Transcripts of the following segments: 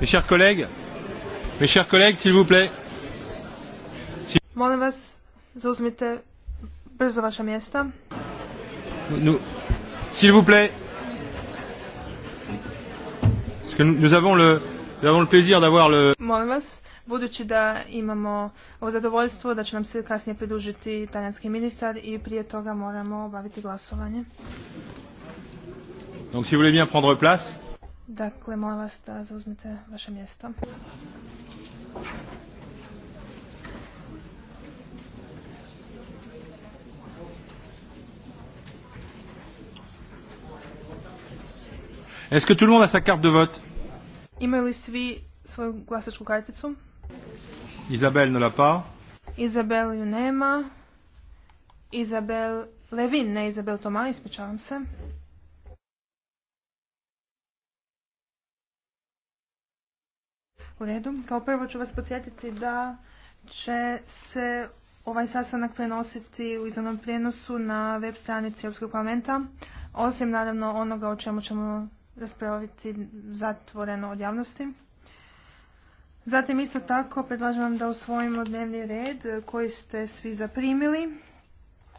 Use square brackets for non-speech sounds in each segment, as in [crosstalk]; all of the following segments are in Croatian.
Mes chers collègues, mes chers collègues, s'il vous plaît. Si... Molim vas, zauzmite brzo vaša mjesta. Nous, s'il vous plaît. Parce que nous, avons le, nous avons le plaisir d'avoir le. Molim vas, budući da imamo ovo zadovoljstvo da će nam se kasnije pridužiti italijanski ministar i prije toga moramo obaviti glasovanje. Donc si vous voulez bien prendre place. Dakle, molim vas da zauzmite vaše mjesto. Est-ce que tout le monde a sa carte de vote Imaju svi svoju glasačku karticu? Isabelle ne l'a pas. ju nema. Isabelle Levin, ne Isabelle Toma, ispričavam se. U redu. Kao prvo ću vas podsjetiti da će se ovaj sastanak prenositi u izravnom prijenosu na web stranici Europskog parlamenta, osim naravno onoga o čemu ćemo raspraviti zatvoreno od javnosti. Zatim isto tako predlažem vam da usvojimo dnevni red koji ste svi zaprimili.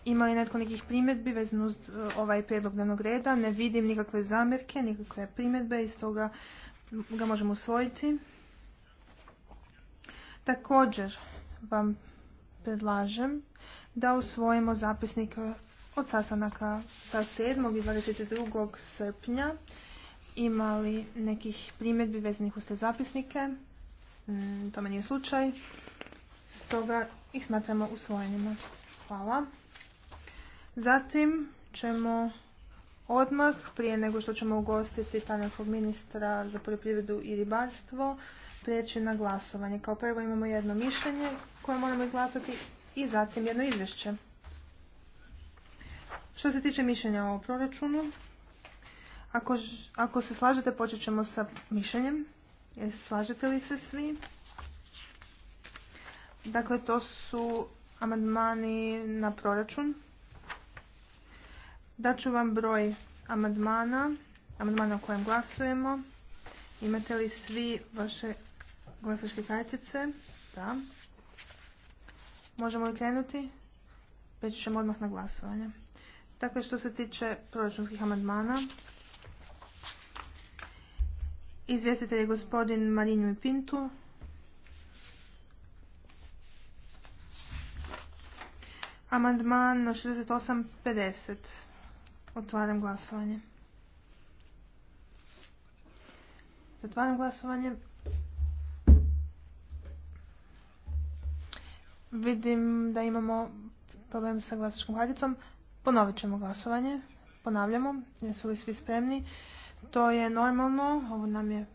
Ima li netko nekih primjedbi vezano uz e, ovaj prijedlog dnevnog reda? Ne vidim nikakve zamjerke, nikakve primjedbe i stoga ga možemo usvojiti. Također vam predlažem da usvojimo zapisnike od sastanaka sa 7. i 22. srpnja. Imali nekih primjedbi vezanih uz te zapisnike? Mm, Tome nije slučaj. Stoga ih smatramo usvojenima. Hvala. Zatim ćemo odmah, prije nego što ćemo ugostiti svog ministra za poljoprivredu i ribarstvo, prijeći na glasovanje. Kao prvo imamo jedno mišljenje koje moramo izglasati i zatim jedno izvješće. Što se tiče mišljenja o proračunu, ako, se slažete počet ćemo sa mišljenjem. E, slažete li se svi? Dakle, to su amandmani na proračun. Daću vam broj amandmana, amandmana o kojem glasujemo. Imate li svi vaše glasačke kartice? Da. Možemo li krenuti? Već ćemo odmah na glasovanje. Dakle, što se tiče proračunskih amandmana, izvjestitelj je gospodin Marinju i Pintu. Amandman 68.50. Otvaram glasovanje. Zatvaram glasovanje. Vidim da imamo problem sa glasačkom hladicom. Ponovit ćemo glasovanje. Ponavljamo. Jesu li svi spremni? To je normalno. Ovo nam je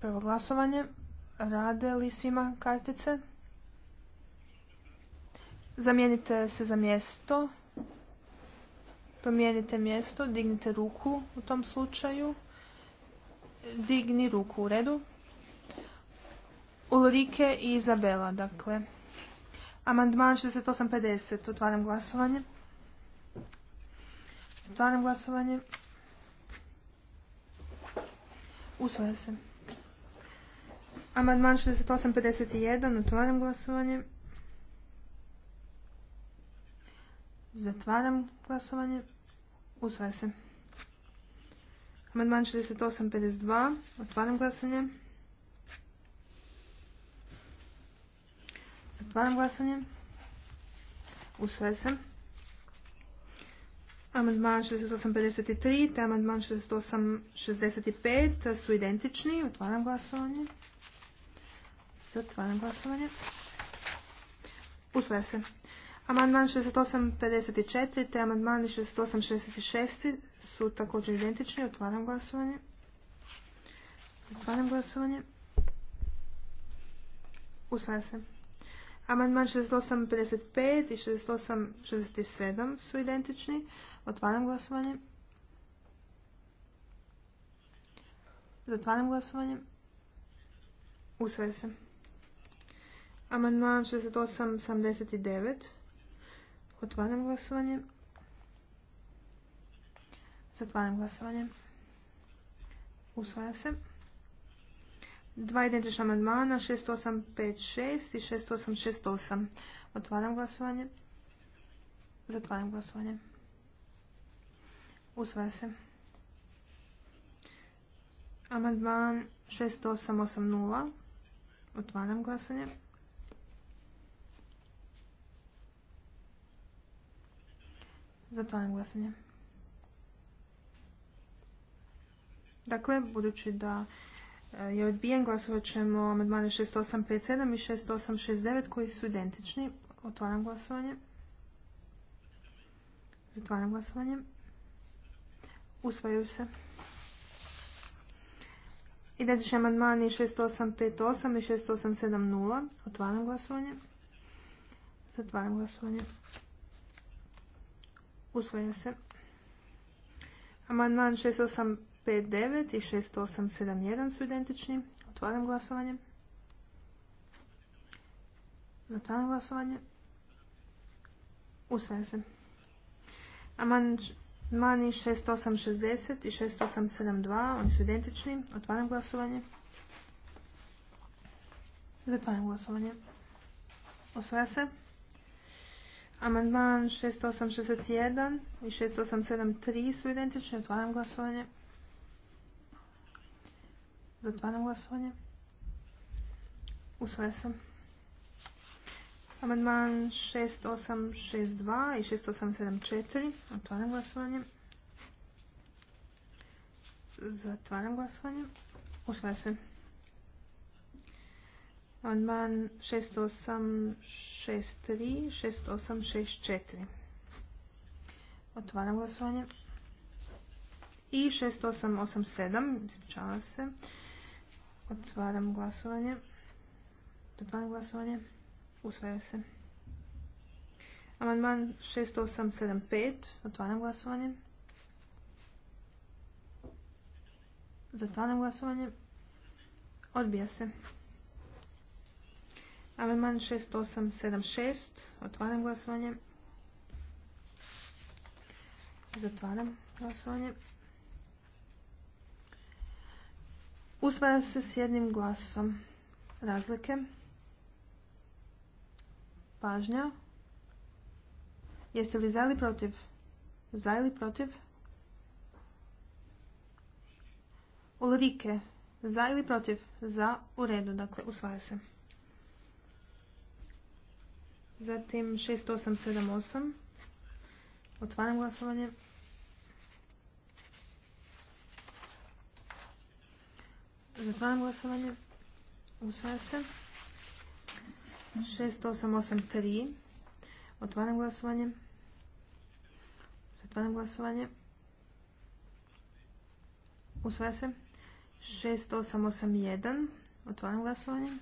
prvo glasovanje. Rade li svima kartice? Zamijenite se za mjesto. Promijenite mjesto. Dignite ruku u tom slučaju. Digni ruku u redu. Ulrike i Izabela, dakle. Amandman 68.50. Otvaram glasovanje. Zatvaram glasovanje. Usvaja se. Amandman 68.51. Otvaram glasovanje. Zatvaram glasovanje. Usvaja se. Amandman 68.52. Otvaram glasovanje. Otvaram glasanje. Usvaja se. Amandman 68.53 te amandman 68.65 su identični. Otvaram glasovanje. Zatvaram glasovanje. Usvaja se. Amandman 68.54 te šezdeset 68.66 su također identični. Otvaram glasovanje. Otvaram glasovanje. Usvaja se. Amandman 68.55 i 68.67 su identični. Otvaram glasovanje. Zatvaram glasovanje. Usvaja se. Amandman 68.79. Otvaram glasovanje. Zatvaram glasovanje. Usvaja se. Dva identična amandmana, 6856 i 6868. Otvaram glasovanje. Zatvaram glasovanje. Usvaja se. Amandman 6880. Otvaram glasanje. Zatvaram glasanje. Dakle, budući da E, je odbijen. Glasovat ćemo amandmane 6857 i 6869 koji su identični. Otvaram glasovanje. Zatvaram glasovanje. Usvajaju se. Identični amandmani 6858 i 6870. Otvaram glasovanje. Zatvaram glasovanje. Usvaja se. Amandman 6858 59 i 6871 su identični. Otvaram glasovanje. Zatvaram glasovanje. Usvaja se. Amandmani 6860 i 6872, oni su identični. Otvaram glasovanje. Zatvaram glasovanje. Osvaja se. Amandman 6861 i 6873 su identični. Otvaram glasovanje. Zatvaram glasovanje. Usvaja se. Amandman 6862 i 6874. Otvaram glasovanje. Zatvaram glasovanje. Usvaja se. Amandman 6863, i 6864. Otvaram glasovanje. I 6887, ispričavam se. Otvaram glasovanje. Zatvaram glasovanje. Usvaja se. Amandman 6875. Otvaram glasovanje. Zatvaram glasovanje. Odbija se. Amandman 6876. Otvaram glasovanje. Zatvaram glasovanje. Usvaja se s jednim glasom. Razlike. Pažnja. Jeste li za ili protiv? Za ili protiv? Ulrike. Za ili protiv? Za. U redu. Dakle, usvaja se. Zatim 6878. Otvaram glasovanje. Zatvaram glasovanje. Usvaja se. 6883. Otvaram glasovanje. Zatvaram glasovanje. Usvaja se. 6881. Otvaram glasovanje.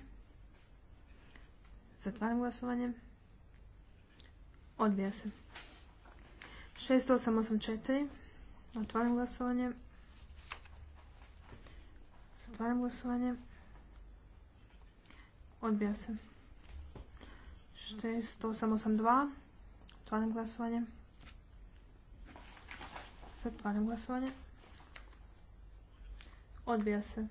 Zatvaram glasovanje. Odbija se. 6884. Otvaram glasovanje. Otvaram glasovanje. Odbija se. 6882. Otvaram glasovanje. Zatvaram glasovanje. Odbija se.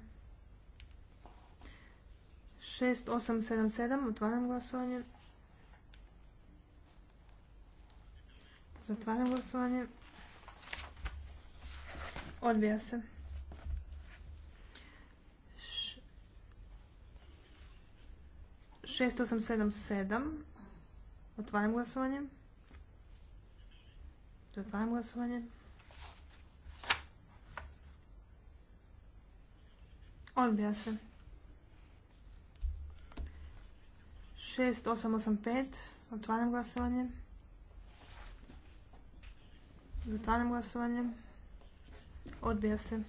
6877. Otvaram glasovanje. Zatvaram glasovanje. Odbija se. 6877. Otvaram glasovanje. Zatvaram glasovanje. Odbija se. 6885. Otvaram glasovanje. Zatvaram glasovanje. Odbija se.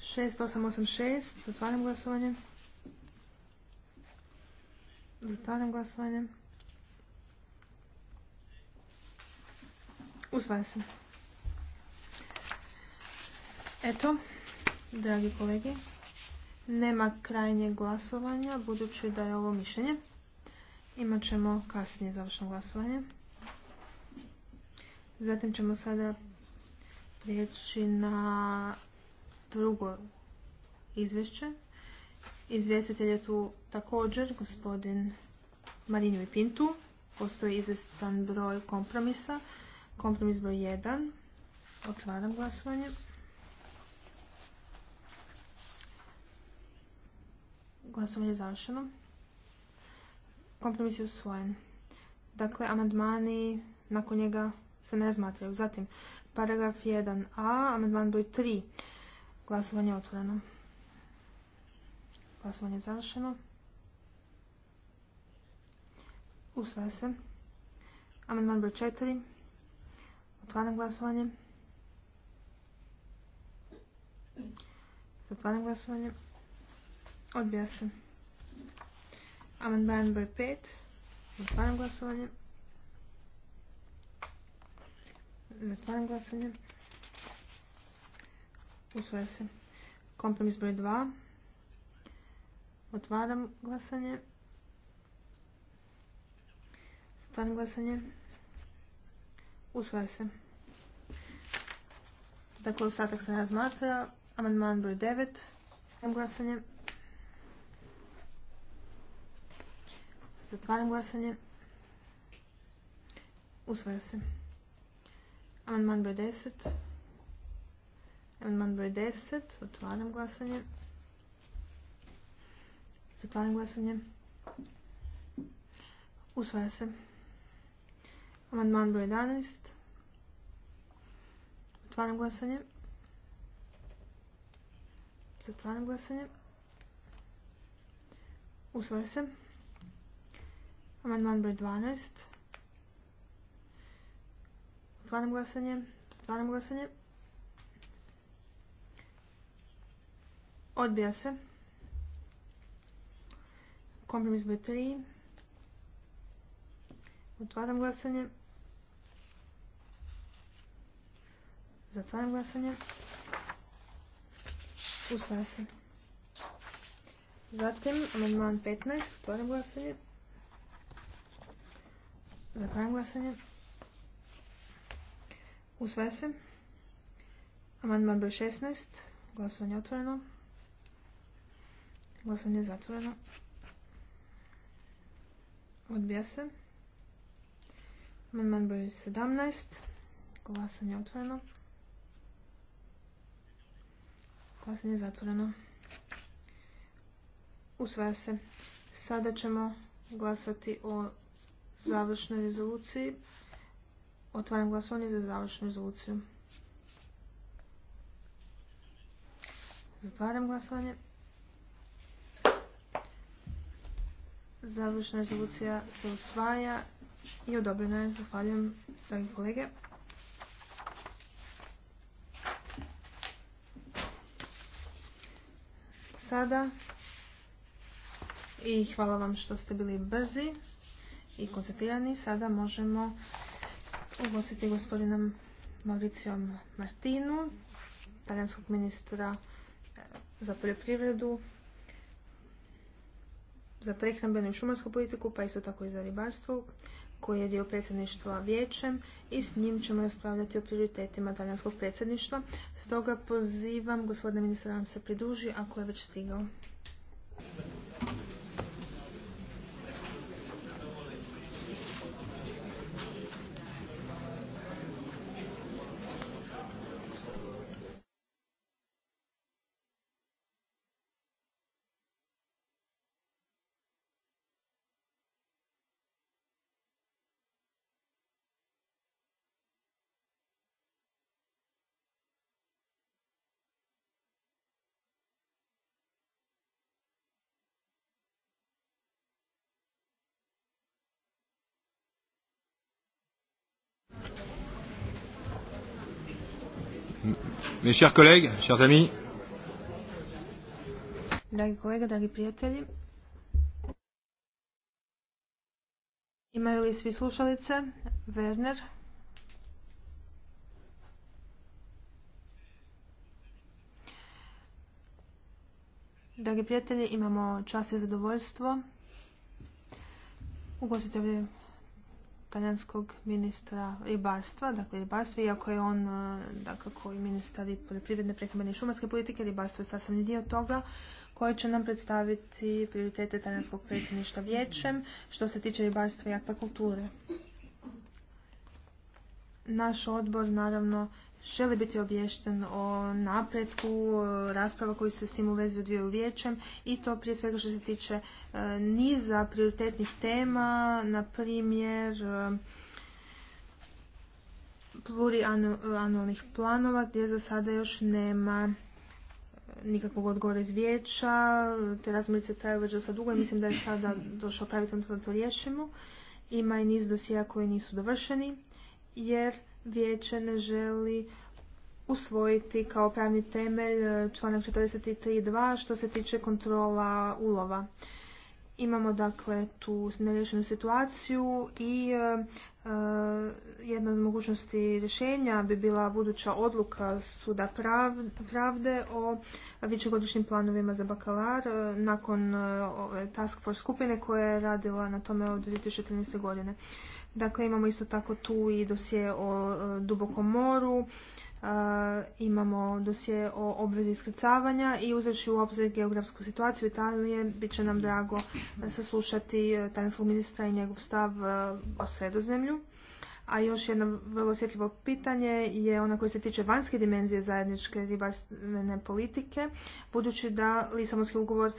6886. Otvaram glasovanje. Zatvaram glasovanje. Usvaja se. Eto, dragi kolegi, nema krajnjeg glasovanja, budući da je ovo mišljenje. Imat ćemo kasnije završno glasovanje. Zatim ćemo sada prijeći na drugo izvješće. Izvjestitelj je tu također gospodin Marinju i Pintu. Postoji izvjestan broj kompromisa. Kompromis broj 1. Otvaram glasovanje. Glasovanje je završeno. Kompromis je usvojen. Dakle, amandmani nakon njega se ne razmatraju. Zatim, paragraf 1a, amandman broj 3. Glasovanje je otvoreno. Glasovanje je završeno. Usvaja se. Amendment broj 4. Otvaram glasovanje. Zatvaram glasovanje. Odbija se. Amendman broj 5. Otvaram glasovanje. Zatvaram glasovanje. Usvaja se. Kompromis broj 2. Otvaram glasanje. Stvarno glasanje. Usvaja se. Dakle, ostatak se razmatra. Amandman broj 9. Otvaram glasanje. Zatvaram glasanje. Usvaja se. Amandman broj 10. Amandman broj 10. Otvaram glasanje. Zatvaram glasanje. Usvaja se. Amandman broj 11. Otvaram glasanje. Zatvaram glasanje. Usvaja se. Amandman broj 12. Otvaram glasanje. Zatvaram glasanje. Odbija se. Kompromis broj 3. Otvaram glasanje. Zatvaram glasanje. Usvaja se. Zatim, amandman 15. Otvaram glasanje. Zatvaram glasanje. Usvaja se. Amandman broj 16. Glasanje otvoreno. Glasovanje zatvoreno. Odbija se. Amandman broj 17. Glasanje otvoreno. Glasanje zatvoreno. Usvaja se. Sada ćemo glasati o završnoj rezoluciji. Otvaram glasovanje za završnu rezoluciju. Zatvaram glasovanje. Završna rezolucija se usvaja i odobrena je. Zahvaljujem, dragi kolege. Sada i hvala vam što ste bili brzi i koncentrirani. Sada možemo ugostiti gospodinom Mauricijom Martinu, talijanskog ministra eh, za poljoprivredu, za prehrambenu i šumarsku politiku, pa isto tako i za ribarstvo, koji je dio predsjedništva vijećem i s njim ćemo raspravljati o prioritetima talijanskog predsjedništva. Stoga pozivam gospodina ministra da nam se priduži ako je već stigao. Mes chers collègues, chers amis. Dragi kolega, dragi prijatelji. Imaju li svi slušalice? Werner? Dragi prijatelji, imamo čas i zadovoljstvo ugostitelji talijanskog ministra ribarstva, dakle ribarstva, iako je on e, dakako i ministar i poljoprivredne prehrambene i šumarske politike, ribarstvo je sastavni dio toga koji će nam predstaviti prioritete talijanskog predsjedništva vijećem što se tiče ribarstva i akvakulture. Naš odbor naravno želi biti obješten o napretku rasprava koji se s tim u vezi odvijaju vijećem i to prije svega što se tiče e, niza prioritetnih tema, na primjer e, anualnih planova gdje za sada još nema e, nikakvog odgovora iz vijeća, te razmirice traju već dosta dugo i mislim da je sada došao pravi da to riješimo. Ima i niz dosija koji nisu dovršeni, jer vijeće ne želi usvojiti kao pravni temelj e, članak 43.2 što se tiče kontrola ulova. Imamo dakle tu nerješenu situaciju i e, e, jedna od mogućnosti rješenja bi bila buduća odluka Suda pravde o višegodišnjim planovima za bakalar nakon task force skupine koja je radila na tome od 2013. godine. Dakle, imamo isto tako tu i dosje o e, dubokom moru, e, imamo dosje o obvezi iskrcavanja i uzreći u obzir geografsku situaciju Italije, bit će nam drago e, saslušati talijanskog ministra i njegov stav o sredozemlju. A još jedno vrlo osjetljivo pitanje je ona koje se tiče vanjske dimenzije zajedničke ribarstvene politike, budući da Lisabonski ugovor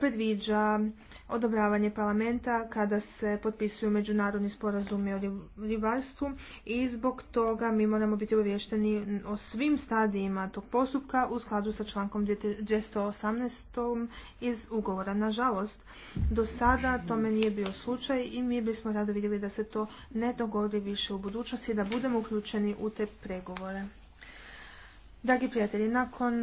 predviđa odobravanje parlamenta kada se potpisuju međunarodni sporazumi o ribarstvu i zbog toga mi moramo biti uvješteni o svim stadijima tog postupka u skladu sa člankom 218. iz ugovora. Nažalost, do sada tome nije bio slučaj i mi bismo rado vidjeli da se to ne dogodi više u budućnosti, da budemo uključeni u te pregovore. Dragi prijatelji, nakon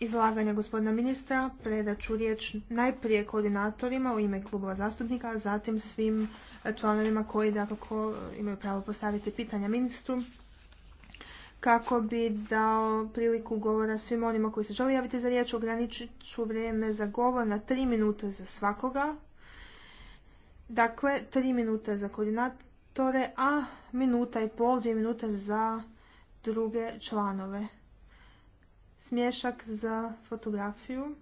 izlaganja gospodina ministra predat ću riječ najprije koordinatorima u ime klubova zastupnika, a zatim svim e, članovima koji dakako imaju pravo postaviti pitanja ministru kako bi dao priliku govora svim onima koji se žele javiti za riječ. Ograničit ću vrijeme za govor na tri minute za svakoga. Dakle, tri minute za koordinatore, a minuta i pol, dvije minute za druge članove smješak za fotografiju.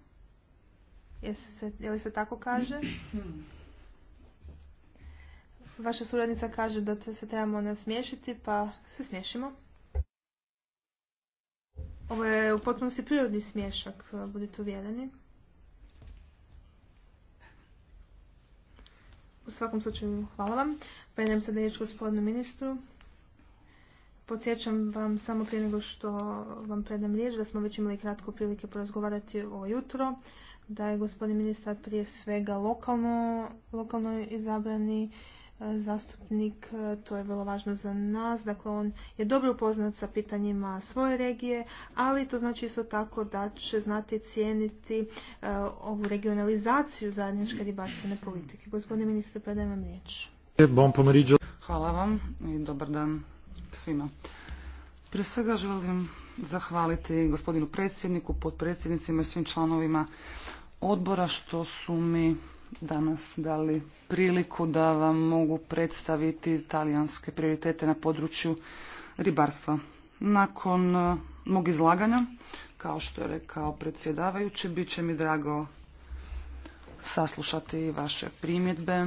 Je li se tako kaže? Vaša suradnica kaže da se trebamo nasmiješiti, pa se smiješimo. Ovo je u potpunosti prirodni smješak, budite uvjereni. U svakom slučaju, hvala vam. Predajem sada riječ gospodinu ministru. Podsjećam vam samo prije nego što vam predam riječ da smo već imali kratko prilike porazgovarati o jutro, da je gospodin ministar prije svega lokalno, lokalno izabrani e, zastupnik, e, to je vrlo važno za nas, dakle on je dobro upoznat sa pitanjima svoje regije, ali to znači isto tako da će znati cijeniti e, ovu regionalizaciju zajedničke ribarstvene politike. Gospodine ministre, predajem vam riječ. Hvala vam i dobar dan svima. Prije svega želim zahvaliti gospodinu predsjedniku, potpredsjednicima i svim članovima odbora što su mi danas dali priliku da vam mogu predstaviti talijanske prioritete na području ribarstva. Nakon e, mog izlaganja, kao što je rekao predsjedavajući, bit će mi drago saslušati vaše primjedbe,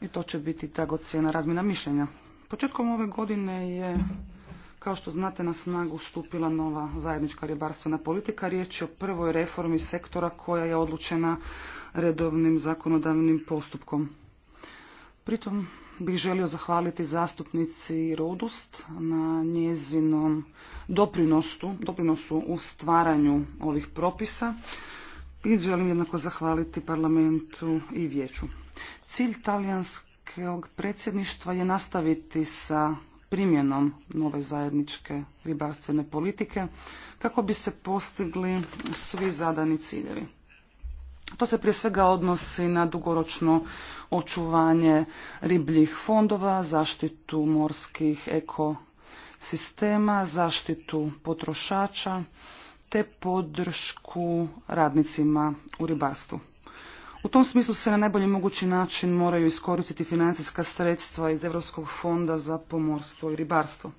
i to će biti dragocjena razmjena mišljenja. Početkom ove godine je, kao što znate, na snagu stupila nova zajednička ribarstvena politika. Riječ je o prvoj reformi sektora koja je odlučena redovnim zakonodavnim postupkom. Pritom bih želio zahvaliti zastupnici Rodust na njezinom doprinosu, doprinosu u stvaranju ovih propisa i želim jednako zahvaliti parlamentu i vijeću. Cilj talijanskog predsjedništva je nastaviti sa primjenom nove zajedničke ribarstvene politike kako bi se postigli svi zadani ciljevi. To se prije svega odnosi na dugoročno očuvanje ribljih fondova, zaštitu morskih ekosistema, zaštitu potrošača te podršku radnicima u ribarstvu. U tom smislu se na najbolji mogući način moraju iskoristiti financijska sredstva iz Europskog fonda za pomorstvo i ribarstvo.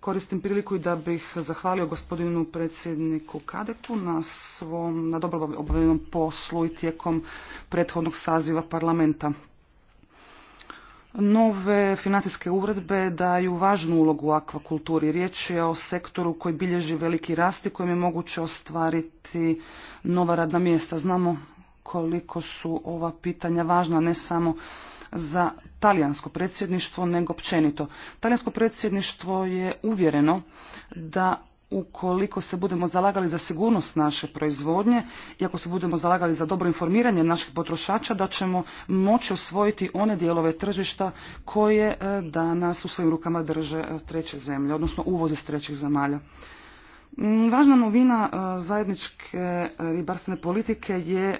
Koristim priliku i da bih zahvalio gospodinu predsjedniku Kadeku na svom, na dobro obavljenom poslu i tijekom prethodnog saziva parlamenta. Nove financijske uredbe daju važnu ulogu u akvakulturi. Riječ je o sektoru koji bilježi veliki rast i kojim je moguće ostvariti nova radna mjesta. Znamo koliko su ova pitanja važna ne samo za talijansko predsjedništvo, nego općenito. Talijansko predsjedništvo je uvjereno da ukoliko se budemo zalagali za sigurnost naše proizvodnje i ako se budemo zalagali za dobro informiranje naših potrošača, da ćemo moći osvojiti one dijelove tržišta koje e, danas u svojim rukama drže e, treće zemlje, odnosno uvoze iz trećih zemalja. Mm, važna novina e, zajedničke e, ribarstvene politike je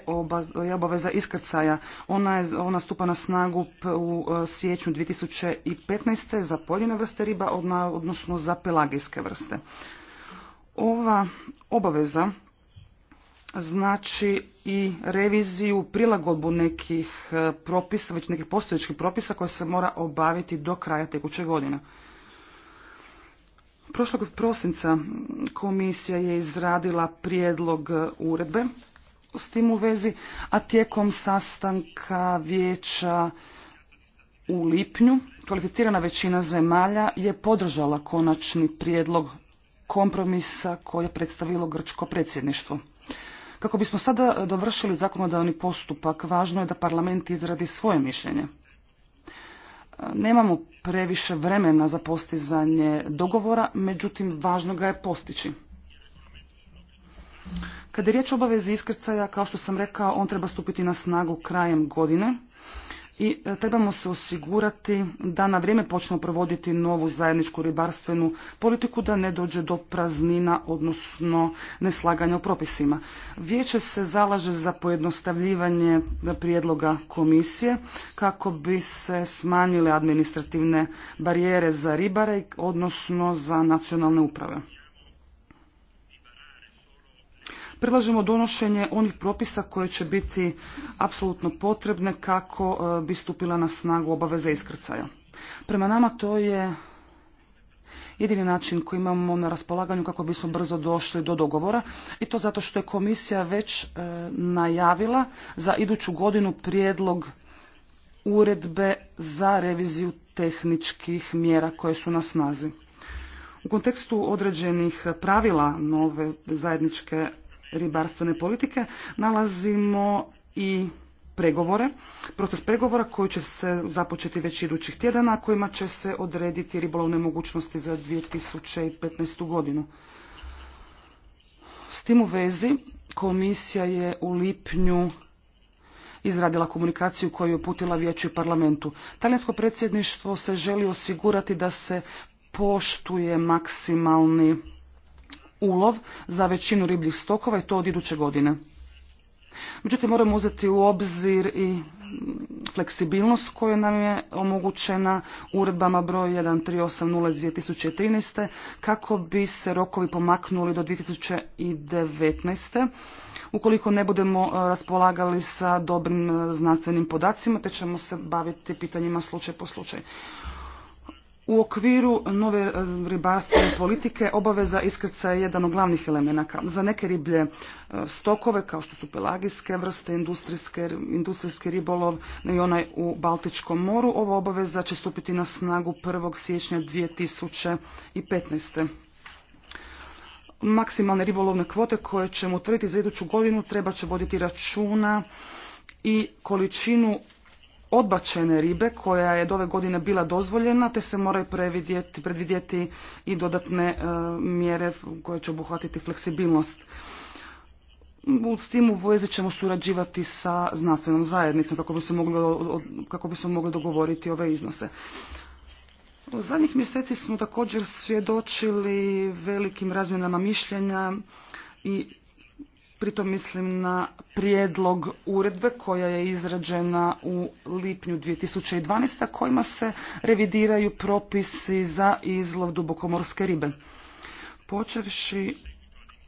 obaveza iskrcaja. Ona, stupa na snagu u e, siječnju 2015. za pojedine vrste riba, odnosno za pelagijske vrste. Ova obaveza znači i reviziju, prilagodbu nekih propisa, već nekih postojećih propisa koje se mora obaviti do kraja tekuće godine. Prošlog prosinca komisija je izradila prijedlog uredbe s tim u vezi, a tijekom sastanka vijeća u lipnju kvalificirana većina zemalja je podržala konačni prijedlog kompromisa koje je predstavilo grčko predsjedništvo. Kako bismo sada dovršili zakonodavni postupak, važno je da parlament izradi svoje mišljenje. Nemamo previše vremena za postizanje dogovora, međutim važno ga je postići. Kada je riječ o obavezi iskrcaja, kao što sam rekao, on treba stupiti na snagu krajem godine i e, trebamo se osigurati da na vrijeme počnemo provoditi novu zajedničku ribarstvenu politiku da ne dođe do praznina odnosno neslaganja u propisima. Vijeće se zalaže za pojednostavljivanje prijedloga komisije kako bi se smanjile administrativne barijere za ribare odnosno za nacionalne uprave predlažemo donošenje onih propisa koje će biti apsolutno potrebne kako e, bi stupila na snagu obaveze iskrcaja. Prema nama to je jedini način koji imamo na raspolaganju kako bismo brzo došli do dogovora i to zato što je komisija već e, najavila za iduću godinu prijedlog uredbe za reviziju tehničkih mjera koje su na snazi. U kontekstu određenih pravila nove zajedničke ribarstvene politike nalazimo i pregovore, proces pregovora koji će se započeti već idućih tjedana, kojima će se odrediti ribolovne mogućnosti za 2015. godinu. S tim u vezi komisija je u lipnju izradila komunikaciju koju je uputila vijeću parlamentu. Talijansko predsjedništvo se želi osigurati da se poštuje maksimalni ulov za većinu ribljih stokova i to od iduće godine. Međutim, moramo uzeti u obzir i fleksibilnost koja nam je omogućena uredbama broj 1380 2013. kako bi se rokovi pomaknuli do 2019. Ukoliko ne budemo e, raspolagali sa dobrim e, znanstvenim podacima, te ćemo se baviti pitanjima slučaj po slučaj. U okviru nove eh, ribarstvene politike obaveza iskrca je jedan od glavnih elemenaka. Za neke riblje eh, stokove, kao što su pelagijske vrste, industrijski ribolov i onaj u Baltičkom moru, ova obaveza će stupiti na snagu 1. siječnja 2015. Maksimalne ribolovne kvote koje ćemo utvrditi za iduću godinu treba će voditi računa i količinu odbačene ribe koja je do ove godine bila dozvoljena te se moraju predvidjeti i dodatne e, mjere koje će obuhvatiti fleksibilnost. S tim u vezi ćemo surađivati sa znanstvenom zajednicom kako bi mogli, mogli dogovoriti ove iznose. U zadnjih mjeseci smo također svjedočili velikim razmjenama mišljenja i pritom mislim na prijedlog uredbe koja je izrađena u lipnju 2012. kojima se revidiraju propisi za izlov dubokomorske ribe. Počevši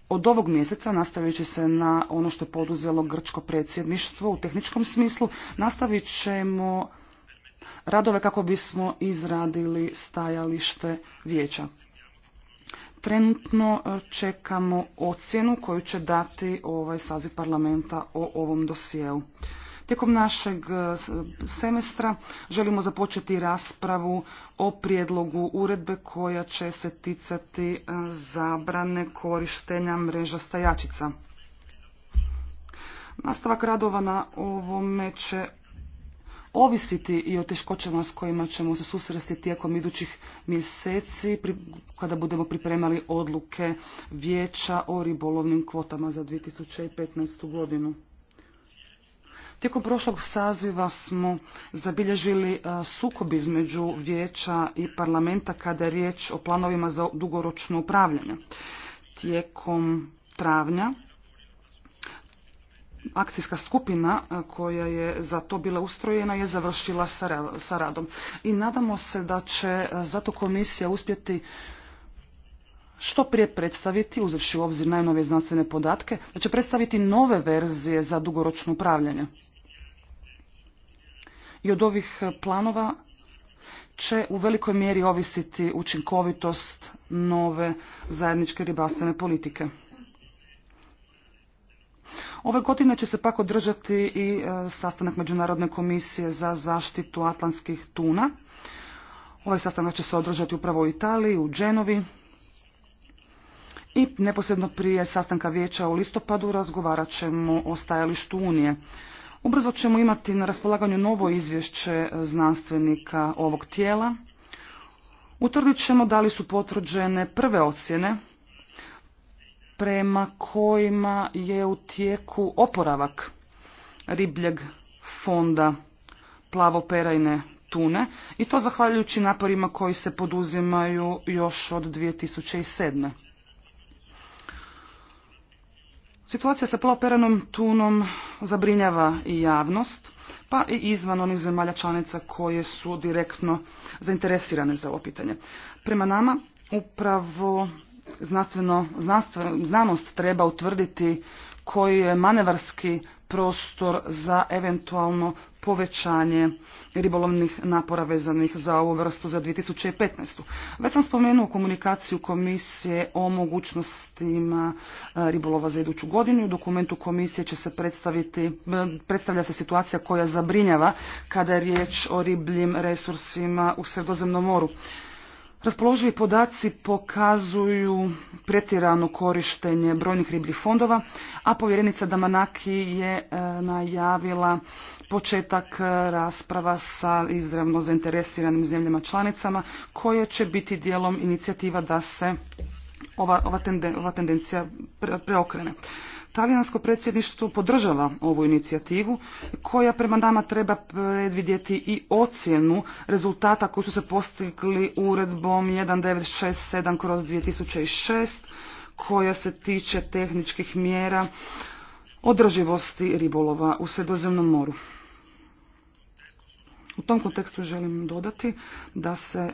od ovog mjeseca, nastavit se na ono što je poduzelo grčko predsjedništvo u tehničkom smislu, nastavit ćemo radove kako bismo izradili stajalište vijeća. Trenutno e, čekamo ocjenu koju će dati ovaj saziv parlamenta o ovom dosjeu. Tijekom našeg e, semestra želimo započeti raspravu o prijedlogu uredbe koja će se ticati e, zabrane korištenja mreža stajačica. Nastavak radova na ovome će ovisiti i o teškoćama s kojima ćemo se susresti tijekom idućih mjeseci kada budemo pripremali odluke vijeća o ribolovnim kvotama za 2015. godinu. Tijekom prošlog saziva smo zabilježili e, sukob između vijeća i parlamenta kada je riječ o planovima za dugoročno upravljanje. Tijekom travnja akcijska skupina e, koja je za to bila ustrojena je završila sa radom. I nadamo se da će e, zato komisija uspjeti što prije predstaviti, uzevši u obzir najnove znanstvene podatke, da će predstaviti nove verzije za dugoročno upravljanje. I od ovih e, planova će u velikoj mjeri ovisiti učinkovitost nove zajedničke ribastvene politike. Ove godine će se pak održati i e, sastanak Međunarodne komisije za zaštitu atlantskih tuna. Ovaj sastanak će se održati upravo u Italiji, u Dženovi. I neposredno prije sastanka vijeća u listopadu razgovarat ćemo o stajalištu Unije. Ubrzo ćemo imati na raspolaganju novo izvješće e, znanstvenika ovog tijela. Utvrdit ćemo da li su potvrđene prve ocjene prema kojima je u tijeku oporavak ribljeg fonda plavoperajne tune i to zahvaljujući naporima koji se poduzimaju još od 2007. Situacija sa plavoperajnom tunom zabrinjava i javnost, pa i izvan onih zemalja članica koje su direktno zainteresirane za ovo pitanje. Prema nama upravo znanstveno, znanost treba utvrditi koji je manevarski prostor za eventualno povećanje ribolovnih napora vezanih za ovu vrstu za 2015. Već sam spomenuo komunikaciju komisije o mogućnostima e, ribolova za iduću godinu. U dokumentu komisije će se predstaviti, e, predstavlja se situacija koja zabrinjava kada je riječ o ribljim resursima u Sredozemnom moru. Raspoloživi podaci pokazuju pretjerano korištenje brojnih ribljih fondova, a povjerenica Damanaki je e, najavila početak e, rasprava sa izravno zainteresiranim zemljama članicama koje će biti dijelom inicijativa da se ova tendencija preokrene. Talijansko predsjedništvo podržava ovu inicijativu koja prema nama treba predvidjeti i ocjenu rezultata koji su se postigli uredbom 1967 kroz 2006 koja se tiče tehničkih mjera održivosti ribolova u Sredozemnom moru. U tom kontekstu želim dodati da se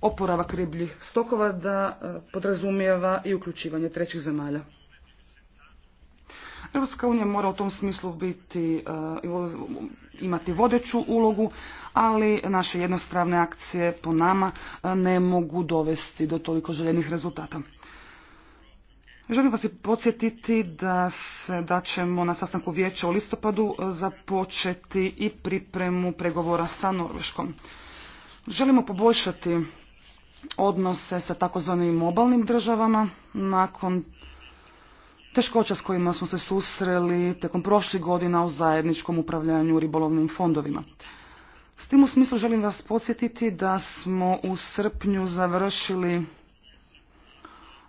oporavak ribljih stokova da eh, podrazumijeva i uključivanje trećih zemalja. Europska unija mora u tom smislu biti, e, imati vodeću ulogu, ali naše jednostravne akcije po nama e, ne mogu dovesti do toliko željenih rezultata. Želim vas i podsjetiti da, se, da ćemo na sastanku vijeća u listopadu e, započeti i pripremu pregovora sa Norveškom. Želimo poboljšati odnose sa takozvanim obalnim državama nakon teškoća s kojima smo se susreli tijekom prošlih godina u zajedničkom upravljanju ribolovnim fondovima. S tim u smislu želim vas podsjetiti da smo u srpnju završili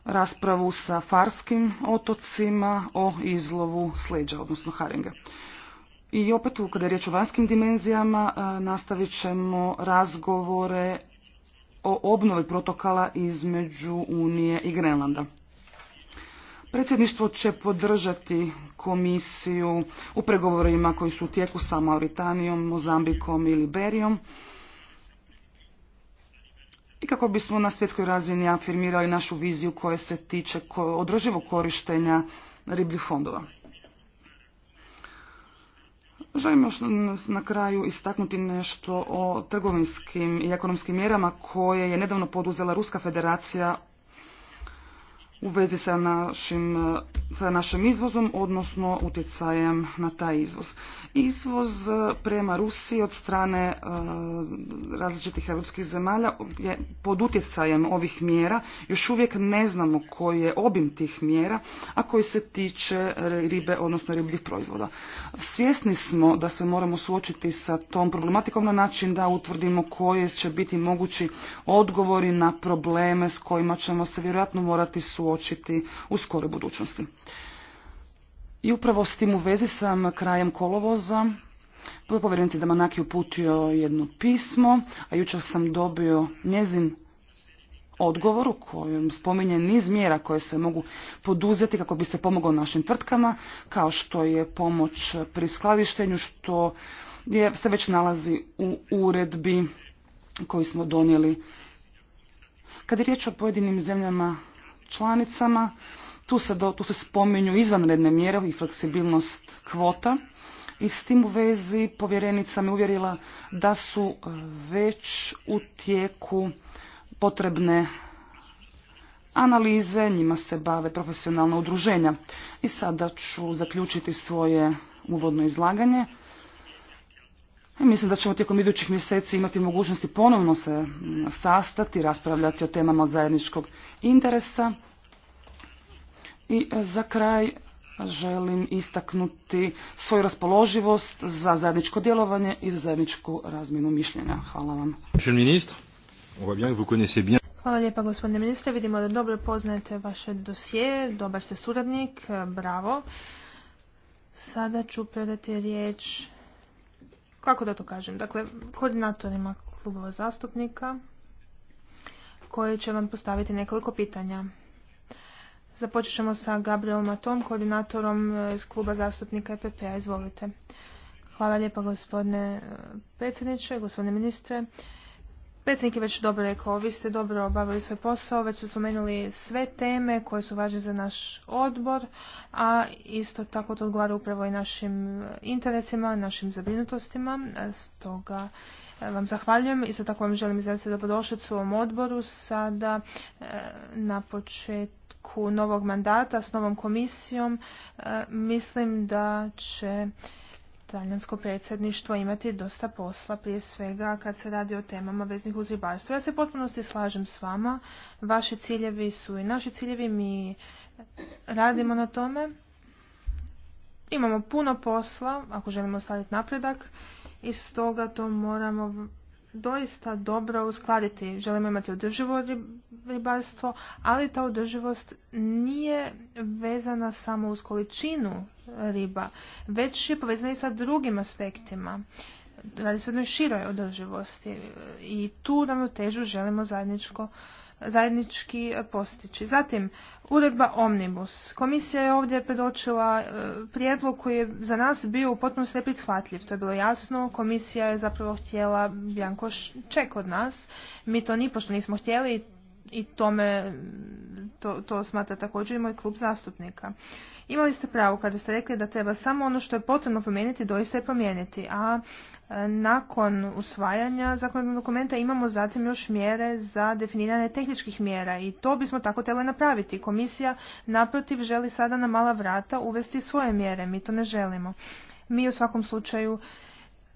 raspravu sa farskim otocima o izlovu sleđa, odnosno haringa. I opet, kada je riječ o vanjskim dimenzijama, e, nastavit ćemo razgovore o obnovi protokala između Unije i Grenlanda. Predsjedništvo će podržati komisiju u pregovorima koji su u tijeku sa Mauritanijom, Mozambikom i Liberijom. I kako bismo na svjetskoj razini afirmirali našu viziju koja se tiče održivog korištenja ribljih fondova. Želim još na kraju istaknuti nešto o trgovinskim i ekonomskim mjerama koje je nedavno poduzela Ruska federacija u vezi sa našim, sa našim izvozom, odnosno utjecajem na taj izvoz. Izvoz e, prema Rusiji od strane e, različitih europskih zemalja je pod utjecajem ovih mjera. Još uvijek ne znamo koji je obim tih mjera, a koji se tiče ribe, odnosno ribljih proizvoda. Svjesni smo da se moramo suočiti sa tom problematikom na način da utvrdimo koje će biti mogući odgovori na probleme s kojima ćemo se vjerojatno morati suočiti suočiti u skoroj budućnosti. I upravo s tim u vezi sam krajem kolovoza povjerenici Damanaki uputio jedno pismo, a jučer sam dobio njezin odgovor u kojem spominje niz mjera koje se mogu poduzeti kako bi se pomoglo našim tvrtkama, kao što je pomoć pri skladištenju, što je, se već nalazi u uredbi koju smo donijeli. Kad je riječ o pojedinim zemljama članicama. Tu se, do, tu se spominju izvanredne mjere i fleksibilnost kvota i s tim u vezi povjerenica me uvjerila da su e, već u tijeku potrebne analize, njima se bave profesionalna udruženja. I sada ću zaključiti svoje uvodno izlaganje mislim da ćemo tijekom idućih mjeseci imati mogućnosti ponovno se sastati, raspravljati o temama zajedničkog interesa. I e, za kraj želim istaknuti svoju raspoloživost za zajedničko djelovanje i za zajedničku razminu mišljenja. Hvala vam. Hvala lijepa gospodine ministre, vidimo da dobro poznajete vaše dosije, dobar ste suradnik, e, bravo. Sada ću predati riječ kako da to kažem, dakle koordinatorima klubova zastupnika koji će vam postaviti nekoliko pitanja. Započet ćemo sa Gabriel Matom, koordinatorom e, iz kluba zastupnika EPP-a. Izvolite. Hvala lijepa gospodine e, predsjedniče, gospodine ministre. Predsjednik je već dobro rekao, vi ste dobro obavili svoj posao, već ste spomenuli sve teme koje su važne za naš odbor, a isto tako to odgovara upravo i našim interesima, našim zabrinutostima, stoga e, vam zahvaljujem. Isto tako vam želim izraziti dobrodošlicu u ovom odboru sada e, na početku novog mandata s novom komisijom. E, mislim da će talijansko predsjedništvo imati dosta posla, prije svega kad se radi o temama veznih uz ribarstvo. Ja se potpunosti slažem s vama, vaši ciljevi su i naši ciljevi, mi radimo na tome. Imamo puno posla ako želimo ostvariti napredak i stoga to moramo doista dobro uskladiti. Želimo imati održivo ribarstvo, ali ta održivost nije vezana samo uz količinu riba, već je povezana i sa drugim aspektima. Radi se o jednoj široj održivosti i tu ravnotežu želimo zajedničko zajednički e, postići. Zatim, uredba Omnibus. Komisija je ovdje predočila e, prijedlog koji je za nas bio u potpunosti neprihvatljiv. To je bilo jasno. Komisija je zapravo htjela Bjanko ček od nas. Mi to nipošto nismo htjeli i tome to, to smatra također i moj klub zastupnika. Imali ste pravo kada ste rekli da treba samo ono što je potrebno promijeniti doista je promijeniti, a e, nakon usvajanja zakonodavnog dokumenta imamo zatim još mjere za definiranje tehničkih mjera i to bismo tako trebali napraviti. Komisija naprotiv želi sada na mala vrata uvesti svoje mjere, mi to ne želimo. Mi u svakom slučaju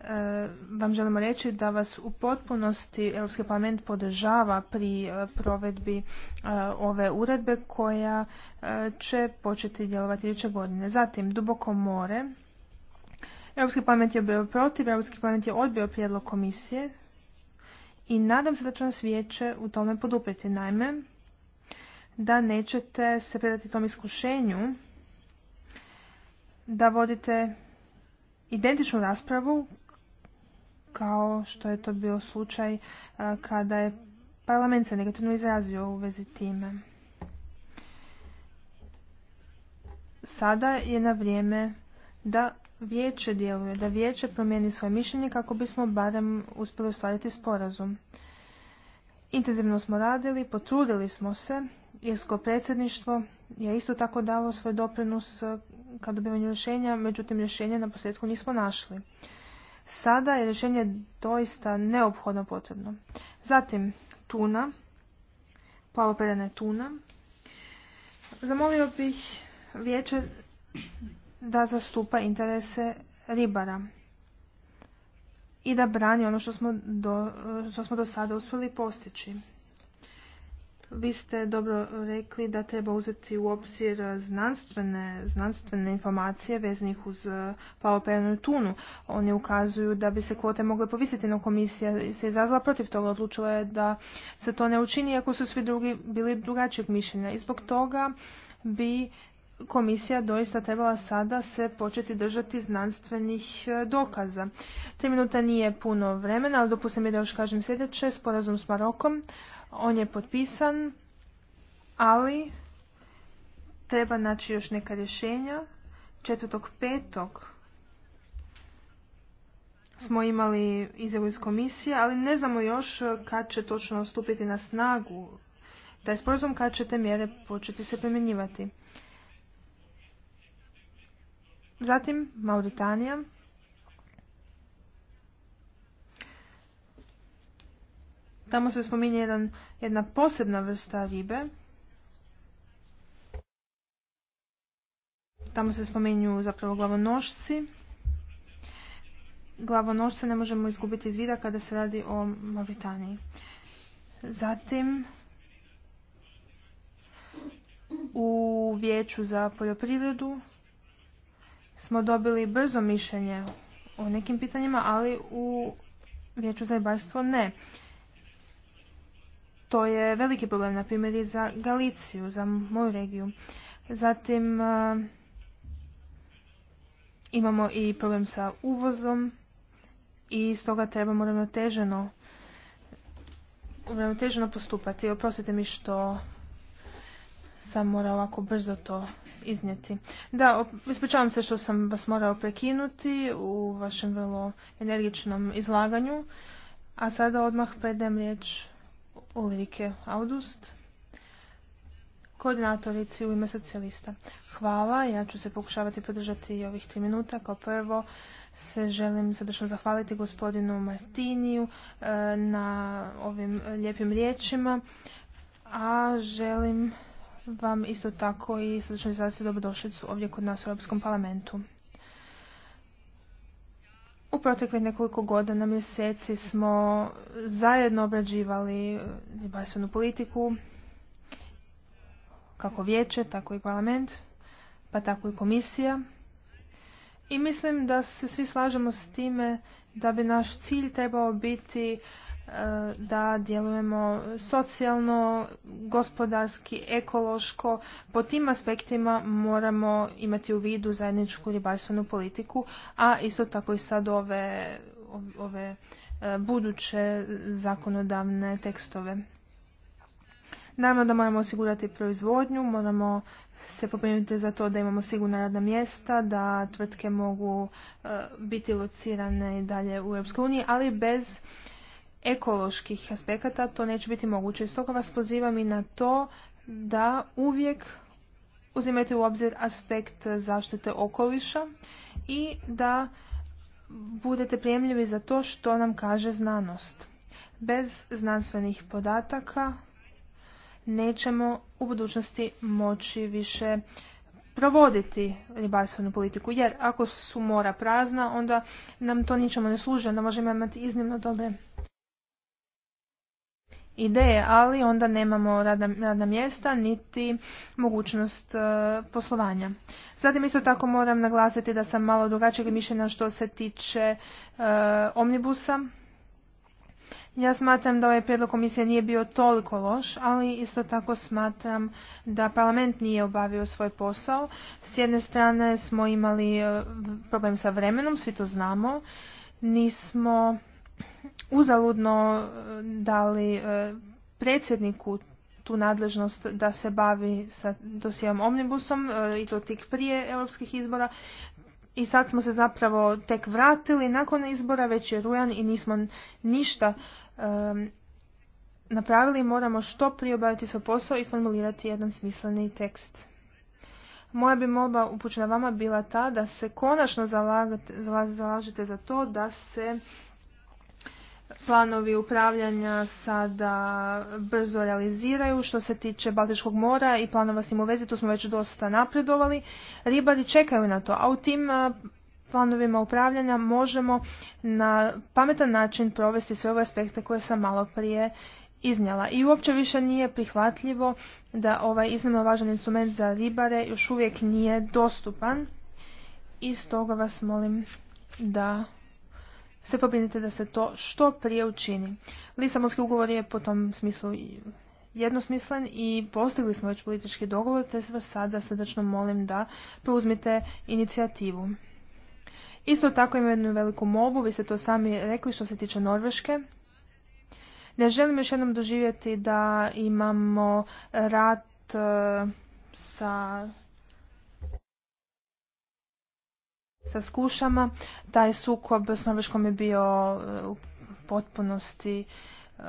Eh, vam želimo reći da vas u potpunosti Europski parlament podržava pri eh, provedbi eh, ove uredbe koja će početi djelovati iduće godine. Zatim, duboko more. Europski parlament je bio protiv, Europski parlament je odbio prijedlog komisije i nadam se da će nas vijeće u tome poduprijeti. Naime, da nećete se predati tom iskušenju da vodite identičnu raspravu kao što je to bio slučaj kada je parlament se negativno izrazio u vezi time. Sada je na vrijeme da vijeće djeluje, da vijeće promijeni svoje mišljenje kako bismo barem uspjeli ostvariti sporazum. Intenzivno smo radili, potrudili smo se, irsko predsjedništvo je isto tako dalo svoj doprinos ka dobivanju rješenja, međutim rješenje na posljedku nismo našli. Sada je rješenje doista neophodno potrebno. Zatim, tuna, plavoperena tuna. Zamolio bih vijeće da zastupa interese ribara i da brani ono što što smo do sada uspjeli postići. Vi ste dobro rekli da treba uzeti u obzir znanstvene, znanstvene informacije veznih uz eh, paopernu tunu. Oni ukazuju da bi se kvote mogle povisiti, no komisija se izrazila protiv toga. Odlučila je da se to ne učini, ako su svi drugi bili drugačijeg mišljenja. I zbog toga bi komisija doista trebala sada se početi držati znanstvenih eh, dokaza. Tri minuta nije puno vremena, ali dopustim mi da još kažem sljedeće. Sporazum s Marokom on je potpisan, ali treba naći još neka rješenja. Četvrtog petog smo imali izjavu iz komisije, ali ne znamo još kad će točno stupiti na snagu taj sporazum, kad će te mjere početi se primjenjivati. Zatim Mauritanija. Tamo se spominje jedan, jedna posebna vrsta ribe. Tamo se spominju zapravo glavonošci. Glavonošce ne možemo izgubiti iz vida kada se radi o Mauritaniji. Zatim, u vijeću za poljoprivredu smo dobili brzo mišljenje o nekim pitanjima, ali u vijeću za ribarstvo ne. To je veliki problem, na primjer, i za Galiciju, za moju regiju. Zatim imamo i problem sa uvozom i stoga trebamo ravnoteženo uravnoteženo postupati. Oprostite mi što sam morao ovako brzo to iznijeti. Da, ispričavam se što sam vas morao prekinuti u vašem vrlo energičnom izlaganju. A sada odmah predajem riječ Ulrike Audust, koordinatorici u ime socijalista. Hvala, ja ću se pokušavati podržati ovih tri minuta. Kao prvo se želim srdečno zahvaliti gospodinu Martiniju e, na ovim lijepim riječima, a želim vam isto tako i srdečno izraziti dobrodošlicu ovdje kod nas u Europskom parlamentu. U proteklih nekoliko godina, mjeseci smo zajedno obrađivali ribarstvenu politiku, kako vijeće, tako i parlament, pa tako i komisija. I mislim da se svi slažemo s time da bi naš cilj trebao biti E, da djelujemo socijalno, gospodarski, ekološko. Po tim aspektima moramo imati u vidu zajedničku ribarstvenu politiku, a isto tako i sad ove, ove e, buduće zakonodavne tekstove. Naravno da moramo osigurati proizvodnju, moramo se pobrinuti za to da imamo sigurna radna mjesta, da tvrtke mogu e, biti locirane i dalje u EU, ali bez ekoloških aspekata to neće biti moguće. stoga vas pozivam i na to da uvijek uzimajte u obzir aspekt zaštite okoliša i da budete prijemljivi za to što nam kaže znanost. Bez znanstvenih podataka nećemo u budućnosti moći više provoditi ribarstvenu politiku, jer ako su mora prazna, onda nam to ničemu ne služi, onda možemo imati iznimno dobre ideje, ali onda nemamo radna, mjesta niti mogućnost e, poslovanja. Zatim isto tako moram naglasiti da sam malo drugačijeg mišljenja što se tiče e, omnibusa. Ja smatram da ovaj prijedlog komisije nije bio toliko loš, ali isto tako smatram da parlament nije obavio svoj posao. S jedne strane smo imali e, problem sa vremenom, svi to znamo. Nismo uzaludno e, dali e, predsjedniku tu nadležnost da se bavi sa dosijevom omnibusom e, i to tik prije europskih izbora. I sad smo se zapravo tek vratili nakon izbora, već je rujan i nismo ništa um, napravili. Moramo što prije obaviti svoj posao i formulirati jedan smisleni tekst. Moja bi molba upućena vama bila ta da se konačno zalažete za to da se planovi upravljanja sada brzo realiziraju. Što se tiče Baltičkog mora i planova s njim u vezi, tu smo već dosta napredovali. Ribari čekaju na to, a u tim planovima upravljanja možemo na pametan način provesti sve ove aspekte koje sam malo prije iznjela. I uopće više nije prihvatljivo da ovaj iznimno važan instrument za ribare još uvijek nije dostupan. I stoga vas molim da se pobrinite da se to što prije učini. Lisabonski ugovor je po tom smislu jednosmislen i postigli smo već politički dogovor, te vas sada srdečno molim da preuzmite inicijativu. Isto tako imam jednu veliku mobu, vi ste to sami rekli što se tiče Norveške. Ne želim još jednom doživjeti da imamo rat eh, sa sa skušama. Taj sukob s Norveškom je bio e, u potpunosti e,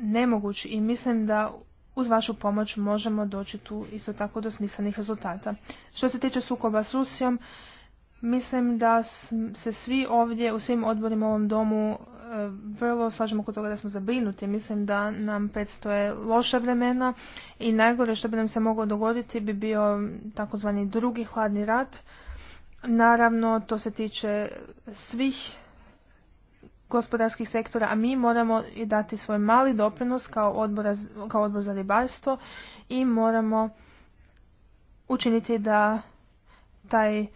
nemoguć i mislim da uz vašu pomoć možemo doći tu isto tako do smislenih rezultata. Što se tiče sukoba s Rusijom, mislim da se svi ovdje u svim odborima u ovom domu e, vrlo slažemo oko toga da smo zabrinuti. Mislim da nam predstoje loša vremena i najgore što bi nam se moglo dogoditi bi bio takozvani drugi hladni rat Naravno, to se tiče svih gospodarskih sektora, a mi moramo i dati svoj mali doprinos kao, kao odbor za ribarstvo i moramo učiniti da taj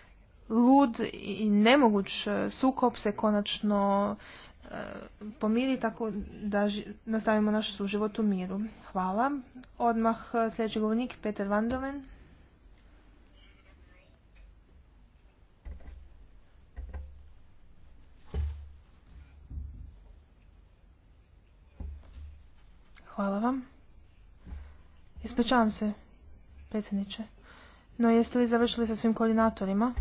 lud i nemoguć e, sukob se konačno e, pomiri tako da nastavimo naš suživot u miru. Hvala. Odmah e, sljedeći govornik Peter Vandelen. Hvala vam. Ispričavam se, predsjedniče. No, jeste li završili sa svim koordinatorima?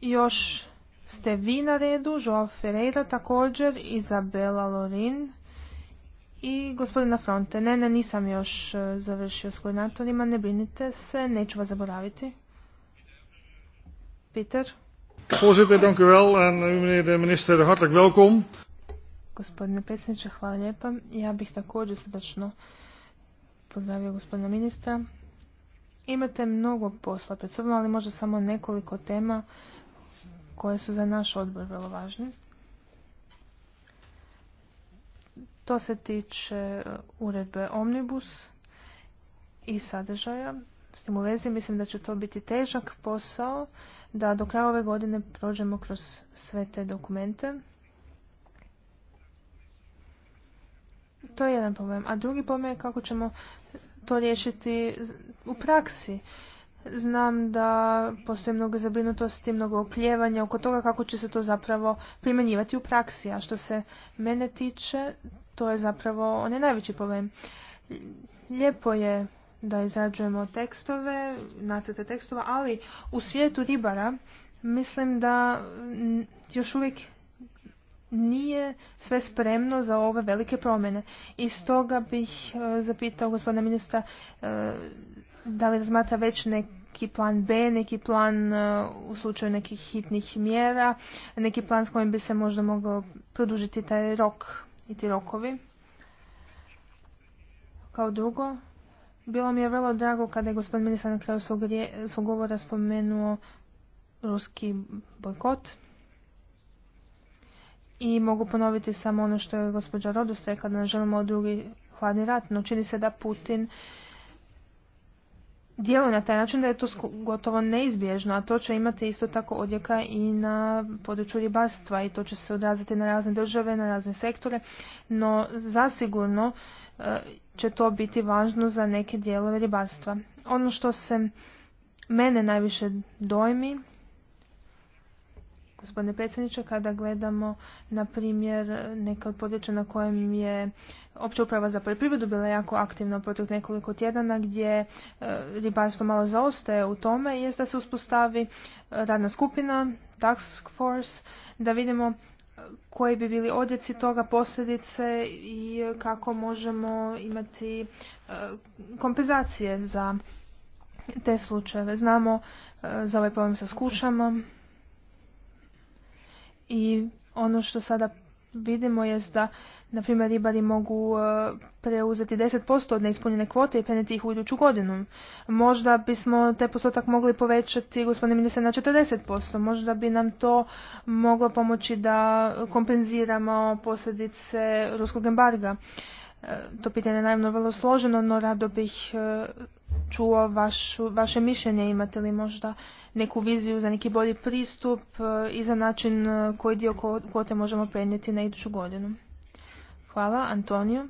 Još ste vi na redu, Joao Ferreira također, Izabela Lorin i gospodina Fronte. Ne, ne, nisam još e, završio s koordinatorima, ne brinite se, neću vas zaboraviti. Peter? Voorzitter, dank u wel. En u meneer de minister, hartelijk welkom. Gospodine predsjedniče, hvala lijepa. Ja bih također srdačno pozdravio gospodina ministra. Imate mnogo posla pred sobom, ali možda samo nekoliko tema koje su za naš odbor vrlo važne. To se tiče e, uredbe Omnibus i sadržaja s tim u vezi mislim da će to biti težak posao da do kraja ove godine prođemo kroz sve te dokumente. To je jedan problem. A drugi problem je kako ćemo to riješiti u praksi. Znam da postoje mnogo zabrinutosti, mnogo okljevanja oko toga kako će se to zapravo primjenjivati u praksi. A što se mene tiče, to je zapravo onaj najveći problem. Lijepo je da izrađujemo tekstove, nacrte tekstova, ali u svijetu ribara mislim da još uvijek nije sve spremno za ove velike promjene. I stoga bih e, zapitao gospodina ministra e, da li razmata već neki plan B, neki plan e, u slučaju nekih hitnih mjera, neki plan s kojim bi se možda moglo produžiti taj rok i ti rokovi. Kao drugo, bilo mi je vrlo drago kada je gospodin ministar na kraju svog, govora spomenuo ruski bojkot. I mogu ponoviti samo ono što je gospođa Rodus rekla da ne želimo drugi hladni rat. No čini se da Putin djeluje na taj način da je to gotovo neizbježno, a to će imati isto tako odjeka i na području ribarstva i to će se odraziti na razne države, na razne sektore, no zasigurno e, će to biti važno za neke dijelove ribarstva. Ono što se mene najviše dojmi, gospodine predsjedniče, kada gledamo, na primjer, neka od područja na kojem je opća uprava za poljoprivredu bila jako aktivna protiv nekoliko tjedana, gdje e, ribarstvo malo zaostaje u tome, jest da se uspostavi e, radna skupina, task force, da vidimo koji bi bili odjeci toga posljedice i kako možemo imati e, kompenzacije za te slučajeve. Znamo e, za ovaj problem sa skušama i ono što sada vidimo je da na primjer ribari mogu e, preuzeti 10% od neispunjene kvote i prenijeti ih u iduću godinu. Možda bismo taj postotak mogli povećati, gospodine ministre, na 40%. Možda bi nam to moglo pomoći da kompenziramo posljedice ruskog embarga. E, to pitanje je naravno vrlo složeno, no rado bih e, čuo vaše mišljenje. Imate li možda neku viziju za neki bolji pristup i za način koji dio kvote možemo prenijeti na iduću godinu? Hvala, Antonio.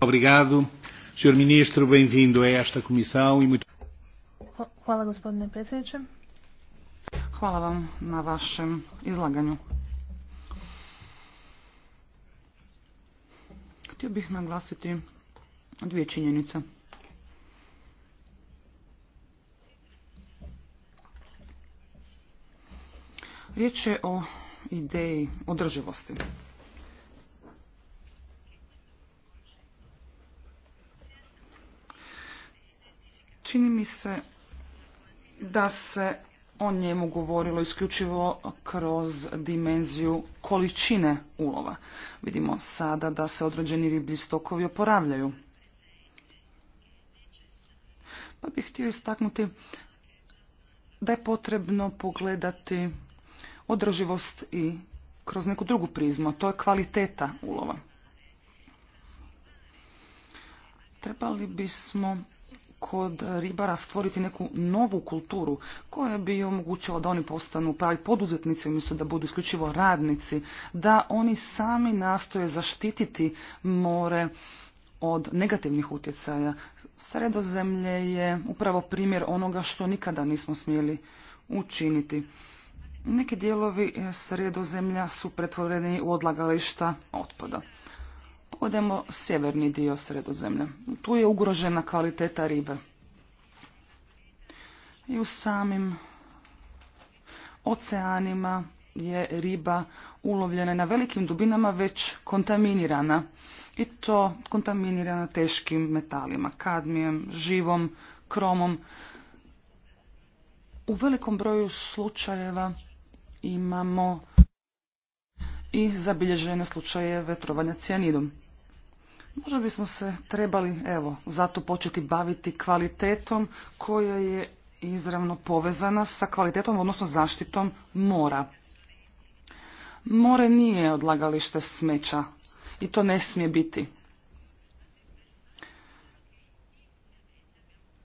Obrigado, senhor ministro, bem-vindo a esta comissão e muito... Hvala gospodine predsjedniče. Hvala vam na vašem izlaganju. Htio bih naglasiti dvije činjenice. Riječ je o ideji održivosti. Čini mi se da se o njemu govorilo isključivo kroz dimenziju količine ulova. Vidimo sada da se određeni riblji stokovi oporavljaju. Pa bih htio istaknuti da je potrebno pogledati održivost i kroz neku drugu prizmu, to je kvaliteta ulova. Trebali bismo kod ribara stvoriti neku novu kulturu koja bi omogućila da oni postanu pravi poduzetnici umjesto da budu isključivo radnici, da oni sami nastoje zaštititi more od negativnih utjecaja. Sredozemlje je upravo primjer onoga što nikada nismo smjeli učiniti. Neki dijelovi sredozemlja su pretvoreni u odlagališta otpada odemo sjeverni dio sredozemlja. Tu je ugrožena kvaliteta ribe. I u samim oceanima je riba ulovljena na velikim dubinama već kontaminirana. I to kontaminirana teškim metalima, kadmijem, živom, kromom. U velikom broju slučajeva imamo i zabilježene slučaje vetrovanja cijanidom. Možda bismo se trebali, evo, zato početi baviti kvalitetom koja je izravno povezana sa kvalitetom, odnosno zaštitom mora. More nije odlagalište smeća i to ne smije biti.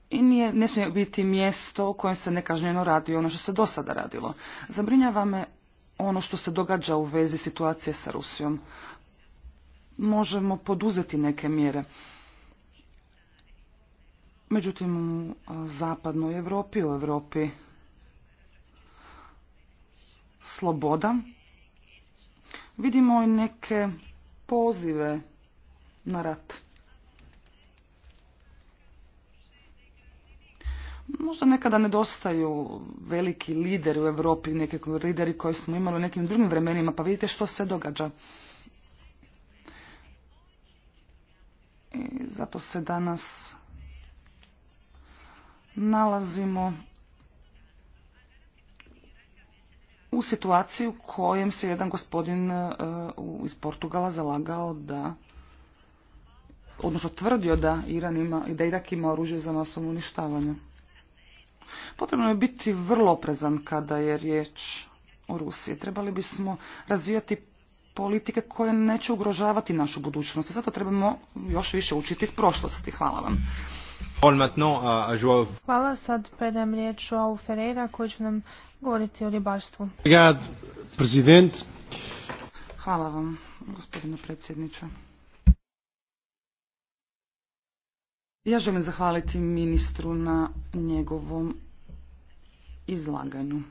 I nije, ne smije biti mjesto u kojem se nekažnjeno radi ono što se do sada radilo. Zabrinjava me ono što se događa u vezi situacije sa Rusijom možemo poduzeti neke mjere. Međutim, u zapadnoj Europi, u Europi sloboda, vidimo i neke pozive na rat. Možda nekada nedostaju veliki lideri u Europi, neki lideri koje smo imali u nekim drugim vremenima, pa vidite što se događa. I zato se danas nalazimo u situaciji u kojem se jedan gospodin e, iz Portugala zalagao da odnosno tvrdio da Iran ima, da Irak ima oružje za masovno uništavanje. Potrebno je biti vrlo oprezan kada je riječ o Rusiji. Trebali bismo razvijati politike koje neće ugrožavati našu budućnost. Zato trebamo još više učiti iz prošlosti. Hvala vam. Hvala, sad predajem riječ o Ferreira koji će nam govoriti o ribarstvu. Hvala vam, gospodine predsjedniče. Ja želim zahvaliti ministru na njegovom izlaganju.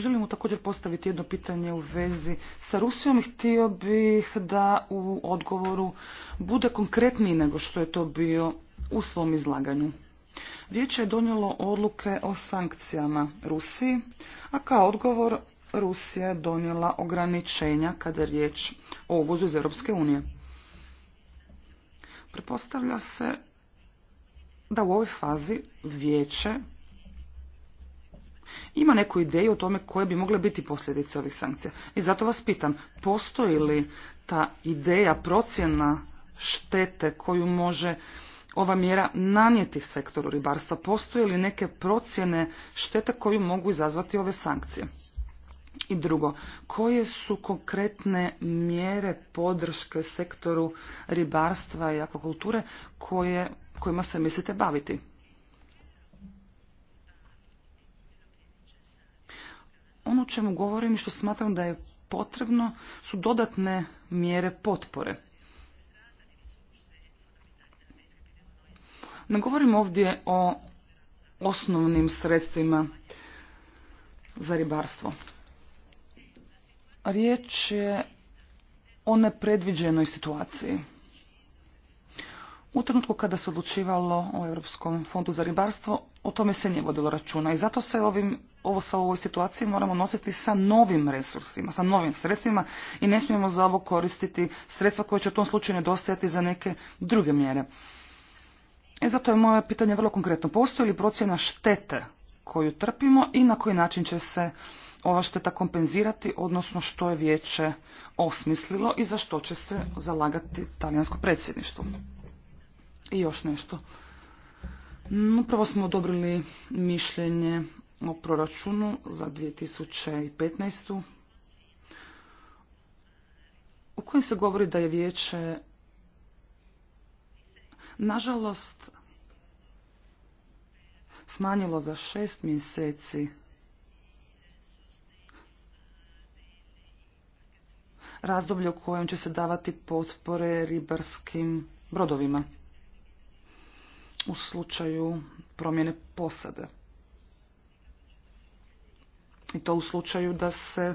Želimo također postaviti jedno pitanje u vezi sa Rusijom i htio bih da u odgovoru bude konkretniji nego što je to bio u svom izlaganju. Vijeće je donijelo odluke o sankcijama Rusiji, a kao odgovor Rusija je donijela ograničenja kada je riječ o uvozu iz Europske unije. Prepostavlja se da u ovoj fazi vijeće ima neku ideju o tome koje bi mogle biti posljedice ovih sankcija. I zato vas pitam, postoji li ta ideja procjena štete koju može ova mjera nanijeti sektoru ribarstva? Postoje li neke procjene štete koju mogu izazvati ove sankcije? I drugo, koje su konkretne mjere podrške sektoru ribarstva i akvakulture kojima se mislite baviti? Ono o čemu govorim i što smatram da je potrebno su dodatne mjere potpore. Ne govorim ovdje o osnovnim sredstvima za ribarstvo. Riječ je o nepredviđenoj situaciji. U trenutku kada se odlučivalo o Europskom fondu za ribarstvo, o tome se nije vodilo računa i zato se ovim ovo sa ovoj situaciji moramo nositi sa novim resursima, sa novim sredstvima i ne smijemo za ovo koristiti sredstva koje će u tom slučaju nedostajati za neke druge mjere. E zato je moje pitanje vrlo konkretno. Postoji li procjena štete koju trpimo i na koji način će se ova šteta kompenzirati, odnosno što je vijeće osmislilo i za što će se zalagati talijansko predsjedništvo. I još nešto. Mm, upravo smo odobrili mišljenje o proračunu za 2015. u kojem se govori da je vijeće nažalost smanjilo za šest mjeseci razdoblje u kojem će se davati potpore ribarskim brodovima u slučaju promjene posade i to u slučaju da se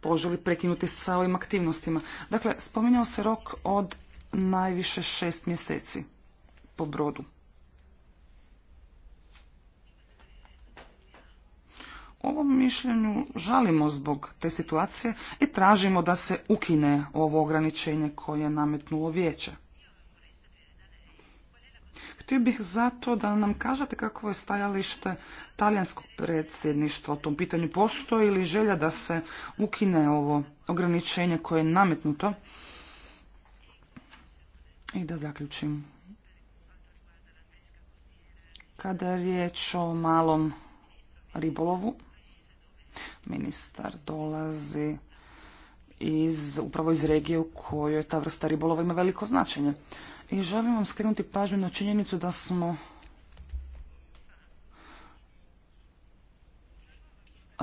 poželi prekinuti sa ovim aktivnostima. Dakle, spominjao se rok od najviše šest mjeseci po brodu. ovom mišljenju žalimo zbog te situacije i tražimo da se ukine ovo ograničenje koje je nametnulo vijeće. Htio bih zato da nam kažete kako je stajalište talijanskog predsjedništva o tom pitanju. Postoji ili želja da se ukine ovo ograničenje koje je nametnuto? I da zaključim. Kada je riječ o malom ribolovu, ministar dolazi iz, upravo iz regije u kojoj ta vrsta ribolova ima veliko značenje i želim vam skrenuti pažnju na činjenicu da smo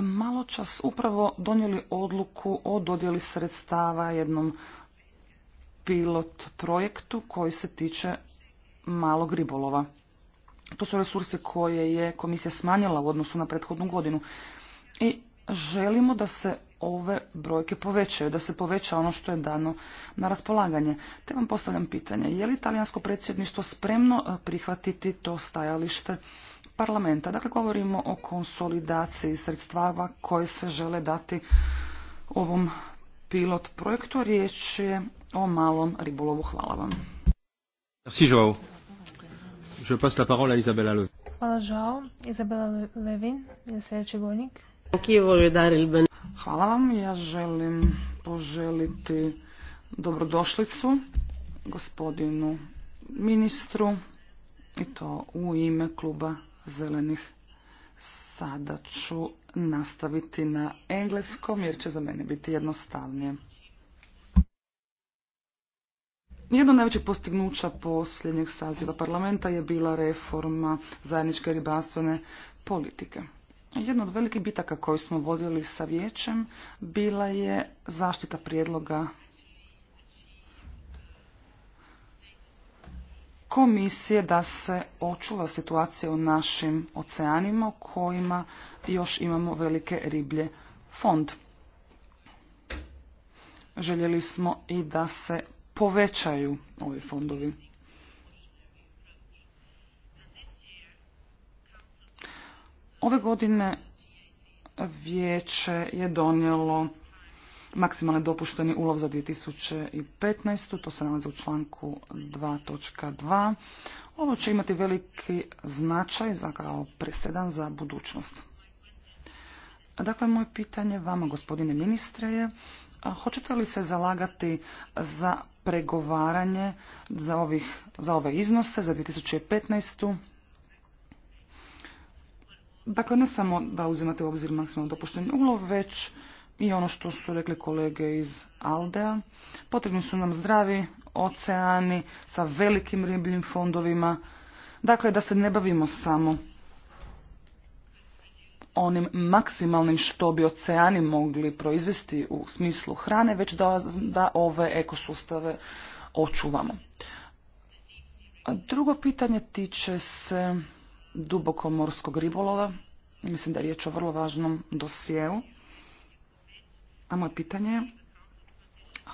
malo čas upravo donijeli odluku o dodjeli sredstava jednom pilot projektu koji se tiče malog ribolova. To su resurse koje je komisija smanjila u odnosu na prethodnu godinu. I želimo da se ove brojke povećaju, da se poveća ono što je dano na raspolaganje. Te vam postavljam pitanje, je li italijansko predsjedništvo spremno e, prihvatiti to stajalište parlamenta? Dakle, govorimo o konsolidaciji sredstava koje se žele dati ovom pilot projektu. Riječ je o malom ribolovu. Hvala vam. Hvala, žao. Izabela Levin je sljedeći govornik. Hvala vam, ja želim poželiti dobrodošlicu gospodinu ministru i to u ime kluba zelenih. Sada ću nastaviti na engleskom jer će za mene biti jednostavnije. Jedno od najvećih postignuća posljednjeg saziva parlamenta je bila reforma zajedničke ribarstvene politike. Jedna od velikih bitaka koju smo vodili sa vijećem bila je zaštita prijedloga komisije da se očuva situacija u našim oceanima u kojima još imamo velike riblje fond. Željeli smo i da se povećaju ovi fondovi. Ove godine vijeće je donijelo maksimalni dopušteni ulov za 2015. To se nalazi u članku 2.2. Ovo će imati veliki značaj za kao presedan za budućnost. Dakle, moje pitanje vama, gospodine ministre, je hoćete li se zalagati za pregovaranje za, za ove iznose za 2015. Dakle, ne samo da uzimate u obzir maksimalno dopušteni ulov, već i ono što su rekli kolege iz Aldea. Potrebni su nam zdravi oceani sa velikim ribljim fondovima. Dakle, da se ne bavimo samo onim maksimalnim što bi oceani mogli proizvesti u smislu hrane, već da, ove ekosustave očuvamo. drugo pitanje tiče se Duboko morskog ribolova. Mislim da je riječ o vrlo važnom dosijelu. A moje pitanje je,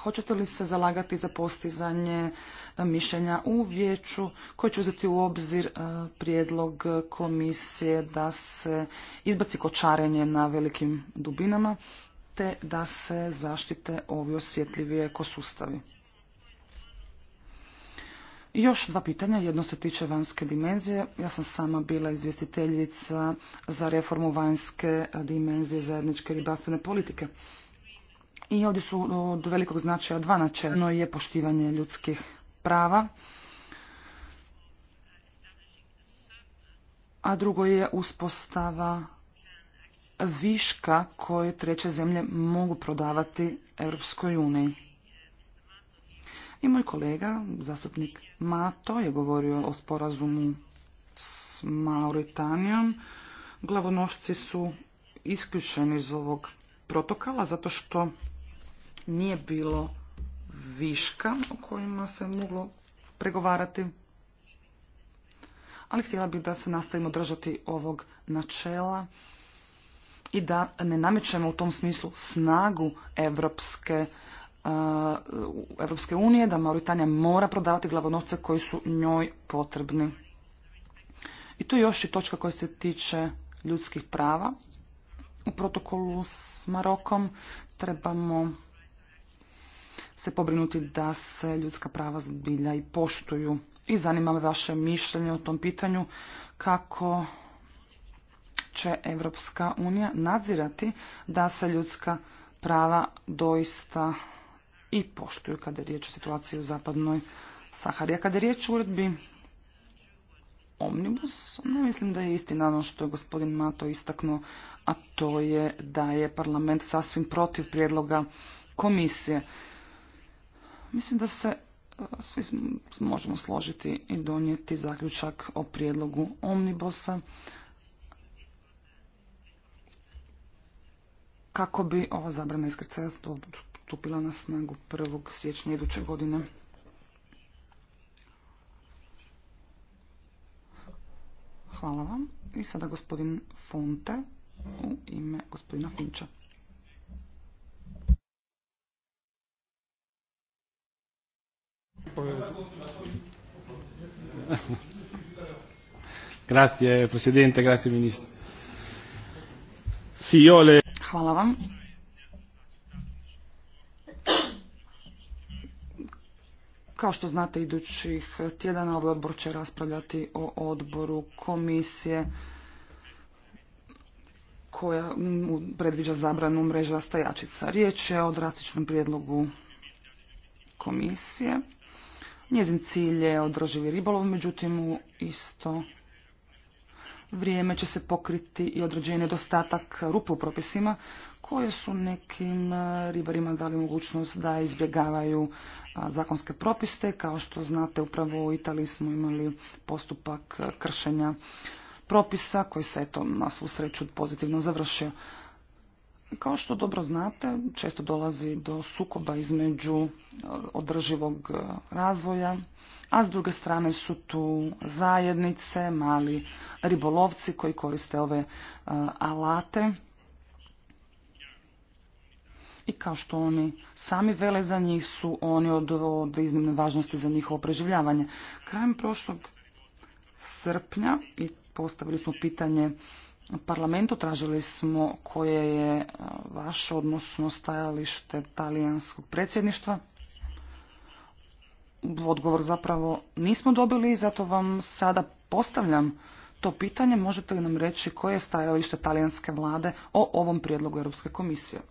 hoćete li se zalagati za postizanje mišljenja u vijeću koje će uzeti u obzir e, prijedlog komisije da se izbaci kočarenje na velikim dubinama te da se zaštite ovi osjetljivi ekosustavi? Još dva pitanja, jedno se tiče vanjske dimenzije. Ja sam sama bila izvjestiteljica za reformu vanjske dimenzije zajedničke ribarstvene politike. I ovdje su od velikog značaja dva načela. Jedno je poštivanje ljudskih prava, a drugo je uspostava viška koje treće zemlje mogu prodavati Europskoj uniji. I moj kolega, zastupnik Mato, je govorio o sporazumu s Mauritanijom. Glavonošci su isključeni iz ovog protokala zato što nije bilo viška o kojima se moglo pregovarati. Ali htjela bih da se nastavimo držati ovog načela i da ne namećemo u tom smislu snagu evropske Eh, Europske unije da Mauritanija mora prodavati glavonovce koji su njoj potrebni. I tu je još i točka koja se tiče ljudskih prava. U protokolu s Marokom trebamo se pobrinuti da se ljudska prava zbilja i poštuju. I zanima me vaše mišljenje o tom pitanju kako će Evropska unija nadzirati da se ljudska prava doista i poštuju kada je riječ o situaciji u zapadnoj Sahari. A kada je riječ o uredbi Omnibus, ne mislim da je istina ono što je gospodin Mato istaknuo, a to je da je parlament sasvim protiv prijedloga komisije. Mislim da se e, svi možemo složiti i donijeti zaključak o prijedlogu Omnibusa. kako bi ova zabrana iskrcaja stupila na snagu 1. siječnja iduće godine. Hvala vam. I sada gospodin Fonte u ime gospodina Finča. [laughs] Grazie Presidente, grazie Ministro. Hvala vam. Kao što znate, idućih tjedana ovaj odbor će raspravljati o odboru komisije koja predviđa zabranu mreža stajačica. Riječ je o drastičnom prijedlogu komisije. Njezin cilj je održivi ribolov, međutim u isto vrijeme će se pokriti i određeni nedostatak rupu u propisima koje su nekim e, ribarima dali mogućnost da izbjegavaju e, zakonske propiste. Kao što znate, upravo u Italiji smo imali postupak e, kršenja propisa koji se eto na svu sreću pozitivno završio. Kao što dobro znate, često dolazi do sukoba između održivog razvoja, a s druge strane su tu zajednice, mali ribolovci koji koriste ove alate i kao što oni sami vele za njih su oni od, od iznimne važnosti za njihovo preživljavanje. Krajem prošlog srpnja i postavili smo pitanje parlamentu, tražili smo koje je vaše odnosno stajalište talijanskog predsjedništva. Odgovor zapravo nismo dobili i zato vam sada postavljam to pitanje. Možete li nam reći koje je stajalište talijanske vlade o ovom prijedlogu Europske komisije?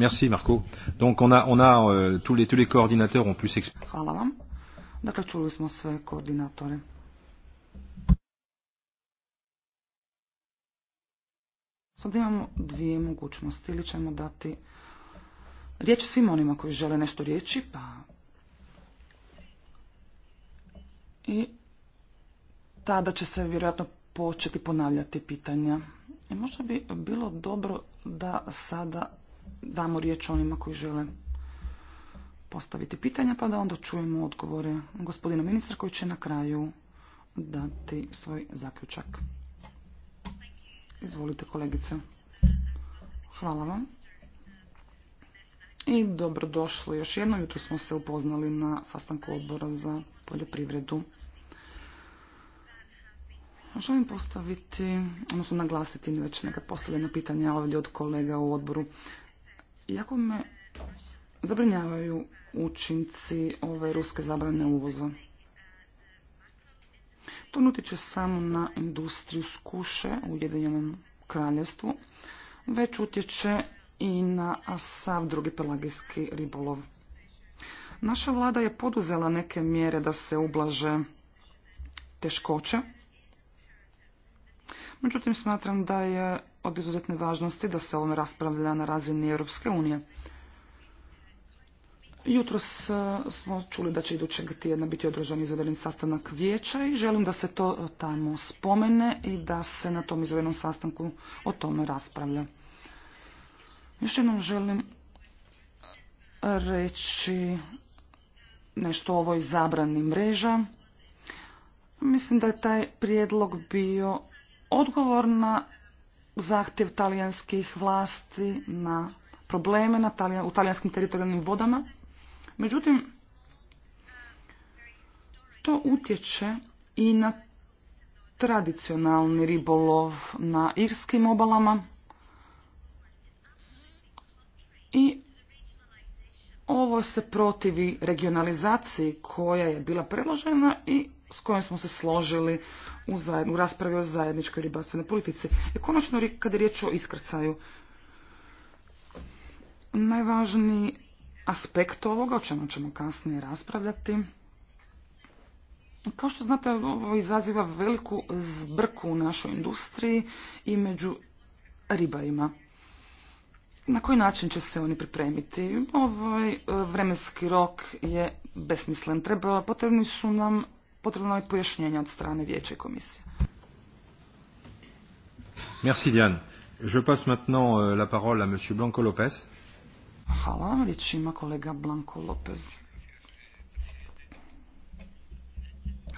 Merci Marco. Donc on a, on a euh, tous les tous les coordinateurs ont pu s'exprimer. Hvala vam. Dakle čuli smo sve koordinatore. sad imamo dvije mogućnosti ili ćemo dati riječ svim onima koji žele nešto riječi, pa i tada će se vjerojatno početi ponavljati pitanja. I možda bi bilo dobro da sada damo riječ onima koji žele postaviti pitanja, pa da onda čujemo odgovore gospodina ministra koji će na kraju dati svoj zaključak. Izvolite kolegice. Hvala vam. I došlo još jedno. Jutro smo se upoznali na sastanku odbora za poljoprivredu. Želim postaviti, odnosno naglasiti već neka postavljena pitanja ovdje od kolega u odboru. Jako me zabrinjavaju učinci ove ruske zabrane uvoza. To utječe samo na industriju skuše u Ujedinjenom kraljevstvu, već utječe i na sav drugi pelagijski ribolov. Naša vlada je poduzela neke mjere da se ublaže teškoće, Međutim, smatram da je od izuzetne važnosti da se ovome raspravlja na razini Europske unije. Jutro e, smo čuli da će idućeg tjedna biti održan izvedeni sastanak vijeća i želim da se to tamo spomene i da se na tom izvedenom sastanku o tome raspravlja. Još jednom želim reći nešto o ovoj zabrani mreža. Mislim da je taj prijedlog bio odgovor na zahtjev talijanskih vlasti na probleme na u talijanskim teritorijalnim vodama. Međutim, to utječe i na tradicionalni ribolov na irskim obalama i ovo se protivi regionalizaciji koja je bila predložena i s kojom smo se složili u, zajed, u raspravi o zajedničkoj ribarstvenoj politici. I konačno kada je riječ o iskrcaju, najvažniji aspekt ovoga, o čemu ćemo kasnije raspravljati, kao što znate, ovo izaziva veliku zbrku u našoj industriji i među ribarima. Na koji način će se oni pripremiti? Ovaj eh, vremenski rok je besmislen. Treba, potrebni su nam potrebno je pojašnjenje od strane vijeće komisije. Merci Diane. Je passe maintenant euh, la parole à monsieur Blanco Lopez. Hvala, ima kolega Blanco Lopez.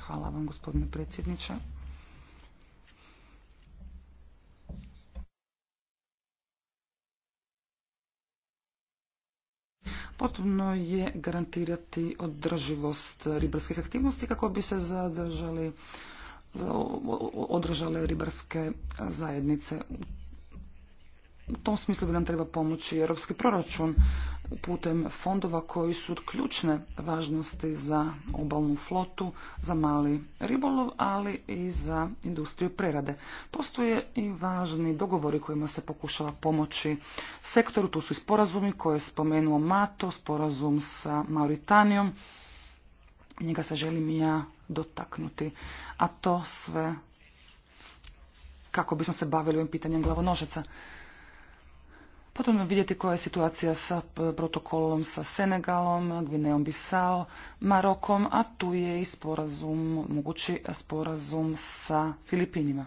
Hvala vam gospodine predsjedniče. Potrebno je garantirati održivost ribarskih aktivnosti kako bi se zadržali održale ribarske zajednice u u tom smislu bi nam treba pomoći europski proračun putem fondova koji su od ključne važnosti za obalnu flotu, za mali ribolov, ali i za industriju prerade. Postoje i važni dogovori kojima se pokušava pomoći sektoru. Tu su i sporazumi koje je spomenuo Mato, sporazum sa Mauritanijom. Njega se želim i ja dotaknuti. A to sve kako bismo se bavili ovim pitanjem glavonožica. Potrebno vidjeti koja je situacija sa e, protokolom sa Senegalom, Gvineom Bisao, Marokom, a tu je i sporazum, mogući sporazum sa Filipinima.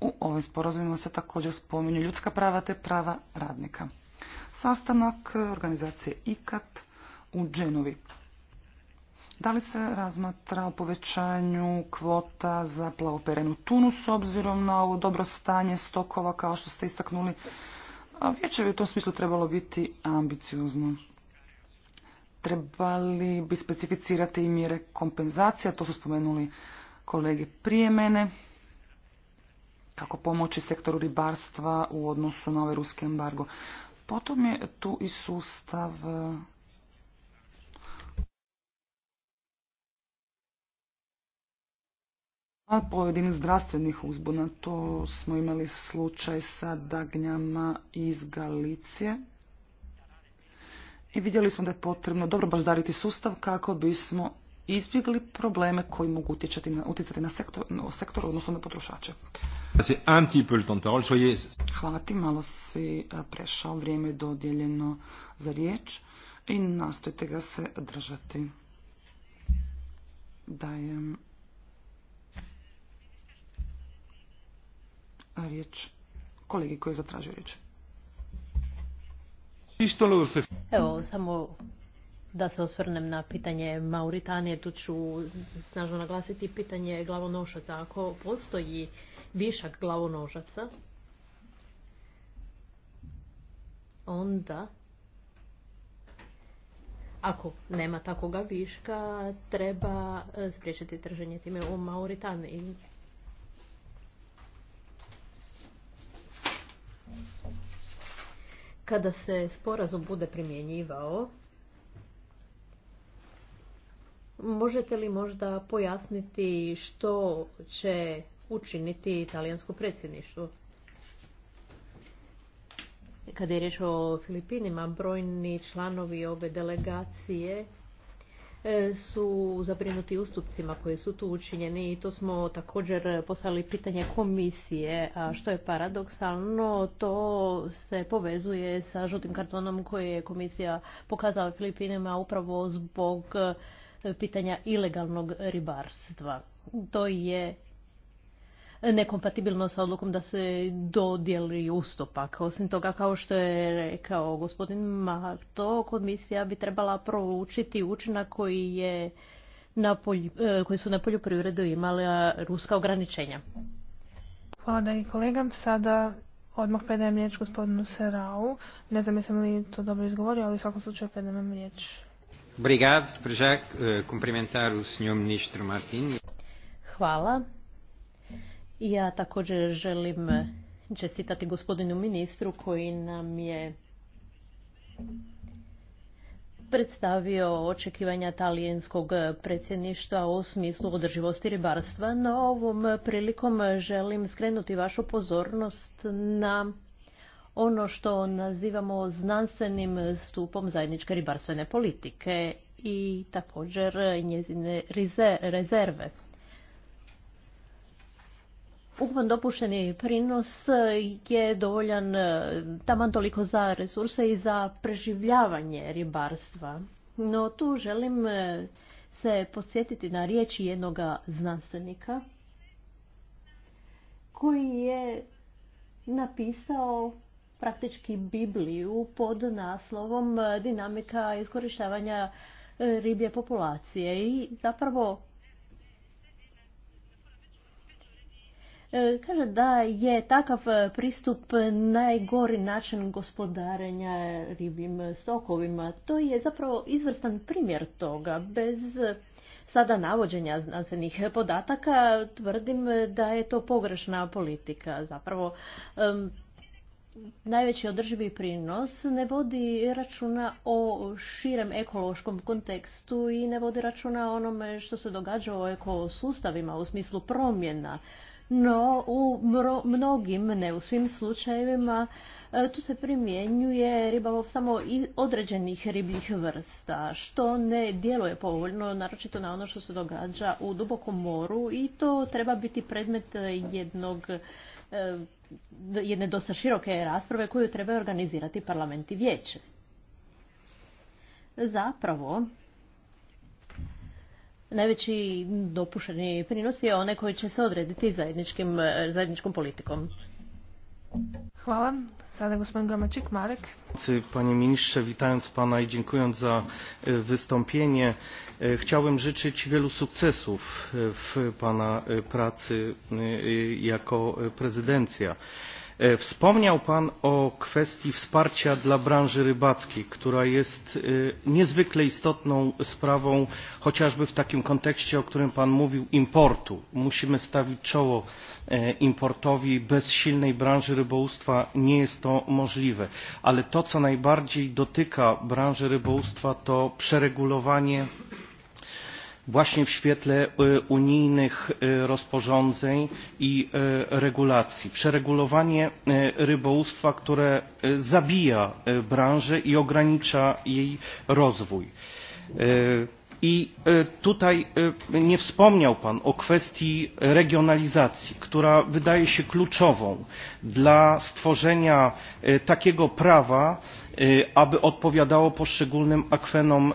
U ovim sporazumima se također spominju ljudska prava te prava radnika. Sastanak organizacije IKAT u Dženovi. Da li se razmatra o povećanju kvota za plavoperenu tunu s obzirom na ovo dobro stanje stokova kao što ste istaknuli? Vijeće bi u tom smislu trebalo biti ambiciozno. Trebali bi specificirati i mjere kompenzacija, to su spomenuli kolege prije mene, kako pomoći sektoru ribarstva u odnosu na ove ovaj ruske embargo. Potom je tu i sustav pojedinih zdravstvenih uzbuna. To smo imali slučaj sa dagnjama iz Galicije. I vidjeli smo da je potrebno dobro baždariti sustav kako bismo izbjegli probleme koji mogu utjecati na, na sektor, odnosno na potrošače. Hvala ti, malo si prešao vrijeme dodijeljeno za riječ i nastojte ga se držati. Dajem riječ kolegi koji je zatražio riječ. Evo, samo da se osvrnem na pitanje Mauritanije, tu ću snažno naglasiti pitanje glavonošaca. Ako postoji višak glavonožaca, onda ako nema takoga viška, treba spriječiti trženje time u Mauritaniji. kada se sporazum bude primjenjivao, možete li možda pojasniti što će učiniti italijansko predsjedništvo? Kada je riječ o Filipinima, brojni članovi ove delegacije E, su zabrinuti ustupcima koji su tu učinjeni i to smo također poslali pitanje komisije, a što je paradoksalno, to se povezuje sa žutim kartonom koji je komisija pokazala Filipinima upravo zbog e, pitanja ilegalnog ribarstva. To je nekompatibilno sa odlukom da se dodijeli ustupak. Osim toga, kao što je rekao gospodin Marto, komisija bi trebala proučiti učinak koji je na polju, e, koji su na poljoprivredu imala ruska ograničenja. Hvala da i kolegam. Sada odmah predajem riječ gospodinu Serau. Ne znam jesam li to dobro izgovorio, ali u svakom slučaju predajem riječ. Obrigado, e, para já cumprimentar o Sr. Ministro Hvala. Ja također želim eh, čestitati gospodinu ministru koji nam je predstavio očekivanja talijanskog eh, predsjedništva u smislu održivosti ribarstva, no ovom eh, prilikom želim skrenuti vašu pozornost na ono što nazivamo znanstvenim stupom zajedničke ribarstvene politike i također njezine rezerve ukupan dopušteni prinos e, je dovoljan e, taman toliko za resurse i za preživljavanje ribarstva. No tu želim e, se posjetiti na riječi jednog znanstvenika koji je napisao praktički Bibliju pod naslovom Dinamika iskorištavanja riblje populacije i zapravo E, kaže da je takav e, pristup najgori način gospodarenja ribim stokovima. To je zapravo izvrstan primjer toga. Bez e, sada navođenja znanstvenih podataka tvrdim da je to pogrešna politika. Zapravo najveći održivi prinos ne vodi računa o širem ekološkom kontekstu i ne vodi računa o onome što se događa u ekosustavima u smislu promjena no u mnogim, ne u svim slučajevima, e, tu se primjenjuje ribalov samo određenih ribljih vrsta, što ne djeluje povoljno, naročito na ono što se događa u dubokom moru i to treba biti predmet jednog e, jedne dosta široke rasprave koju treba organizirati parlament i vijeće. Zapravo, najveći dopušteni prinos je one koji će se odrediti zajedničkim, e, zajedničkom politikom. Hvala. Sada gospodin Gamačik, Marek. Panie ministrze, witając pana i dziękując za e, wystąpienie. E, chciałbym życzyć wielu sukcesów w pana pracy jako prezydencja. E, wspomniał Pan o kwestii wsparcia dla branży rybackiej, która jest e, niezwykle istotną sprawą, chociażby w takim kontekście, o którym Pan mówił, importu. Musimy stawić czoło e, importowi. Bez silnej branży rybołówstwa nie jest to możliwe. Ale to, co najbardziej dotyka branży rybołówstwa, to przeregulowanie właśnie w świetle e, unijnych e, rozporządzeń i e, regulacji przeregulowanie rybołówstwa które zabija branżę i ogranicza jej rozwój. i tutaj nie wspomniał pan o kwestii regionalizacji która wydaje się kluczową dla stworzenia takiego prawa aby odpowiadało poszczególnym akwenom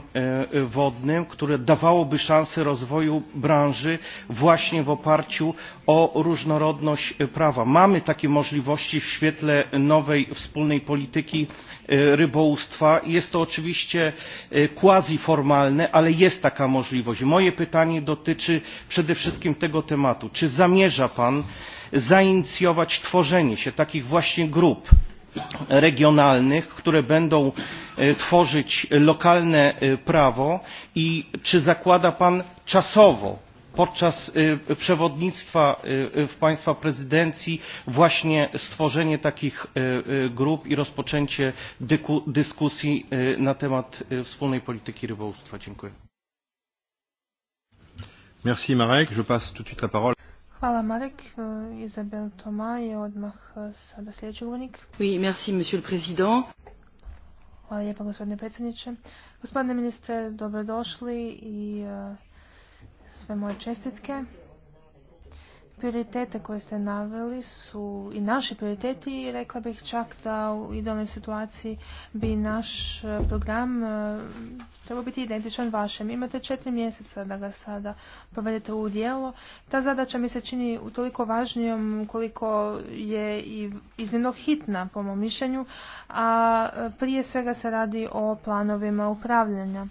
wodnym, które dawałoby szansę rozwoju branży właśnie w oparciu o różnorodność prawa. Mamy takie możliwości w świetle nowej wspólnej polityki rybołówstwa. Jest to oczywiście quasi formalne, ale jest taka możliwość. Moje pytanie dotyczy przede wszystkim tego tematu. Czy zamierza Pan zainicjować tworzenie się takich właśnie grup regionalnych które będą e, tworzyć lokalne e, prawo i czy zakłada pan czasowo podczas e, przewodnictwa w państwa prezydencji właśnie stworzenie takich grup i rozpoczęcie dyskusji na temat wspólnej polityki rybołówstwa. Dziękuję. Marek. Hvala Marek. E, Izabel Toma je odmah e, sada sljedeći govornik. Oui, merci, monsieur le président. Hvala lijepa gospodine predsjedniče. Gospodine ministre, dobrodošli i e, sve moje čestitke. Prioritete koje ste naveli su i naši prioriteti i rekla bih čak da u idealnoj situaciji bi naš e, program e, trebao biti identičan vašem. Imate četiri mjeseca da ga sada povedete u djelo. Ta zadaća mi se čini toliko važnijom koliko je i iznimno hitna po mom mišljenju, a e, prije svega se radi o planovima upravljanja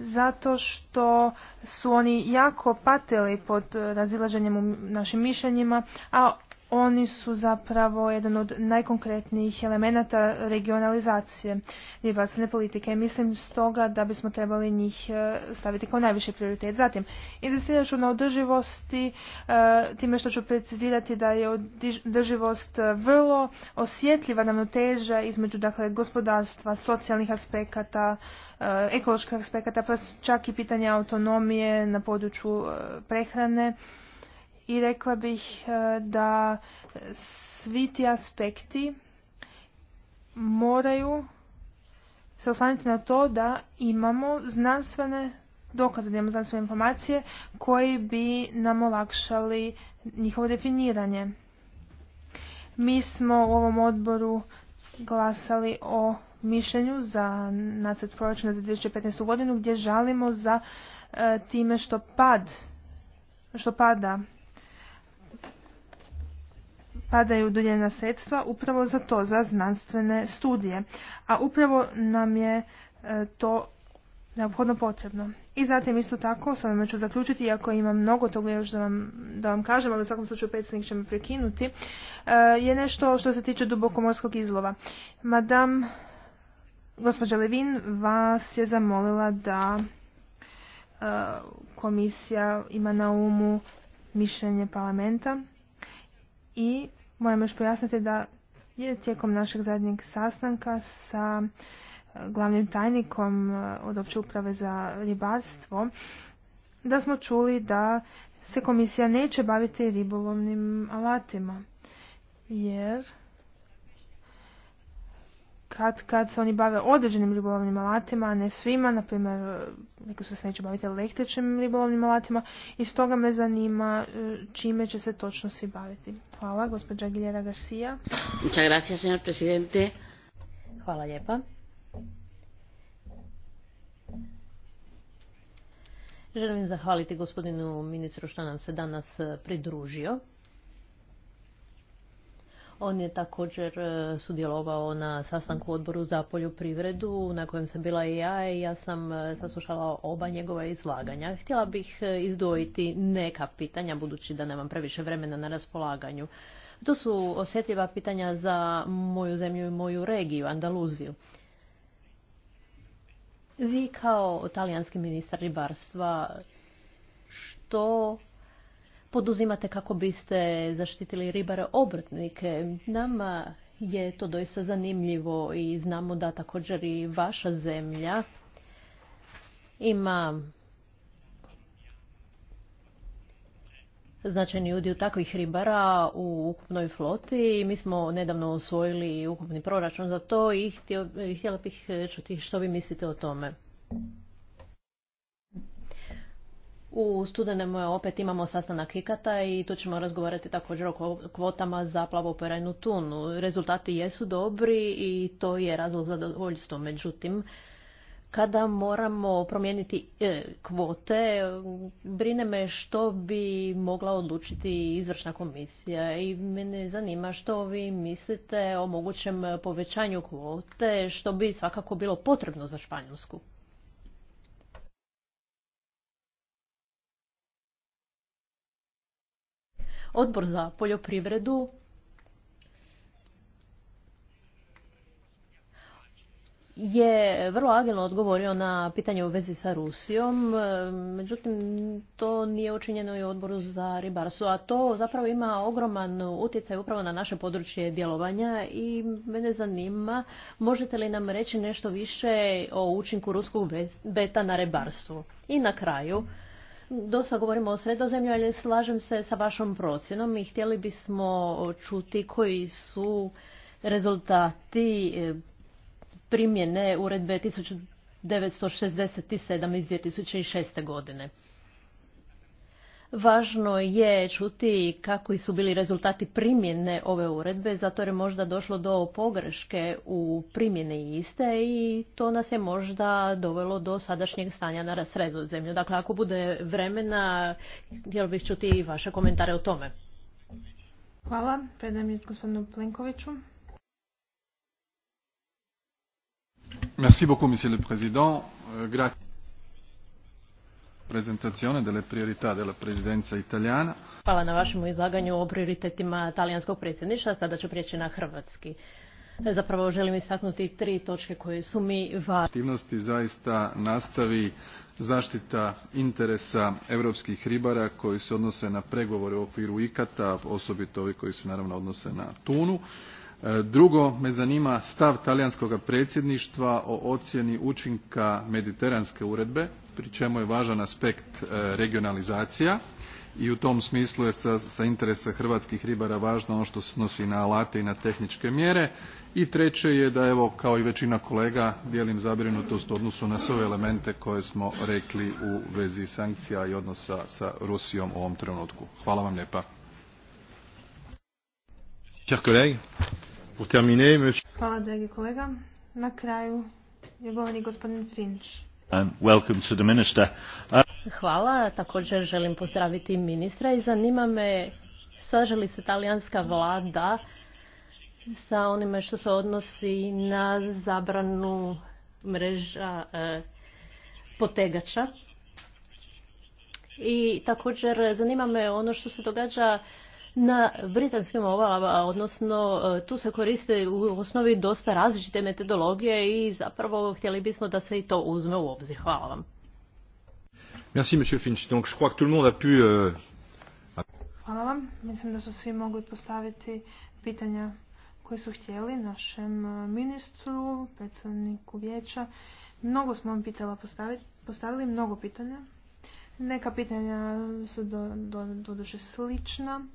zato što su oni jako patili pod eh, razilaženjem u našim mišljenjima, a oni su zapravo jedan od najkonkretnijih elemenata regionalizacije ribarstvene politike. Mislim stoga da bismo trebali njih e, staviti kao najviši prioritet. Zatim, inzistirat ću na održivosti e, time što ću precizirati da je održivost e, vrlo osjetljiva ravnoteža između dakle, gospodarstva, socijalnih aspekata, ekoloških aspekata, pa čak i pitanja autonomije na području prehrane i rekla bih e, da svi ti aspekti moraju se oslaniti na to da imamo znanstvene dokaze, da imamo znanstvene informacije koji bi nam olakšali njihovo definiranje. Mi smo u ovom odboru glasali o mišljenju za nacrt proračuna za 2015. godinu gdje žalimo za e, time što pad što pada padaju duljena sredstva upravo za to, za znanstvene studije. A upravo nam je e, to neophodno potrebno. I zatim isto tako, s ovim ću zaključiti, iako imam mnogo toga još da vam, kažem, ali u svakom slučaju predsjednik će me prekinuti, e, je nešto što se tiče dubokomorskog izlova. Madame, gospođa Levin vas je zamolila da e, komisija ima na umu mišljenje parlamenta i Moram još pojasniti da je tijekom našeg zadnjeg sastanka sa e, glavnim tajnikom e, od opće uprave za ribarstvo da smo čuli da se komisija neće baviti ribolovnim alatima jer kad, kad se oni bave određenim ribolovnim alatima, a ne svima, na primjer, neki se neće baviti električnim ribolovnim alatima i stoga me zanima e, čime će se točno svi baviti. Hvala, gospođa Giljera Garcia. Muchas gracias, señor presidente. Hvala lijepa. Želim zahvaliti gospodinu ministru što nam se danas pridružio. On je također e, sudjelovao na sastanku odboru za poljoprivredu na kojem sam bila i ja i ja sam e, saslušala oba njegova izlaganja. Htjela bih e, izdvojiti neka pitanja budući da nemam previše vremena na raspolaganju. To su osjetljiva pitanja za moju zemlju i moju regiju, Andaluziju. Vi kao talijanski ministar ribarstva što poduzimate kako biste zaštitili ribare obrtnike? Nama je to doista zanimljivo i znamo da također i vaša zemlja ima značajni udio takvih ribara u ukupnoj floti. Mi smo nedavno osvojili ukupni proračun za to i htjela bih čuti što vi mislite o tome. U studenemu opet imamo sastanak Ikata i tu ćemo razgovarati također o kvotama za perajnu tunu. Rezultati jesu dobri i to je razlog za zadovoljstvo. Međutim, kada moramo promijeniti e, kvote, brine me što bi mogla odlučiti izvršna komisija i mene zanima što vi mislite o mogućem povećanju kvote, što bi svakako bilo potrebno za Španjolsku. Odbor za poljoprivredu je vrlo agilno odgovorio na pitanje u vezi sa Rusijom, međutim to nije učinjeno i u odboru za ribarstvo, a to zapravo ima ogroman utjecaj upravo na naše područje djelovanja i mene zanima možete li nam reći nešto više o učinku ruskog beta na ribarstvu. I na kraju, Dosta govorimo o sredozemlju, ali slažem se sa vašom procjenom i htjeli bismo čuti koji su rezultati e, primjene uredbe 1967 iz 2006. godine. Važno je čuti kakvi su bili rezultati primjene ove uredbe, zato je možda došlo do pogreške u primjeni iste i to nas je možda dovelo do sadašnjeg stanja na zemlju Dakle, ako bude vremena, htjelo bih čuti i vaše komentare o tome. Hvala. Predajem je gospodinu Plenkoviću. Merci beaucoup, monsieur le président. Euh, presentazione delle priorità della presidenza italiana. Hvala na vašem izlaganju o prioritetima talijanskog predsjedništva. Sada ću prijeći na hrvatski. Zapravo želim istaknuti tri točke koje su mi važne. Aktivnosti zaista nastavi zaštita interesa europskih ribara koji se odnose na pregovore u okviru ikata, osobito ovi koji se naravno odnose na tunu. E, drugo, me zanima stav talijanskog predsjedništva o ocjeni učinka mediteranske uredbe pri čemu je važan aspekt e, regionalizacija i u tom smislu je sa, interesa hrvatskih ribara važno ono što se odnosi na alate i na tehničke mjere i treće je da evo kao i većina kolega dijelim zabrinutost u odnosu na sve elemente koje smo rekli u vezi sankcija i odnosa sa rusijom u ovom trenutku. hvala vam lijepa. Hvala kolega. Na kraju je gospodin Uh, Hvala, također želim pozdraviti ministra i zanima me slaže li se talijanska vlada sa onime što se odnosi na zabranu mreža e, potegača. I također zanima me ono što se događa na britanskim ovalama, odnosno e, tu se koriste u osnovi dosta različite metodologije i zapravo htjeli bismo da se i to uzme u obzir. Hvala vam. Merci, Finch. Donc, je crois que tout le monde a pu... Euh, Hvala vam. Mislim da su svi mogli postaviti pitanja koje su htjeli našem e, ministru, predstavniku vijeća. Mnogo smo vam pitala postaviti, postavili, mnogo pitanja. Neka pitanja su doduše do, slična,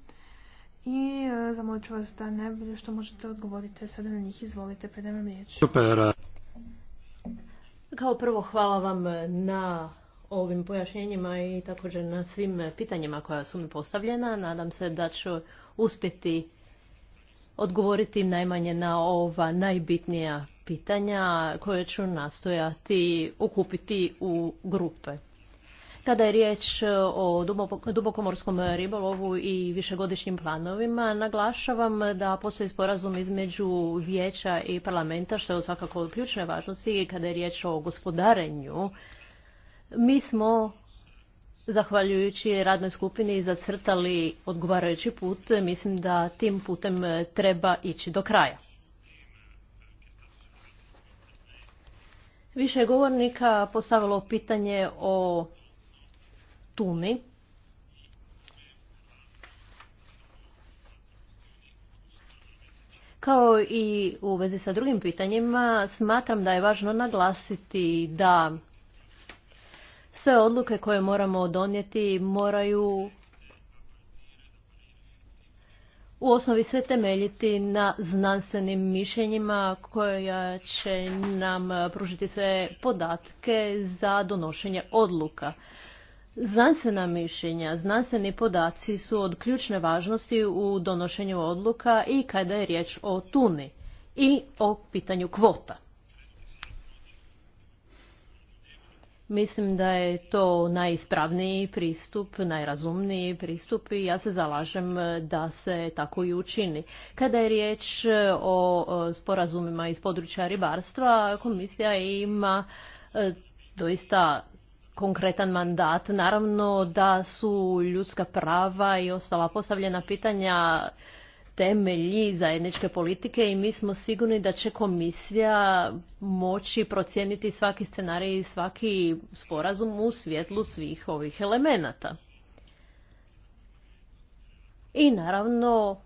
i e, zamolit ću vas da najbolje što možete odgovorite sada na njih. Izvolite, predajem vam riječ. Super. Kao prvo hvala vam na ovim pojašnjenjima i također na svim pitanjima koja su mi postavljena. Nadam se da ću uspjeti odgovoriti najmanje na ova najbitnija pitanja koje ću nastojati okupiti u grupe. Kada je riječ e, o dubokomorskom ribolovu i višegodišnjim planovima, naglašavam da postoji sporazum između vijeća i parlamenta, što je svakako od ključne važnosti i kada je riječ o gospodarenju. Mi smo, zahvaljujući radnoj skupini, zacrtali odgovarajući put. Mislim da tim putem treba ići do kraja. Više govornika postavilo pitanje o tuni. Kao i u vezi sa drugim pitanjima, smatram da je važno naglasiti da sve odluke koje moramo donijeti moraju u osnovi se temeljiti na znanstvenim mišljenjima koja će nam pružiti sve podatke za donošenje odluka. Znanstvena mišljenja, znanstveni podaci su od ključne važnosti u donošenju odluka i kada je riječ o tuni i o pitanju kvota. Mislim da je to najispravniji pristup, najrazumniji pristup i ja se zalažem da se tako i učini. Kada je riječ o sporazumima iz područja ribarstva, komisija ima e, doista konkretan mandat. Naravno da su ljudska prava i ostala postavljena pitanja temelji zajedničke politike i mi smo sigurni da će komisija moći procijeniti svaki scenarij i svaki sporazum u svjetlu svih ovih elemenata. I naravno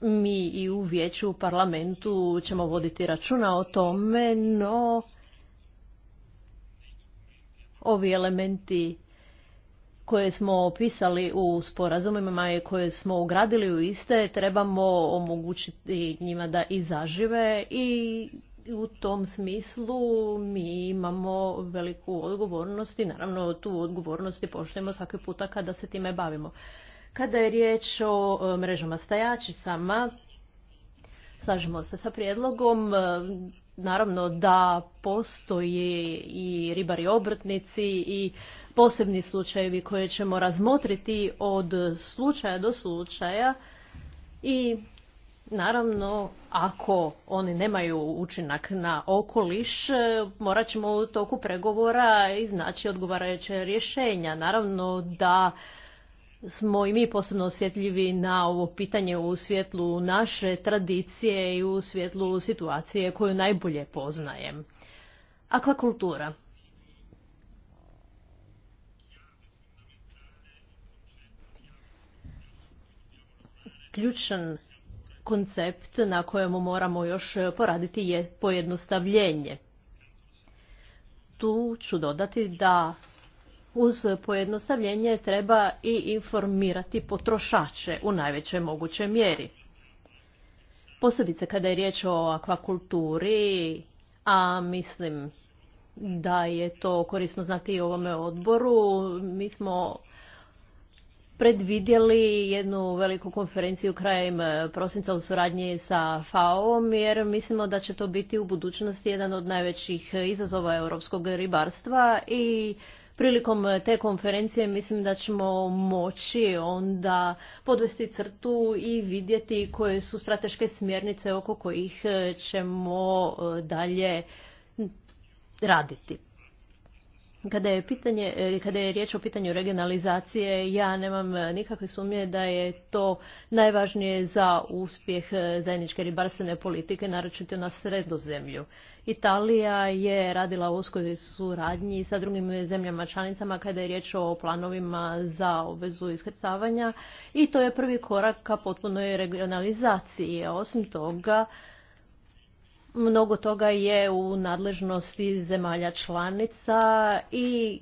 mi i u vijeću u parlamentu ćemo voditi računa o tome, no ovi elementi koje smo opisali u sporazumima i koje smo ugradili u iste trebamo omogućiti njima da i zažive i u tom smislu mi imamo veliku odgovornost i naravno tu odgovornost i poštujemo svaki puta kada se time bavimo. Kada je riječ o e, mrežama stajačicama, slažemo se sa prijedlogom, e, Naravno da postoji i ribari obrtnici i posebni slučajevi koje ćemo razmotriti od slučaja do slučaja i naravno ako oni nemaju učinak na okoliš morat ćemo u toku pregovora iznaći odgovarajuće rješenja. Naravno da smo i mi posebno osjetljivi na ovo pitanje u svjetlu naše tradicije i u svjetlu situacije koju najbolje poznajem. Akvakultura. Ključan koncept na kojemu moramo još poraditi je pojednostavljenje. Tu ću dodati da uz pojednostavljenje treba i informirati potrošače u najvećoj mogućoj mjeri. Posebice kada je riječ o akvakulturi, a mislim da je to korisno znati i ovome odboru, mi smo predvidjeli jednu veliku konferenciju krajem prosinca u suradnji sa FAO-om jer mislimo da će to biti u budućnosti jedan od najvećih izazova europskog ribarstva i prilikom eh, te konferencije mislim da ćemo moći onda podvesti crtu i vidjeti koje su strateške smjernice oko kojih eh, ćemo eh, dalje raditi. Kada je, pitanje, e, kada je riječ o pitanju regionalizacije, ja nemam e, nikakve sumnje da je to najvažnije za uspjeh e, zajedničke ribarstvene politike, naročito na sredozemlju. Italija je radila u uskoj suradnji sa drugim zemljama članicama kada je riječ o planovima za obvezu iskrcavanja i to je prvi korak ka potpunoj regionalizaciji. Osim toga, Mnogo toga je u nadležnosti zemalja članica i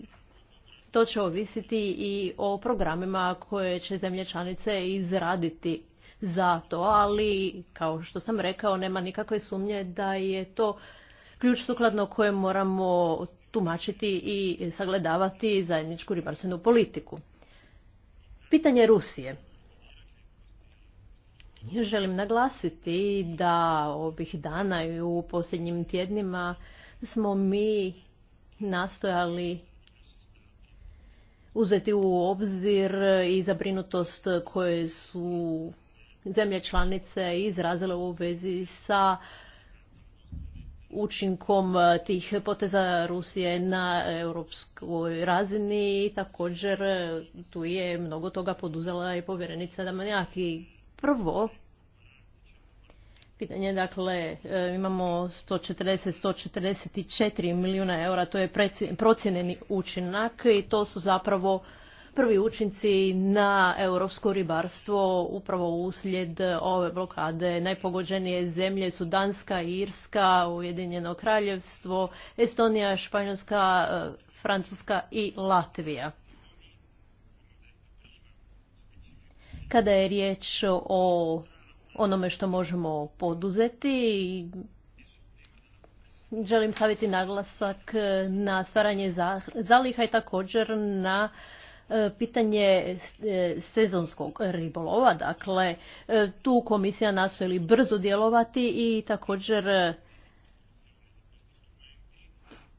to će ovisiti i o programima koje će zemlje članice izraditi za to, ali kao što sam rekao nema nikakve sumnje da je to ključ sukladno koje moramo tumačiti i sagledavati zajedničku ribarstvenu politiku. Pitanje Rusije. Želim naglasiti da ovih dana i u posljednjim tjednima smo mi nastojali uzeti u obzir i zabrinutost koje su zemlje članice izrazile u vezi sa učinkom tih poteza Rusije na europskoj razini i također tu je mnogo toga poduzela i povjerenica Damanjaki Prvo, pitanje dakle, e, imamo 140-144 milijuna eura, to je procijenjeni učinak i to su zapravo prvi učinci na europsko ribarstvo upravo uslijed ove blokade. Najpogođenije zemlje su Danska, Irska, Ujedinjeno kraljevstvo, Estonija, Španjolska, e, Francuska i Latvija. Kada je riječ o onome što možemo poduzeti, želim staviti naglasak na stvaranje zaliha i također na e, pitanje e, sezonskog ribolova. Dakle, e, tu komisija nastoji brzo djelovati i također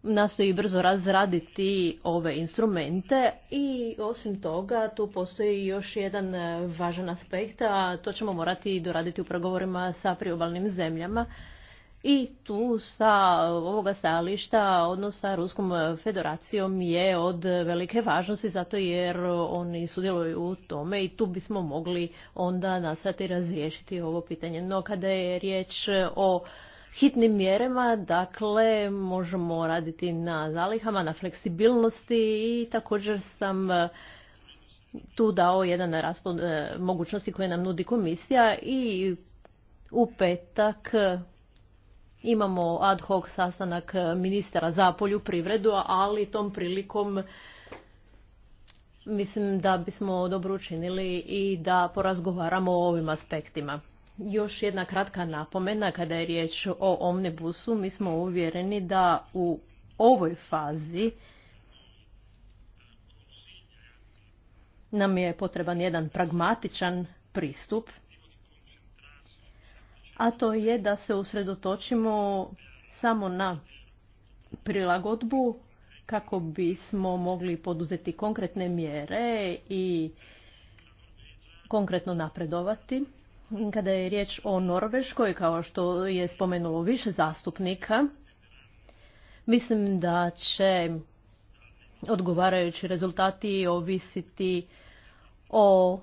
nastoji brzo razraditi ove instrumente i osim toga tu postoji još jedan e, važan aspekt, a to ćemo morati doraditi u pregovorima sa priobalnim zemljama i tu sa ovoga stajališta odnos sa Ruskom federacijom je od velike važnosti zato jer oni sudjeluju u tome i tu bismo mogli onda nastojati razriješiti ovo pitanje. No kada je riječ o hitnim mjerama, dakle možemo raditi na zalihama, na fleksibilnosti i također sam e, tu dao jedan raspod e, mogućnosti koje nam nudi komisija i u petak e, imamo ad hoc sastanak ministara za poljoprivredu, ali tom prilikom mislim da bismo dobro učinili i da porazgovaramo o ovim aspektima. Još jedna kratka napomena kada je riječ o omnibusu. Mi smo uvjereni da u ovoj fazi nam je potreban jedan pragmatičan pristup, a to je da se usredotočimo samo na prilagodbu kako bismo mogli poduzeti konkretne mjere i konkretno napredovati. Kada je riječ o Norveškoj, kao što je spomenulo više zastupnika, mislim da će odgovarajući rezultati ovisiti o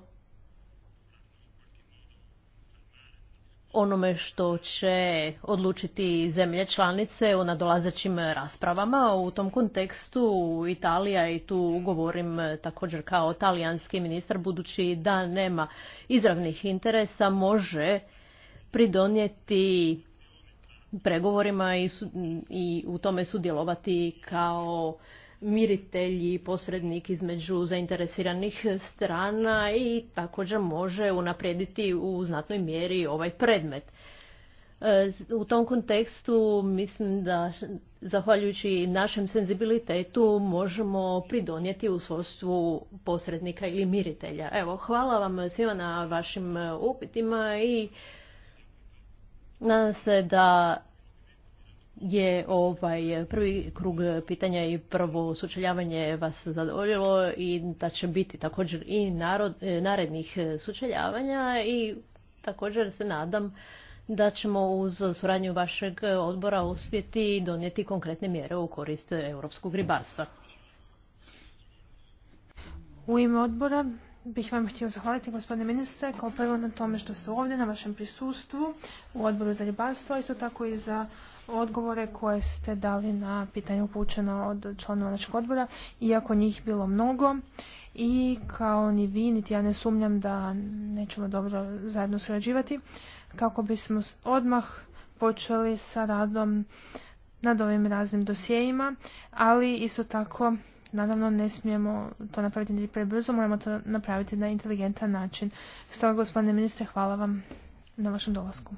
onome što će odlučiti zemlje članice u nadolazećim raspravama. U tom kontekstu Italija, i tu govorim također kao talijanski ministar, budući da nema izravnih interesa, može pridonijeti pregovorima i u tome sudjelovati kao ...miritelji i posrednik između zainteresiranih strana i također može unaprijediti u znatnoj mjeri ovaj predmet. E, u tom kontekstu mislim da zahvaljujući našem senzibilitetu možemo pridonijeti u svojstvu posrednika ili miritelja. Evo, hvala vam svima na vašim upitima i nadam se da je ovaj prvi krug pitanja i prvo sučeljavanje vas zadovoljilo i da će biti također i narod, e, narednih sučeljavanja i također se nadam da ćemo uz suradnju vašeg odbora uspjeti donijeti konkretne mjere u korist europskog ribarstva. U ime odbora bih vam htio zahvaliti gospodine ministre kao prvo na tome što ste ovdje, na vašem prisustvu u odboru za ribarstvo, a isto tako i za odgovore koje ste dali na pitanje upućeno od članova našeg odbora, iako njih bilo mnogo i kao ni vi, niti ja ne sumnjam da nećemo dobro zajedno surađivati, kako bismo odmah počeli sa radom nad ovim raznim dosjejima, ali isto tako naravno ne smijemo to napraviti niti prebrzo, moramo to napraviti na inteligentan način. Stoga, gospodine ministre, hvala vam na vašem dolasku.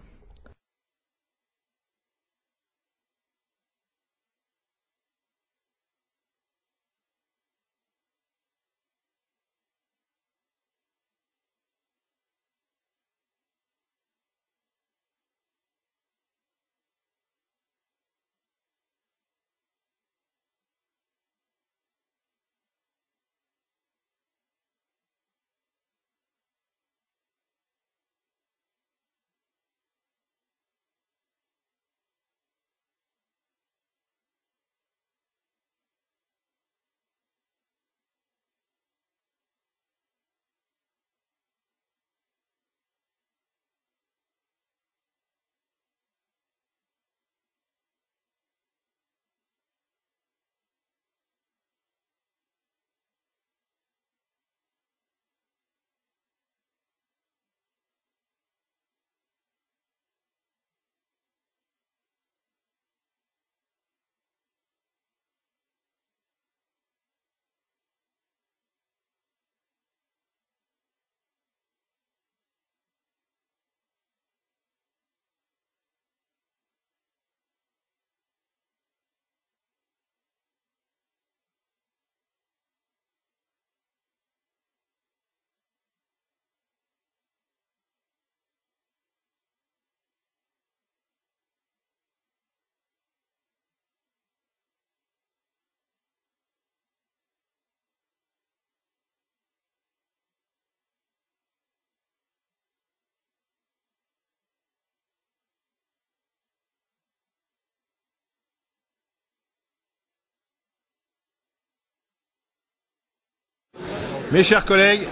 Mes chers collègues,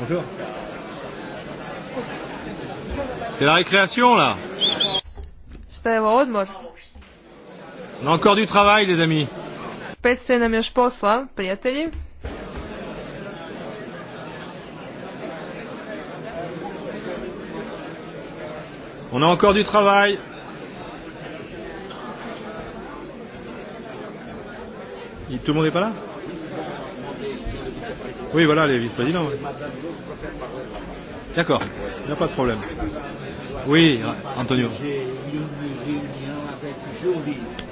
bonjour. C'est la récréation là. On a encore du travail les amis. Predstoji nam još posla, prijatelji. On a encore du travail. Et tout le monde n'est pas là Oui, voilà, les vice-présidents. D'accord, il n'y a pas de problème. Oui, Antonio.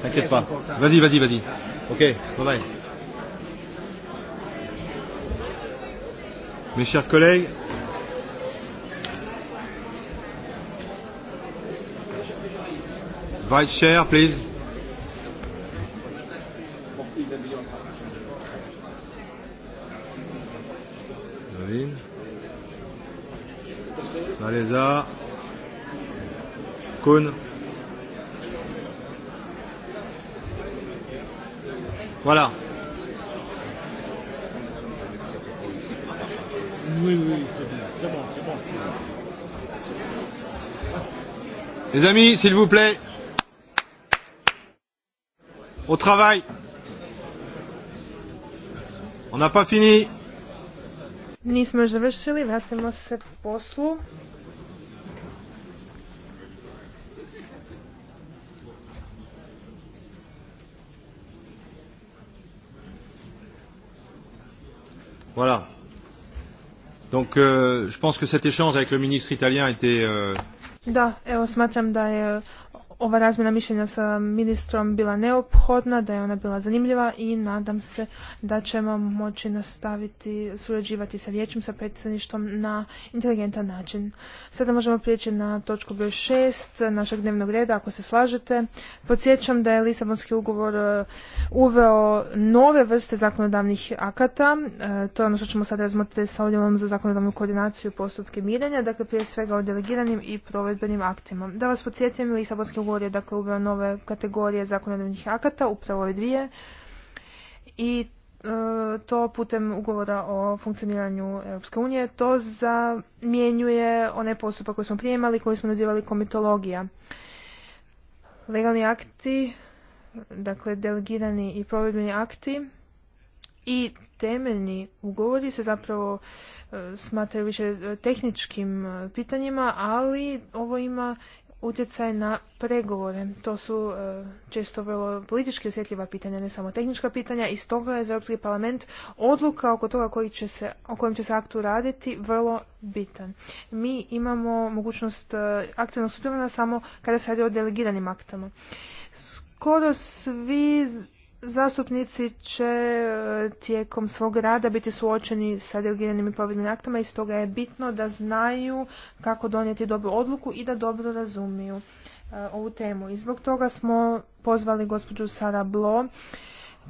T'inquiète pas. Vas-y, vas-y, vas-y. Ok, bye bye. Mes chers collègues, Vice Chair, please. David. Valeza. Kuhn. Voilà. Oui, oui, c'est bien. C'est bon, c'est bon. Les amis, s'il vous plaît, au travail. On n'a pas fini. Nismo završili, vratimo se poslu. Voilà. Donc euh, je pense que cet échange avec le ministre italien était euh... Da, evo smatram da je ova razmjena mišljenja sa ministrom bila neophodna, da je ona bila zanimljiva i nadam se da ćemo moći nastaviti surađivati sa vijećem, sa predsjedništvom na inteligentan način. Sada možemo prijeći na točku broj 6 našeg dnevnog reda, ako se slažete. Podsjećam da je Lisabonski ugovor e, uveo nove vrste zakonodavnih akata. E, to je ono što ćemo sad razmotriti sa odjelom za zakonodavnu koordinaciju postupke mirenja, dakle prije svega o delegiranim i provedbenim aktima. Da vas podsjetim, Lisabonski ugovor je dakle uveo nove kategorije zakonodavnih akata, upravo ove dvije, i e, to putem ugovora o funkcioniranju Europske unije. To zamjenjuje one postupak koji smo prijemali koji smo nazivali komitologija. Legalni akti, dakle delegirani i provedbeni akti i temeljni ugovori se zapravo e, smatraju više tehničkim e, pitanjima, ali ovo ima utjecaj na pregovore. To su e, često vrlo politički osjetljiva pitanja, ne samo tehnička pitanja i stoga je za Europski parlament odluka oko toga koji će se, o kojem će se aktu raditi vrlo bitan. Mi imamo mogućnost e, aktivnog sudjelovanja samo kada se radi o delegiranim aktama. Skoro svi Zastupnici će e, tijekom svog rada biti suočeni sa delegiranim i provjednim aktama i stoga je bitno da znaju kako donijeti dobru odluku i da dobro razumiju e, ovu temu. I zbog toga smo pozvali gospođu Sara Blo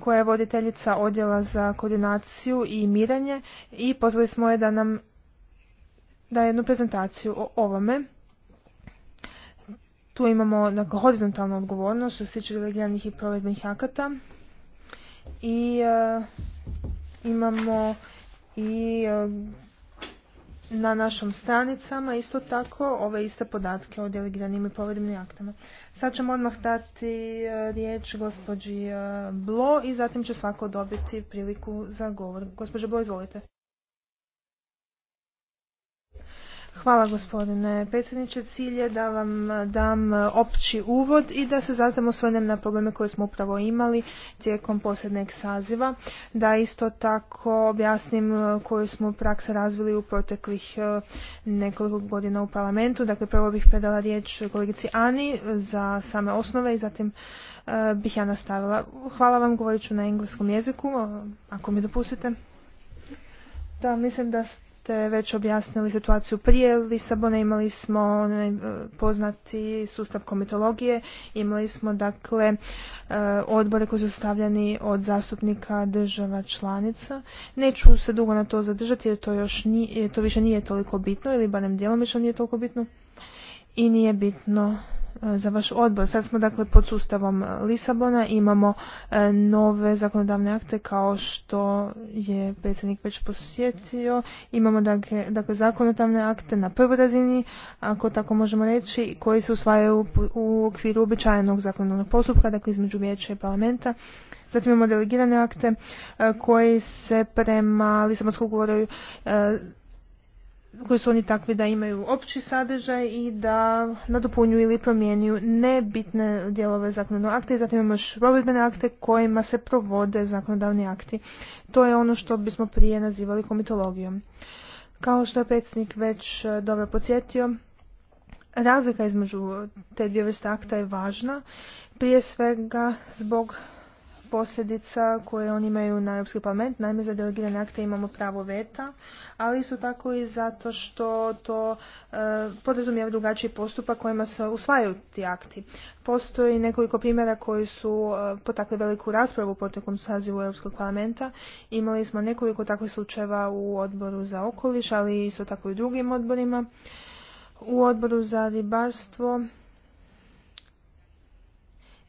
koja je voditeljica odjela za koordinaciju i miranje i pozvali smo je da nam da jednu prezentaciju o ovome. Tu imamo horizontalnu odgovornost što se tiče delegiranih i provedbenih akata, i e, imamo i e, na našom stranicama isto tako ove iste podatke o delegiranim i povrednim aktama. Sad ćemo odmah dati e, riječ gospođi Blo i zatim će svako dobiti priliku za govor. Gospođa Blo, izvolite. Hvala gospodine predsjedniče. Cilj je da vam dam opći uvod i da se zatim osvrnem na probleme koje smo upravo imali tijekom posljednjeg saziva. Da isto tako objasnim koju smo prakse razvili u proteklih e, nekoliko godina u parlamentu. Dakle, prvo bih predala riječ kolegici Ani za same osnove i zatim e, bih ja nastavila. Hvala vam, govorit ću na engleskom jeziku, ako mi dopustite. Da, mislim da ste već objasnili situaciju prije Lisabona, imali smo e, poznati sustav komitologije, imali smo dakle e, odbore koji su stavljeni od zastupnika država članica. Neću se dugo na to zadržati jer to, još nije, to više nije toliko bitno ili barem djelomično nije toliko bitno i nije bitno E, za vaš odbor. Sad smo dakle pod sustavom e, Lisabona, imamo e, nove zakonodavne akte kao što je predsjednik već posjetio. Imamo dakle, dakle, zakonodavne akte na prvoj razini, ako tako možemo reći, koji se usvajaju u okviru običajenog zakonodavnog postupka, dakle između vijeća i parlamenta. Zatim imamo delegirane akte koji se prema Lisabonskom ugovoru koji su oni takvi da imaju opći sadržaj i da nadopunjuju ili promjenjuju nebitne dijelove zakonodavnog akta i zatim imamo još provedbene akte kojima se provode zakonodavni akti. To je ono što bismo prije nazivali komitologijom. Kao što je predsjednik već e, dobro podsjetio, razlika između te dvije vrste akta je važna, prije svega zbog posljedica koje oni imaju na Europski parlament. Naime, za delegirane akte imamo pravo veta, ali su tako i zato što to e, podrazumijeva drugačiji postupak kojima se usvajaju ti akti. Postoji nekoliko primjera koji su e, potakli veliku raspravu u proteklom sazivu Europskog parlamenta. Imali smo nekoliko takvih slučajeva u odboru za okoliš, ali isto tako i u drugim odborima. U odboru za ribarstvo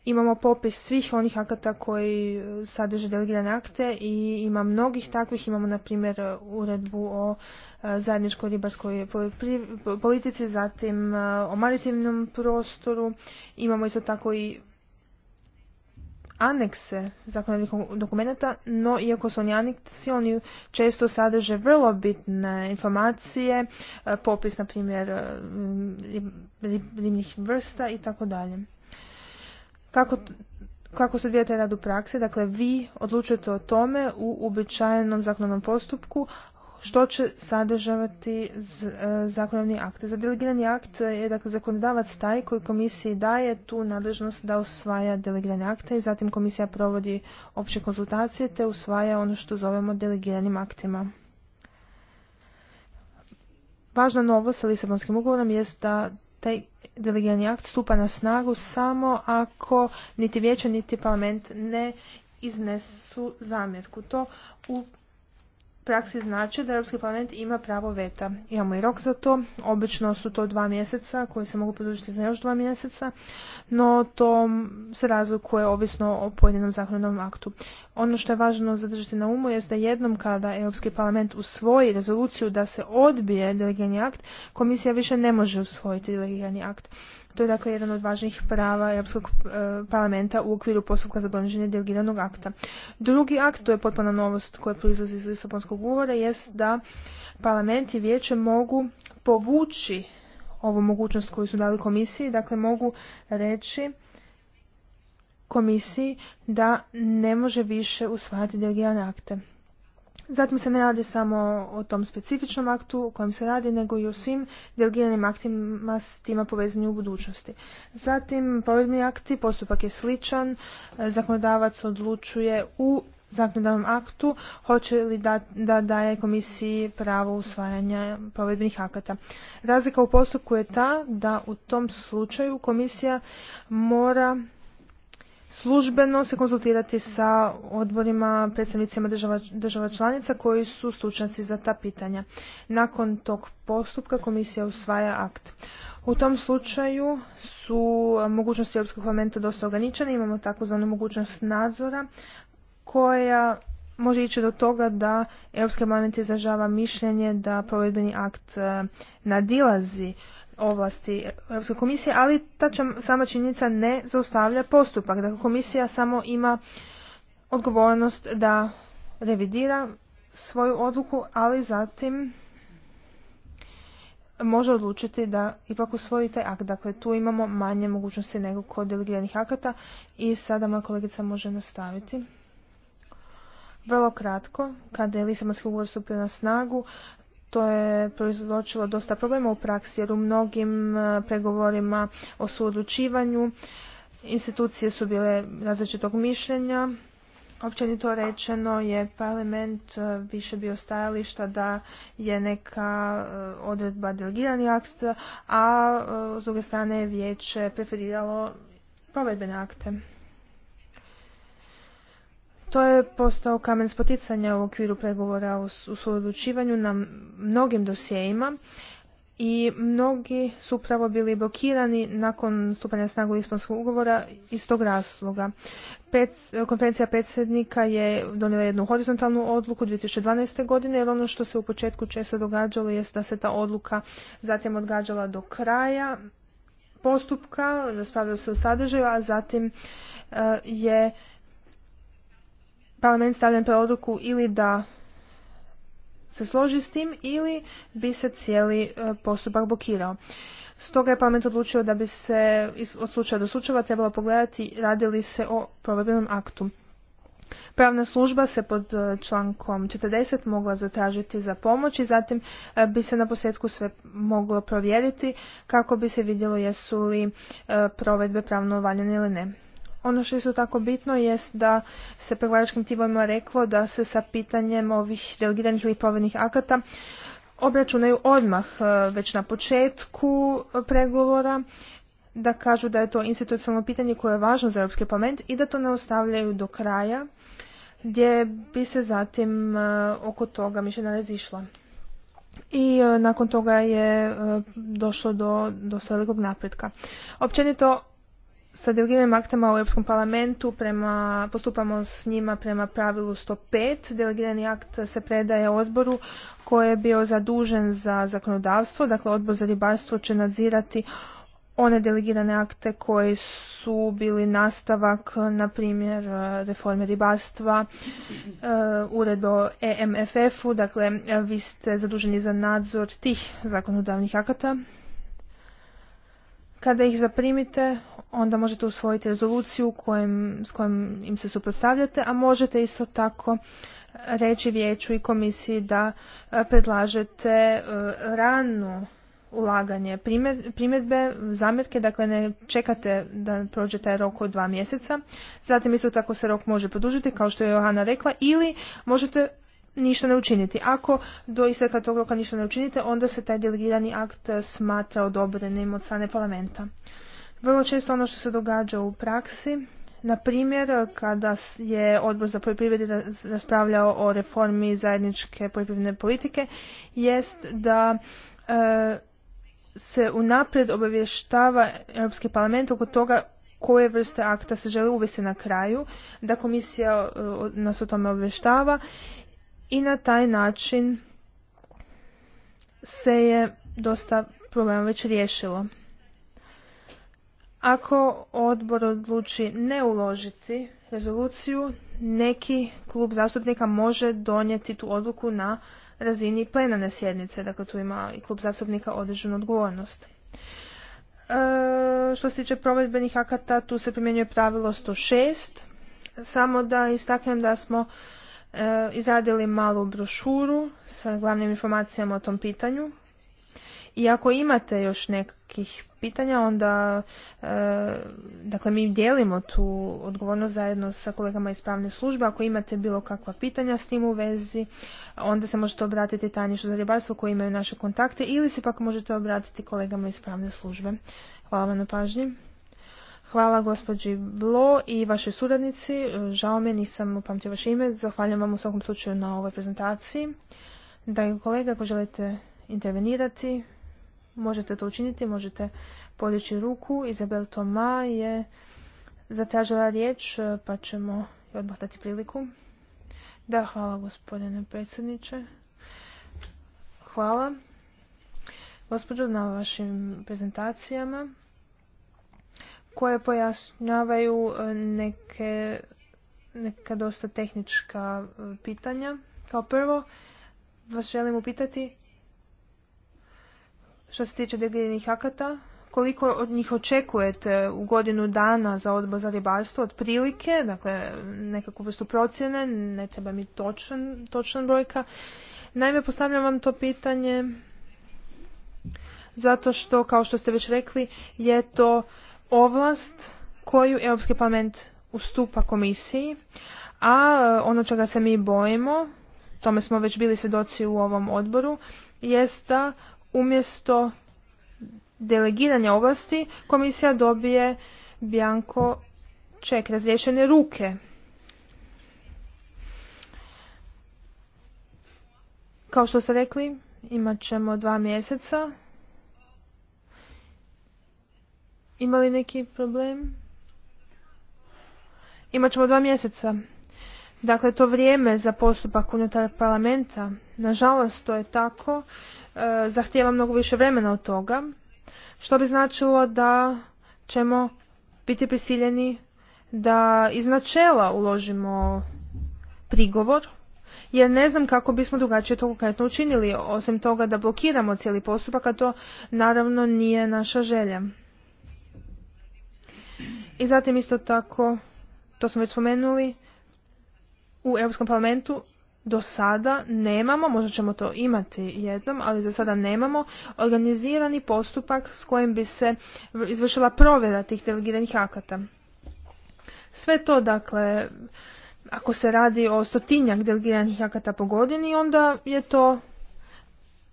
imamo popis svih onih akata koji e, sadrže delegirane akte i ima mnogih takvih. Imamo, na primjer, uredbu o e, zajedničkoj ribarskoj politici, zatim e, o maritimnom prostoru. Imamo isto tako i anekse zakonodavnih dokumenta, no iako su oni aneksi, oni često sadrže vrlo bitne informacije, popis, na primjer, ribnih vrsta i tako dalje. Kako, kako se odvija rad u praksi? Dakle, vi odlučujete o tome u uobičajenom zakonovnom postupku što će sadržavati e, zakonodavni akt. Za delegirani akt je dakle zakonodavac taj koji komisiji daje tu nadležnost da usvaja delegirane akte i zatim komisija provodi opće konzultacije te usvaja ono što zovemo delegiranim aktima. Važna novost sa Lisabonskim ugovorom jest da taj delegirani akt stupa na snagu samo ako niti vijeće niti parlament ne iznesu zamjerku. To u praksi znači da Europski parlament ima pravo veta. Imamo i rok za to, obično su to dva mjeseca koji se mogu produžiti za još dva mjeseca, no to se razlikuje ovisno o pojedinom zakonodavnom aktu. Ono što je važno zadržati na umu je da jednom kada Europski parlament usvoji rezoluciju da se odbije delegirani akt, komisija više ne može usvojiti delegirani akt. To je dakle jedan od važnijih prava Europskog e, parlamenta u okviru postupka za donošenje delegiranog akta. Drugi akt, to je potpuna novost koja proizlazi iz Lisabonskog ugovora, jest da parlament i vijeće mogu povući ovu mogućnost koju su dali komisiji, dakle mogu reći komisiji da ne može više usvajati delegirane akte. Zatim se ne radi samo o tom specifičnom aktu o kojem se radi, nego i o svim delegiranim aktima s tima povezanju u budućnosti. Zatim, provedbeni akti, postupak je sličan, e, zakonodavac odlučuje u zakonodavnom aktu hoće li da, da daje komisiji pravo usvajanja provedbenih akata. Razlika u postupku je ta da u tom slučaju komisija mora službeno se konzultirati sa odborima, predstavnicima država, država članica koji su stručnjaci za ta pitanja. Nakon tog postupka komisija usvaja akt. U tom slučaju su mogućnosti Europskog parlamenta dosta ograničene, imamo takozvanu mogućnost nadzora koja može ići do toga da Europski parlament izražava mišljenje da provedbeni akt eh, nadilazi ovlasti Europske komisije, ali ta sama činjenica ne zaustavlja postupak. Dakle, komisija samo ima odgovornost da revidira svoju odluku, ali zatim može odlučiti da ipak usvoji taj akt. Dakle, tu imamo manje mogućnosti nego kod delegiranih akata i sada moja kolegica može nastaviti. Vrlo kratko, kada je Lisabonski ugovor stupio na snagu, to je proizvodilo dosta problema u praksi jer u mnogim e, pregovorima o suodlučivanju institucije su bile različitog mišljenja. Općenito rečeno je parlament e, više bio stajališta da je neka e, odredba delegirani akt, a s druge strane je vijeće preferiralo provedbene akte. To je postao kamen spoticanja u okviru pregovora u suodlučivanju na mnogim dosjejima i mnogi su upravo bili blokirani nakon stupanja snagu ispanskog ugovora iz tog razloga. konferencija predsjednika je donijela jednu horizontalnu odluku 2012. godine jer ono što se u početku često događalo jest da se ta odluka zatim odgađala do kraja postupka, raspravljalo se o sadržaju, a zatim e, je parlament stavlja pre odluku ili da se složi s tim ili bi se cijeli e, postupak blokirao. Stoga je parlament odlučio da bi se od slučaja do slučaja trebalo pogledati radi li se o provedbenom aktu. Pravna služba se pod e, člankom 40 mogla zatražiti za pomoć i zatim e, bi se na posljedku sve moglo provjeriti kako bi se vidjelo jesu li provedbe pravno valjene ili ne. Ono što je isto tako bitno jest da se pregovaračkim timovima reklo da se sa pitanjem ovih delegiranih ili povednih akata obračunaju odmah e, već na početku pregovora, da kažu da je to institucionalno pitanje koje je važno za Europski parlament i da to ne ostavljaju do kraja gdje bi se zatim e, oko toga mišljena razišla. I e, nakon toga je došlo do, do velikog napretka. Općenito sa delegiranim aktama u Europskom parlamentu prema, postupamo s njima prema pravilu 105. Delegirani akt se predaje odboru koji je bio zadužen za zakonodavstvo, dakle odbor za ribarstvo će nadzirati one delegirane akte koji su bili nastavak, na primjer, reforme ribarstva, eh, uredo o EMFF-u, dakle vi ste zaduženi za nadzor tih zakonodavnih akata kada ih zaprimite, onda možete usvojiti rezoluciju s kojom im se suprotstavljate, a možete isto tako reći vijeću i komisiji da e, predlažete e, rano ulaganje primjedbe, zamjerke, dakle ne čekate da prođe taj rok od dva mjeseca. Zatim isto tako se rok može produžiti, kao što je Johana rekla, ili možete ništa ne učiniti. Ako do isteka tog roka ništa ne učinite, onda se taj delegirani akt smatra odobrenim od strane parlamenta. Vrlo često ono što se događa u praksi, na primjer, kada je odbor za poljoprivredu raspravljao o reformi zajedničke poljoprivredne politike, jest da e, se unaprijed obavještava Europski parlament oko toga koje vrste akta se žele uvesti na kraju, da komisija e, nas o tome obještava, i na taj način se je dosta problema već riješilo. Ako odbor odluči ne uložiti rezoluciju, neki klub zastupnika može donijeti tu odluku na razini plenarne sjednice. Dakle, tu ima i klub zastupnika određenu odgovornost. E, što se tiče provedbenih akata, tu se primjenjuje pravilo 106. Samo da istaknem da smo E, izradili malu brošuru sa glavnim informacijama o tom pitanju. I ako imate još nekih pitanja, onda e, dakle mi dijelimo tu odgovornost zajedno sa kolegama iz pravne službe. Ako imate bilo kakva pitanja s tim u vezi, onda se možete obratiti tajništvu za ribarstvo koji imaju naše kontakte ili se pak možete obratiti kolegama iz pravne službe. Hvala vam na pažnji. Hvala gospođi Blo i vašoj suradnici. Žao mi nisam upamtio vaše ime. Zahvaljujem vam u svakom slučaju na ovoj prezentaciji. je kolega, ako želite intervenirati, možete to učiniti, možete podići ruku. Izabel Toma je zatražila riječ, pa ćemo joj odmah dati priliku. Da, hvala gospodine predsjedniče. Hvala. Gospođo, na vašim prezentacijama koje pojasnjavaju e, neke, neka dosta tehnička e, pitanja. Kao prvo, vas želim upitati što se tiče delegiranih akata, koliko od njih očekujete u godinu dana za odbor za ribarstvo otprilike, dakle nekakvu vrstu procjene, ne treba mi točan, točna brojka. Naime, postavljam vam to pitanje zato što, kao što ste već rekli, je to ovlast koju Europski parlament ustupa komisiji, a e, ono čega se mi bojimo, tome smo već bili svjedoci u ovom odboru, jest da umjesto delegiranja ovlasti komisija dobije bjanko ček razriješene ruke. Kao što ste rekli, imat ćemo dva mjeseca Imali neki problem? ćemo dva mjeseca. Dakle, to vrijeme za postupak unutar parlamenta, nažalost to je tako, e, zahtijeva mnogo više vremena od toga, što bi značilo da ćemo biti prisiljeni da iz načela uložimo prigovor, jer ne znam kako bismo drugačije to konkretno učinili, osim toga da blokiramo cijeli postupak, a to naravno nije naša želja. I zatim isto tako, to smo već spomenuli, u Europskom parlamentu do sada nemamo, možda ćemo to imati jednom, ali za sada nemamo organizirani postupak s kojim bi se izvršila provjera tih delegiranih akata. Sve to, dakle, ako se radi o stotinjak delegiranih akata po godini, onda je to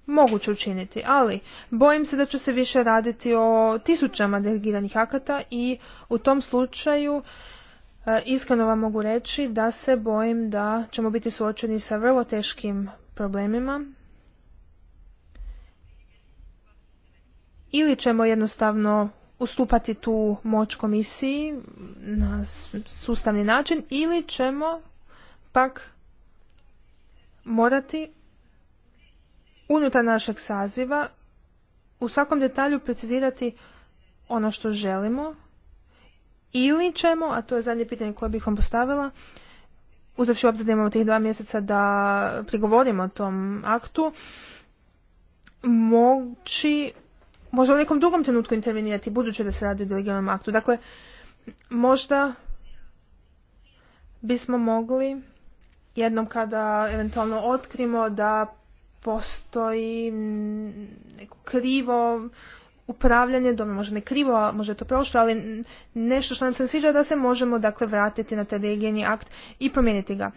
moguće učiniti, ali bojim se da će se više raditi o tisućama delegiranih akata i u tom slučaju e, iskreno vam mogu reći da se bojim da ćemo biti suočeni sa vrlo teškim problemima ili ćemo jednostavno ustupati tu moć komisiji na sustavni način ili ćemo pak morati unutar našeg saziva u svakom detalju precizirati ono što želimo ili ćemo, a to je zadnje pitanje koje bih vam postavila, uzavši obzir da imamo tih dva mjeseca da prigovorimo tom aktu, moći možda u nekom drugom trenutku intervenirati budući da se radi o delegiranom aktu. Dakle, možda bismo mogli jednom kada eventualno otkrimo da postoji neko krivo upravljanje, dobro možda ne krivo, a možda je to prošlo, ali nešto što nam se sviđa da se možemo dakle vratiti na taj akt i promijeniti ga.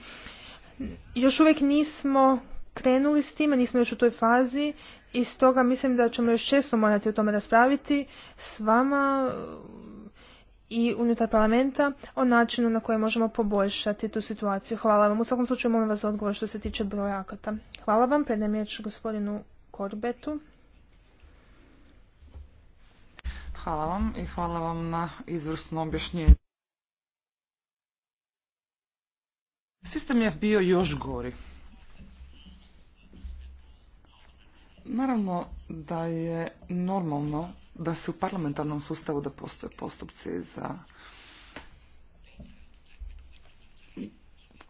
Još uvijek nismo krenuli s time, nismo još u toj fazi i stoga mislim da ćemo još često morati o tome raspraviti s vama i unutar parlamenta o načinu na koje možemo poboljšati tu situaciju. Hvala vam. U svakom slučaju molim vas za odgovor što se tiče broja akata. Hvala vam. Predajem gospodinu Korbetu. Hvala vam i hvala vam na izvrsno objašnjenje. Sistem je bio još gori. Naravno da je normalno da se u parlamentarnom sustavu da postoje postupci za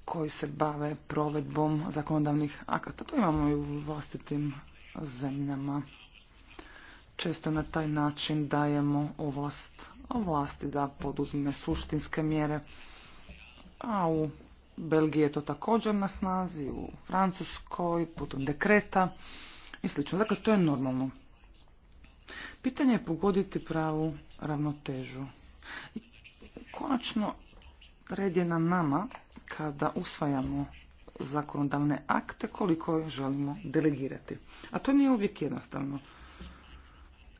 koji se bave provedbom zakonodavnih akata. To imamo i u vlastitim zemljama. Često na taj način dajemo ovlast vlasti da poduzme suštinske mjere. A u Belgiji je to također na snazi, u Francuskoj, putem dekreta i sl. Dakle, to je normalno. Pitanje je pogoditi pravu ravnotežu. konačno, red je na nama kada usvajamo zakonodavne akte koliko želimo delegirati. A to nije uvijek jednostavno.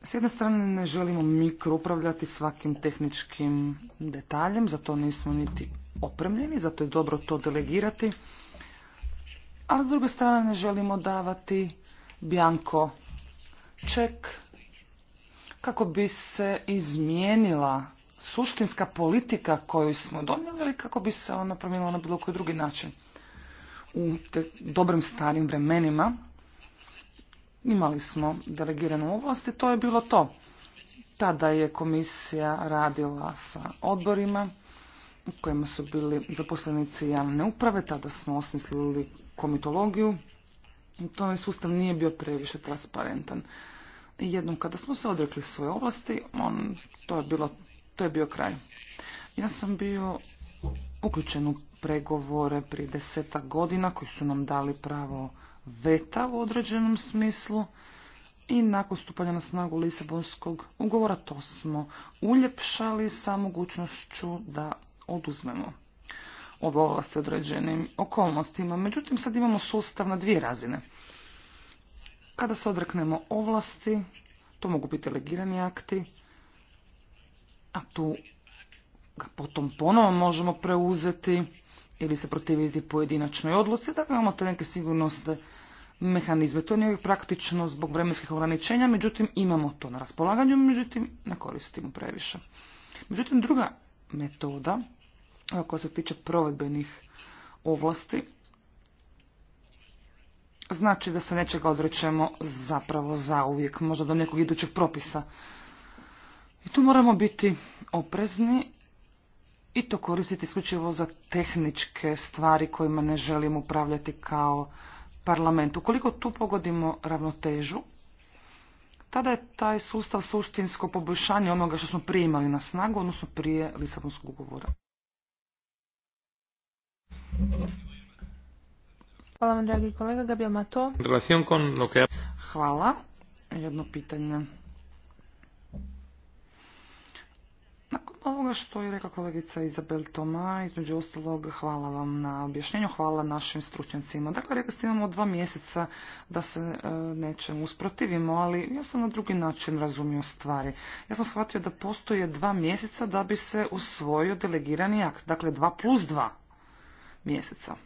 S jedne strane ne želimo mikro upravljati svakim tehničkim detaljem, zato nismo niti opremljeni, zato je dobro to delegirati. Ali s druge strane ne želimo davati bjanko ček kako bi se izmijenila suštinska politika koju smo donijeli kako bi se ona promijenila na bilo koji drugi način. U te dobrim starim vremenima imali smo delegiranu ovlast i to je bilo to. Tada je komisija radila sa odborima u kojima su bili zaposlenici javne uprave, tada smo osmislili komitologiju. To je sustav nije bio previše transparentan jednom kada smo se odrekli svoje ovlasti, on, to, je bilo, to je bio kraj. Ja sam bio uključen u pregovore prije desetak godina koji su nam dali pravo veta u određenom smislu i nakon stupanja na snagu Lisabonskog ugovora to smo uljepšali sa mogućnošću da oduzmemo ove ovlasti određenim okolnostima. Međutim, sad imamo sustav na dvije razine. Kada se odreknemo ovlasti, to mogu biti legirani akti, a tu ga potom ponovo možemo preuzeti ili se protiviti pojedinačnoj odluci, dakle imamo te neke sigurnosne mehanizme. To nije praktično zbog vremenskih ograničenja, međutim imamo to na raspolaganju, međutim ne koristimo previše. Međutim, druga metoda koja se tiče provedbenih ovlasti znači da se nečega odrećemo zapravo zauvijek, možda do nekog idućeg propisa. I tu moramo biti oprezni i to koristiti isključivo za tehničke stvari kojima ne želimo upravljati kao parlament. Ukoliko tu pogodimo ravnotežu, tada je taj sustav suštinsko poboljšanje onoga što smo prije imali na snagu, odnosno prije Lisabonskog ugovora. Hvala vam, dragi kolega. Gabriel Mato. Hvala. Jedno pitanje. Nakon ovoga što je rekla kolegica Izabel Toma, između ostalog, hvala vam na objašnjenju, hvala našim stručnjacima. Dakle, rekli ste imamo dva mjeseca da se e, nečem usprotivimo, ali ja sam na drugi način razumio stvari. Ja sam shvatio da postoje dva mjeseca da bi se usvojio delegirani akt, dakle dva plus dva mjeseca.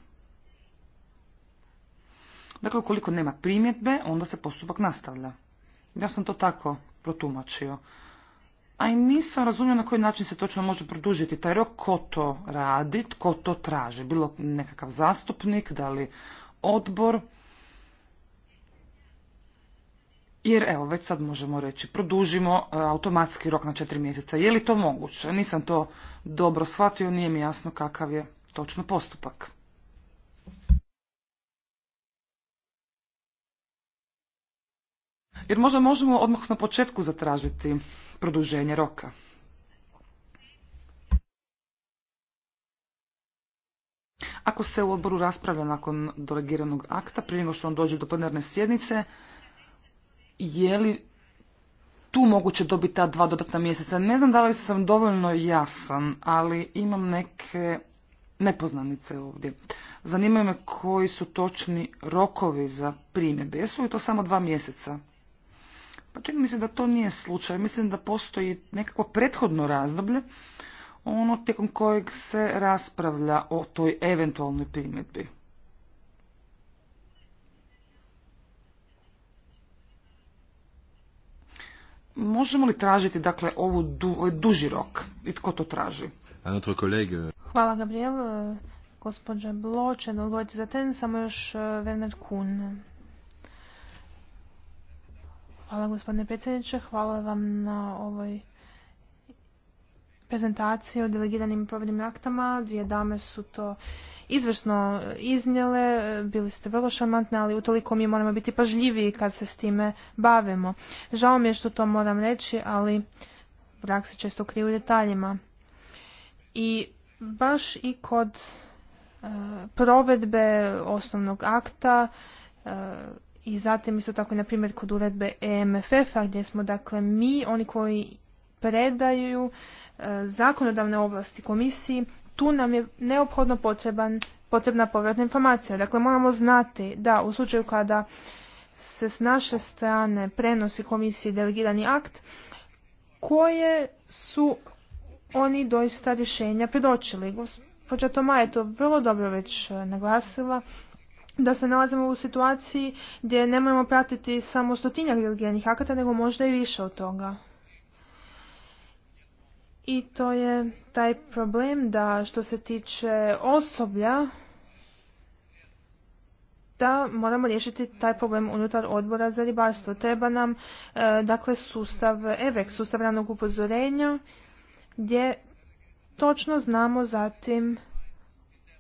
Dakle, ukoliko nema primjedbe, onda se postupak nastavlja. Ja sam to tako protumačio. A i nisam razumio na koji način se točno može produžiti taj rok, ko to radi, ko to traži. Bilo nekakav zastupnik, da li odbor. Jer evo, već sad možemo reći, produžimo e, automatski rok na četiri mjeseca. Je li to moguće? Nisam to dobro shvatio, nije mi jasno kakav je točno postupak. jer možda možemo odmah na početku zatražiti produženje roka. Ako se u odboru raspravlja nakon delegiranog akta, prije nego što on dođe do plenarne sjednice, je li tu moguće dobiti ta dva dodatna mjeseca? Ne znam da li sam dovoljno jasan, ali imam neke nepoznanice ovdje. Zanima me koji su točni rokovi za primjedbe. Jesu li to samo dva mjeseca? Pa čini mi se da to nije slučaj. Mislim da postoji nekako prethodno razdoblje, ono tijekom kojeg se raspravlja o toj eventualnoj primjedbi. Možemo li tražiti dakle ovu ovaj duži rok i tko to traži? Hvala Gabriel. Gospođa Bloče, za ten, samo još eh, Werner Kuhn. Hvala gospodine predsjedniče, hvala vam na ovoj prezentaciji o delegiranim provedbenim aktama. Dvije dame su to izvrsno iznijele, bili ste vrlo šarmantne, ali utoliko mi moramo biti pažljivi kad se s time bavimo. Žao mi je što to moram reći, ali brak se često krije u detaljima. I baš i kod e, provedbe osnovnog akta e, i zatim isto tako na primjer kod uredbe EMFF-a gdje smo dakle mi, oni koji predaju e, zakonodavne ovlasti komisiji, tu nam je neophodno potreban, potrebna povratna informacija. Dakle moramo znati da u slučaju kada se s naše strane prenosi komisiji delegirani akt, koje su oni doista rješenja predočili. Gospođa Toma je to vrlo dobro već e, naglasila da se nalazimo u situaciji gdje ne moramo pratiti samo stotinjak religijenih akata, nego možda i više od toga. I to je taj problem da što se tiče osoblja, da moramo riješiti taj problem unutar odbora za ribarstvo. Treba nam e, dakle sustav EVEX, sustav ranog upozorenja, gdje točno znamo zatim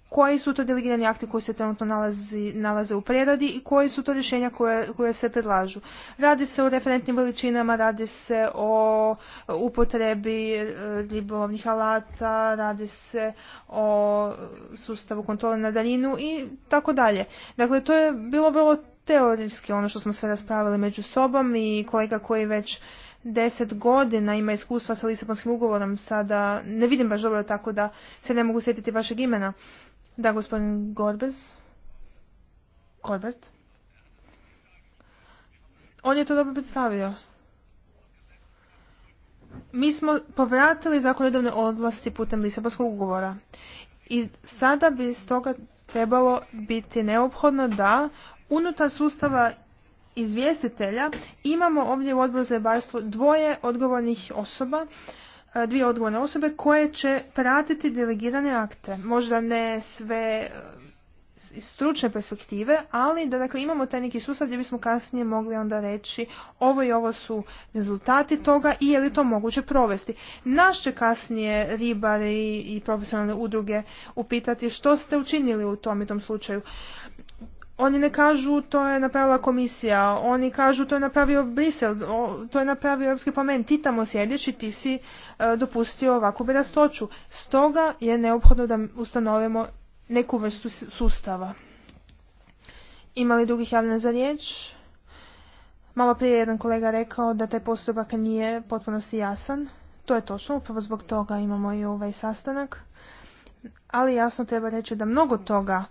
koji su to delegirani akti koji se trenutno nalazi, nalaze u preradi i koji su to rješenja koje, koje se predlažu. Radi se o referentnim veličinama, radi se o upotrebi e, ribolovnih alata, radi se o sustavu kontrole na daljinu i tako dalje. Dakle, to je bilo vrlo teorijski ono što smo sve raspravili među sobom i kolega koji već deset godina ima iskustva sa Lisabonskim ugovorom sada, ne vidim baš dobro tako da se ne mogu sjetiti vašeg imena. Da, gospodin Gorbez. Gorbert. On je to dobro predstavio. Mi smo povratili zakonodavne odlasti putem Lisabonskog ugovora. I sada bi stoga trebalo biti neophodno da unutar sustava izvjestitelja imamo ovdje u odboru za dvoje odgovornih osoba E, dvije odgovorne osobe koje će pratiti delegirane akte. Možda ne sve e, iz stručne perspektive, ali da dakle imamo taj neki sustav gdje bismo kasnije mogli onda reći ovo i ovo su rezultati toga i je li to moguće provesti. Naš će kasnije ribari i profesionalne udruge upitati što ste učinili u tom i tom slučaju. Oni ne kažu to je napravila komisija, oni kažu to je napravio Brisel, to je napravio Europski parlament, ti tamo sjediš i ti si e, dopustio ovakvu bedastoću. Stoga je neophodno da ustanovimo neku vrstu sustava. Ima li drugih javne za riječ? Malo prije jedan kolega rekao da taj postupak nije potpunosti jasan. To je točno, upravo zbog toga imamo i ovaj sastanak. Ali jasno treba reći da mnogo toga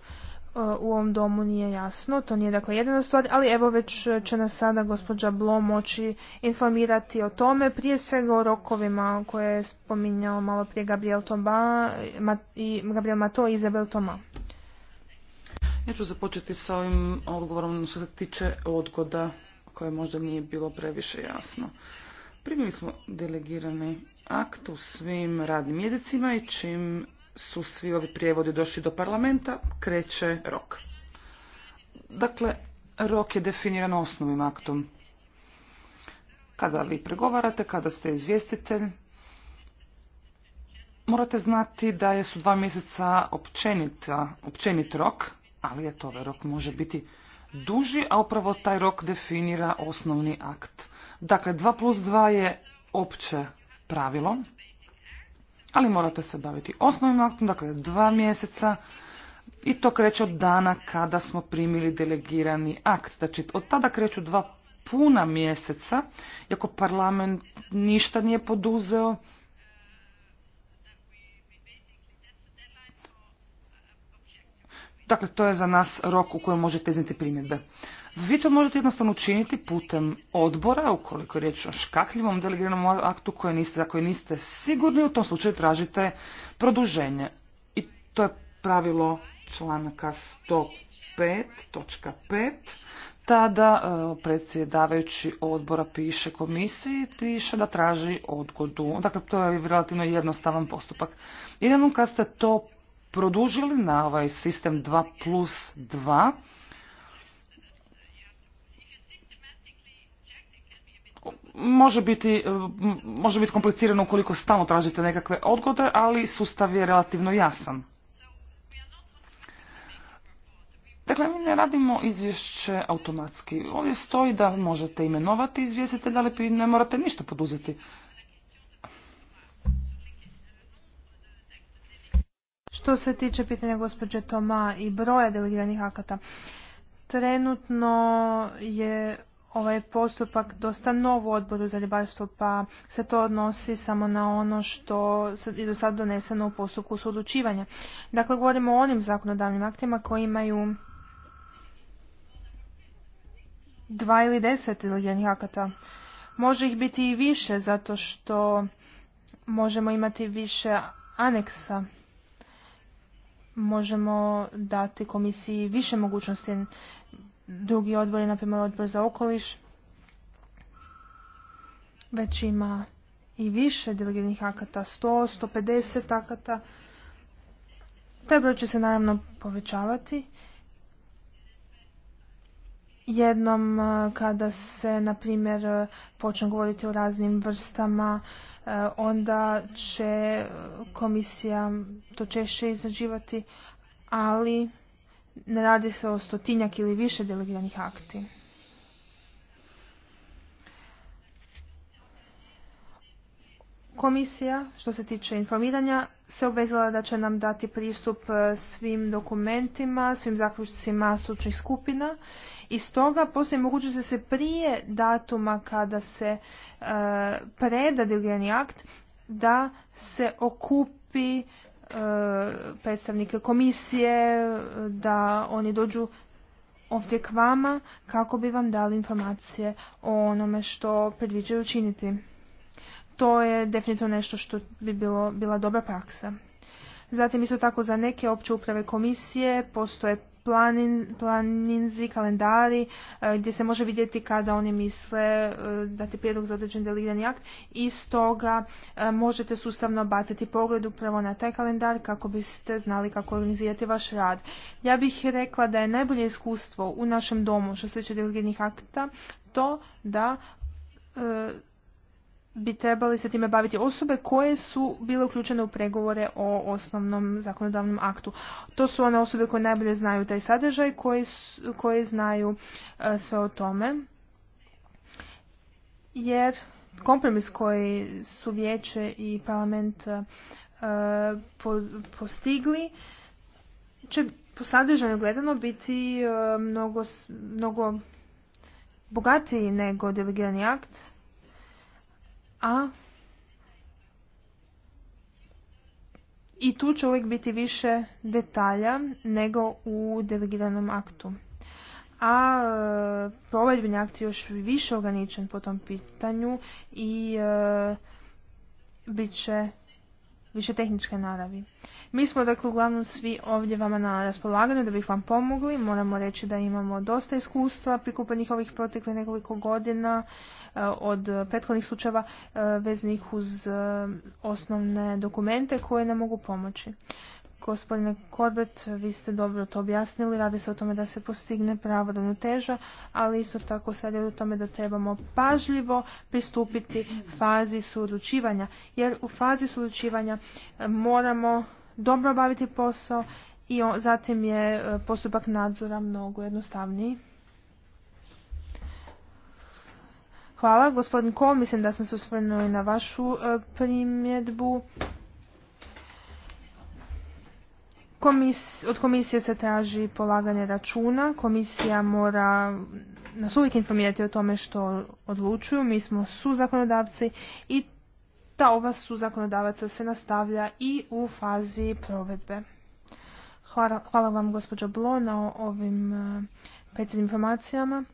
E, u ovom domu nije jasno, to nije dakle jedina stvar, ali evo već će nas sada gospođa Blo moći informirati o tome, prije svega o rokovima koje je spominjao malo prije Gabriel, Toma i Gabriel Mato i Izabel Toma. Ja ću započeti sa ovim odgovorom što se tiče odgoda koje možda nije bilo previše jasno. Primili smo delegirani akt u svim radnim jezicima i čim su svi ovi prijevodi došli do parlamenta, kreće rok. Dakle, rok je definiran osnovnim aktom. Kada vi pregovarate, kada ste izvjestitelj, morate znati da je su dva mjeseca općenit rok, ali je to ovaj rok može biti duži, a upravo taj rok definira osnovni akt. Dakle, 2 plus 2 je opće pravilo, ali morate se baviti osnovnim aktom, dakle dva mjeseca i to kreće od dana kada smo primili delegirani akt. Znači od tada kreću dva puna mjeseca, iako parlament ništa nije poduzeo, Dakle, to je za nas rok u kojem možete izniti primjedbe. Vi to možete jednostavno učiniti putem odbora, ukoliko je riječ o škakljivom delegiranom aktu koje niste, za koje niste sigurni, u tom slučaju tražite produženje. I to je pravilo članka 105.5. Tada e, predsjedavajući odbora piše komisiji, piše da traži odgodu. Dakle, to je relativno jednostavan postupak. Idemo kad ste to produžili na ovaj sistem 2 plus 2, može biti, e, može biti komplicirano ukoliko stalno tražite nekakve odgode, ali sustav je relativno jasan. Dakle, mi ne radimo izvješće automatski. Ovdje stoji da možete imenovati izvjestitelja, ali ne morate ništa poduzeti. Što se tiče pitanja gospođe Toma i broja delegiranih akata, trenutno je ovaj postupak dosta nov u odboru za ribarstvo, pa se to odnosi samo na ono što je do sad doneseno u postupku odlučivanja Dakle, govorimo o onim zakonodavnim aktima koji imaju dva ili deset jednih akata. Može ih biti i više, zato što možemo imati više aneksa. Možemo dati komisiji više mogućnosti Drugi odbor je, na primjer, odbor za okoliš. Već ima i više delegiranih akata, 100, 150 akata. Taj broj će se naravno povećavati. Jednom kada se, na primjer, počne govoriti o raznim vrstama, onda će komisija to češće izrađivati, ali ne radi se o stotinjak ili više delegiranih akti. Komisija, što se tiče informiranja, se obvezala da će nam dati pristup e, svim dokumentima, svim zaključcima stručnih skupina i stoga postoji mogućnost da se prije datuma kada se e, preda delegirani akt da se okupi predstavnike komisije, da oni dođu ovdje k vama kako bi vam dali informacije o onome što predviđaju učiniti. To je definitivno nešto što bi bilo, bila dobra praksa. Zatim isto tako za neke opće uprave komisije postoje planin, planinzi, kalendari e, gdje se može vidjeti kada oni misle e, dati prijedlog za određen delegirani akt i stoga e, možete sustavno baciti pogled upravo na taj kalendar kako biste znali kako organizirati vaš rad. Ja bih rekla da je najbolje iskustvo u našem domu što se tiče delegiranih akta to da bi trebali se time baviti osobe koje su bile uključene u pregovore o osnovnom zakonodavnom aktu. To su one osobe koje najbolje znaju taj sadržaj, koje, znaju e, sve o tome. Jer kompromis koji su vijeće i parlament e, postigli će po sadržaju gledano biti e, mnogo, mnogo bogatiji nego delegirani akt a i tu će uvijek biti više detalja nego u delegiranom aktu. A e, provedbeni akt je još više ograničen po tom pitanju i e, bit će više tehničke naravi. Mi smo dakle uglavnom svi ovdje vama na raspolaganju da bih vam pomogli. Moramo reći da imamo dosta iskustva prikupljenih ovih proteklih nekoliko godina E, od prethodnih slučajeva e, veznih uz e, osnovne dokumente koje nam mogu pomoći. Gospodine Korbet, vi ste dobro to objasnili, radi se o tome da se postigne prava teža, ali isto tako sad je o tome da trebamo pažljivo pristupiti fazi suodlučivanja, jer u fazi suručivanja moramo dobro obaviti posao i zatim je postupak nadzora mnogo jednostavniji. Hvala. Gospodin Kol, mislim da sam se i na vašu e, primjedbu. od komisije se traži polaganje računa. Komisija mora nas uvijek informirati o tome što odlučuju. Mi smo su zakonodavci i ta ova su zakonodavaca se nastavlja i u fazi provedbe. Hvala, hvala vam gospođo Blo na ovim e, predsjednim informacijama.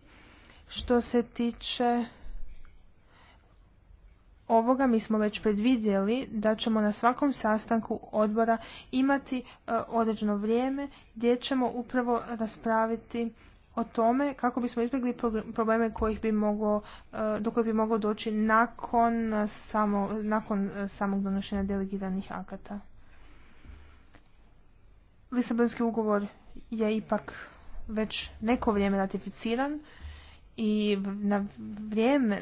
Što se tiče ovoga mi smo već predvidjeli da ćemo na svakom sastanku odbora imati e, određeno vrijeme gdje ćemo upravo raspraviti o tome kako bismo izbjegli probleme kojih bi moglo, e, do kojih bi moglo doći nakon, samo, nakon e, samog donošenja delegiranih akata. Lisabonski ugovor je ipak već neko vrijeme ratificiran i na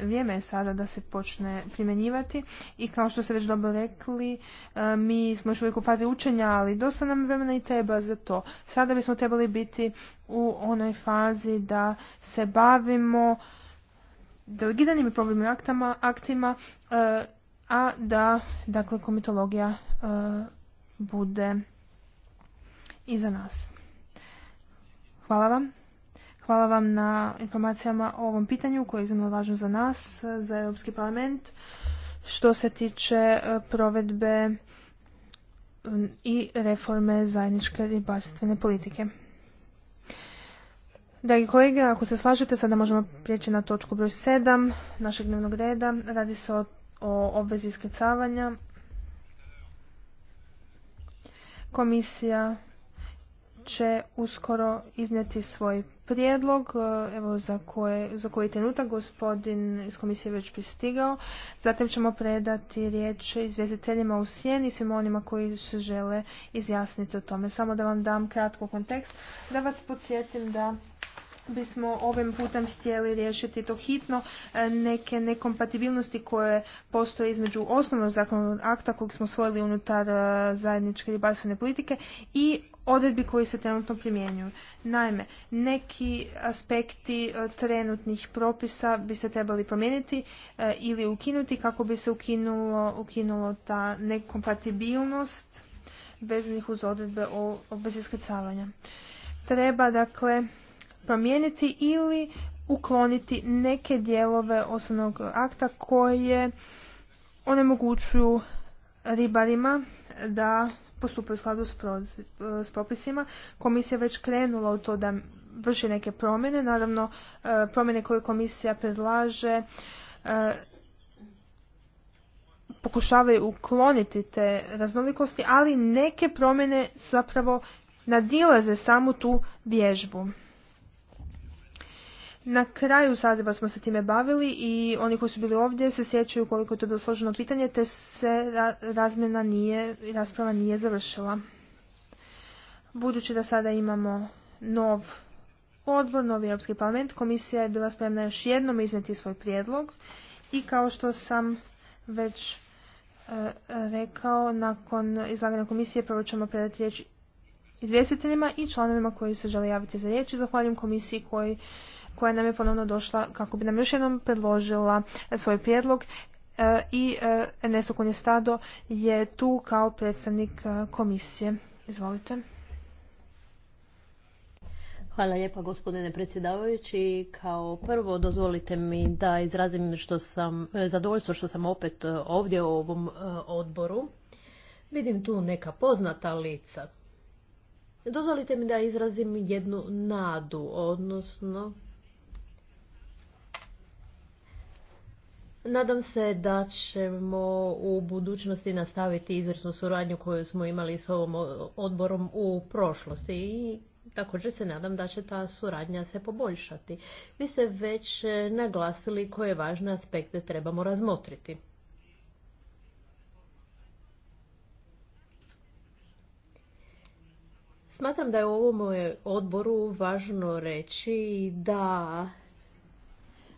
vrijeme, je sada da se počne primjenjivati i kao što ste već dobro rekli e, mi smo još uvijek u fazi učenja ali dosta nam vremena i treba za to sada bismo trebali biti u onoj fazi da se bavimo delegiranim i problemim aktama, aktima e, a da dakle komitologija e, bude iza nas hvala vam Hvala vam na informacijama o ovom pitanju koje je iznimno važno za nas, za Europski parlament, što se tiče e, provedbe i reforme zajedničke ribarstvene politike. Dragi kolege, ako se slažete, sada možemo prijeći na točku broj 7 našeg dnevnog reda. Radi se o, o obvezi iskrcavanja. Komisija će uskoro iznijeti svoj prijedlog e, evo, za, koje, za koji trenutak gospodin iz komisije već pristigao. Zatim ćemo predati riječ izvjestiteljima u sjeni i svima onima koji se žele izjasniti o tome. Samo da vam dam kratko kontekst, da vas podsjetim da bismo ovim putem htjeli riješiti to hitno e, neke nekompatibilnosti koje postoje između osnovnog zakonodavnog akta kojeg smo usvojili unutar e, zajedničke ribarstvene politike i odredbi koji se trenutno primjenjuju. Naime, neki aspekti e, trenutnih propisa bi se trebali promijeniti e, ili ukinuti kako bi se ukinulo, ta nekompatibilnost vezanih uz odredbe o obvezi iskrcavanja. Treba dakle promijeniti ili ukloniti neke dijelove osnovnog akta koje onemogućuju ribarima da postupaju u skladu s, e, propisima. Komisija već krenula u to da vrši neke promjene. Naravno, e, promjene koje komisija predlaže e, pokušavaju ukloniti te raznolikosti, ali neke promjene zapravo nadilaze samu tu vježbu. Na kraju saziva smo se time bavili i oni koji su bili ovdje se sjećaju koliko je to bilo složeno pitanje, te se razmjena nije, rasprava nije završila. Budući da sada imamo nov odbor, novi Europski parlament, komisija je bila spremna još jednom izneti svoj prijedlog i kao što sam već e, rekao, nakon izlaganja komisije prvo ćemo predati riječ izvjestiteljima i članovima koji se žele javiti za riječ zahvaljujem komisiji koji koja nam je ponovno došla kako bi nam još jednom predložila svoj prijedlog e, i e, Ernesto Conestado je tu kao predstavnik e, komisije. Izvolite. Hvala lijepa gospodine predsjedavajući. Kao prvo dozvolite mi da izrazim što sam, zadovoljstvo što sam opet ovdje u ovom odboru. Vidim tu neka poznata lica. Dozvolite mi da izrazim jednu nadu, odnosno Nadam se da ćemo u budućnosti nastaviti izvrsnu suradnju koju smo imali s ovom odborom u prošlosti i također se nadam da će ta suradnja se poboljšati. Vi ste već e, naglasili koje važne aspekte trebamo razmotriti. Smatram da je u ovom odboru važno reći da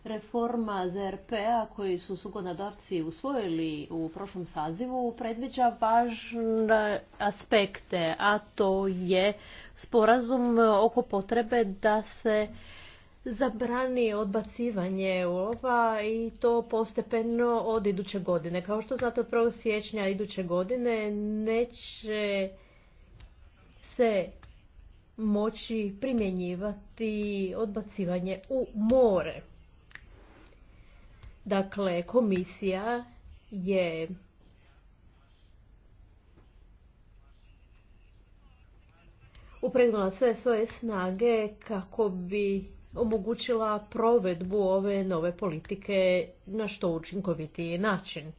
reforma ZRP-a koji su sugonadavci usvojili u prošlom sazivu predviđa važne aspekte, a to je sporazum oko potrebe da se zabrani odbacivanje ulova i to postepeno od iduće godine. Kao što znate od 1. siječnja iduće godine neće se moći primjenjivati odbacivanje u more. Dakle, komisija je upregnula sve svoje snage kako bi omogućila provedbu ove nove politike na što učinkovitiji način.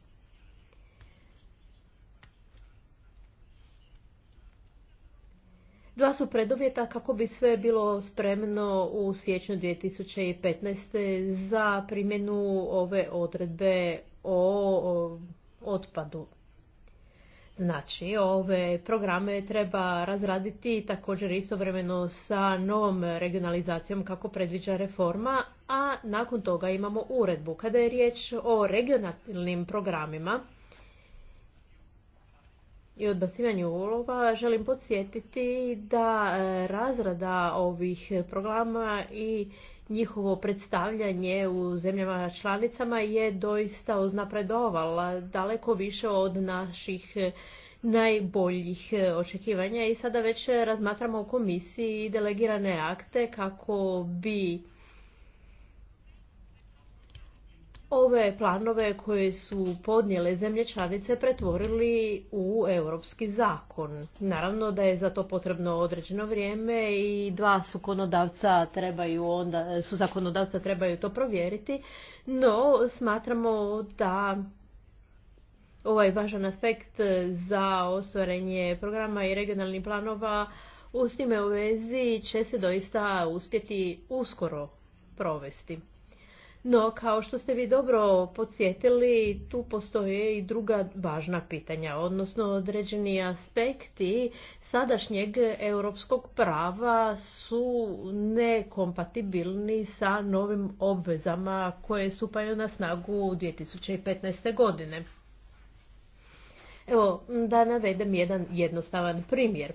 Dva su preduvjeta kako bi sve bilo spremno u siječnju 2015. za primjenu ove odredbe o otpadu. Znači, ove programe treba razraditi također istovremeno sa novom regionalizacijom kako predviđa reforma, a nakon toga imamo uredbu. Kada je riječ o regionalnim programima, i odbacivanju ulova, želim podsjetiti da e, razrada ovih programa i njihovo predstavljanje u zemljama članicama je doista uznapredovala daleko više od naših e, najboljih e, očekivanja i sada već razmatramo u komisiji delegirane akte kako bi ove planove koje su podnijele zemlje članice pretvorili u europski zakon. Naravno da je za to potrebno određeno vrijeme i dva zakonodavca trebaju onda, su zakonodavca trebaju to provjeriti, no smatramo da ovaj važan aspekt za ostvarenje programa i regionalnih planova u s u vezi će se doista uspjeti uskoro provesti. No, kao što ste vi dobro podsjetili, tu postoje i druga važna pitanja, odnosno određeni aspekti sadašnjeg europskog prava su nekompatibilni sa novim obvezama koje stupaju na snagu 2015. godine. Evo, da navedem jedan jednostavan primjer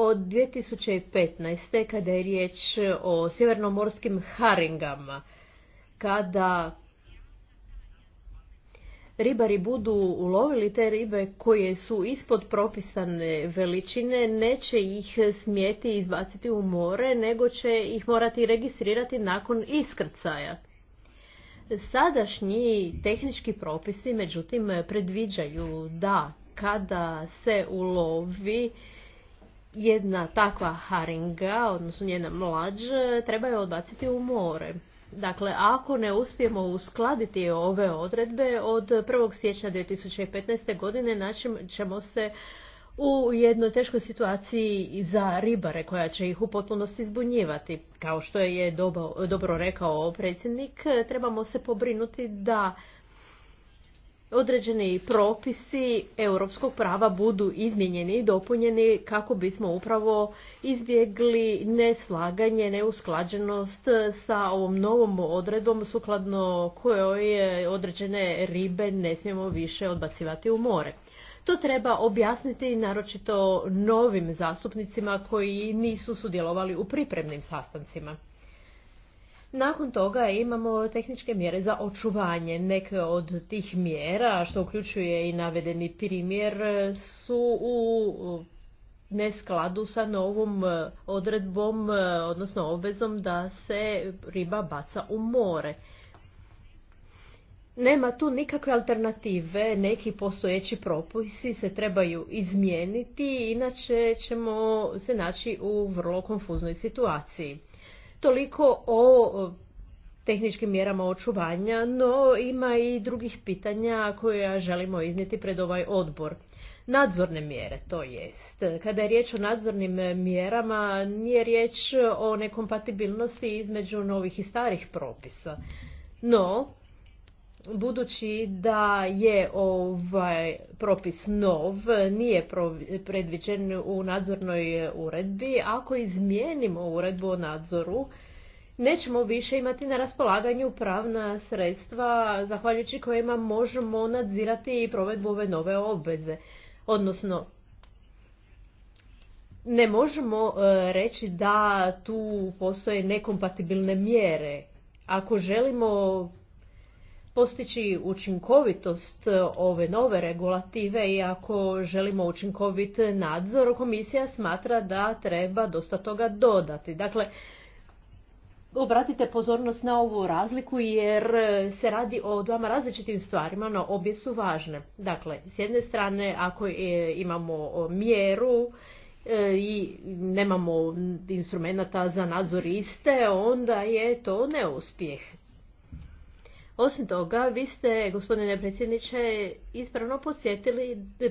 od 2015. kada je riječ o sjevernomorskim haringama, kada ribari budu ulovili te ribe koje su ispod propisane veličine, neće ih smijeti izbaciti u more, nego će ih morati registrirati nakon iskrcaja. Sadašnji tehnički propisi, međutim, predviđaju da kada se ulovi jedna takva haringa, odnosno njena mlađ, treba je odbaciti u more. Dakle, ako ne uspijemo uskladiti ove odredbe, od 1. siječnja 2015. godine način ćemo se u jednoj teškoj situaciji za ribare koja će ih u potpunosti zbunjivati. Kao što je dobro rekao predsjednik, trebamo se pobrinuti da određeni propisi europskog prava budu izmijenjeni i dopunjeni kako bismo upravo izbjegli neslaganje, neusklađenost sa ovom novom odredom, sukladno kojoj određene ribe ne smijemo više odbacivati u more. To treba objasniti naročito novim zastupnicima koji nisu sudjelovali u pripremnim sastancima. Nakon toga imamo tehničke mjere za očuvanje. Neke od tih mjera, što uključuje i navedeni primjer, su u neskladu sa novom e, odredbom, e, odnosno obvezom da se riba baca u more. Nema tu nikakve alternative, neki postojeći propisi se trebaju izmijeniti, inače ćemo se naći u vrlo konfuznoj situaciji. Toliko o tehničkim mjerama očuvanja, no ima i drugih pitanja koja želimo izniti pred ovaj odbor. Nadzorne mjere, to jest. Kada je riječ o nadzornim mjerama, nije riječ o nekompatibilnosti između novih i starih propisa. No, budući da je ovaj propis nov, nije predviđen u nadzornoj uredbi, ako izmijenimo uredbu o nadzoru, nećemo više imati na raspolaganju pravna sredstva zahvaljujući kojima možemo nadzirati i provedbu ove nove obveze. Odnosno, ne možemo e, reći da tu postoje nekompatibilne mjere. Ako želimo postići učinkovitost e, ove nove regulative i ako želimo učinkovit nadzor, komisija smatra da treba dosta toga dodati. Dakle, obratite pozornost na ovu razliku jer e, se radi o dvama različitim stvarima, no obje su važne. Dakle, s jedne strane ako e, imamo mjeru i nemamo instrumenta za nadzor iste, onda je to neuspjeh. Osim toga, vi ste, gospodine predsjedniče, ispravno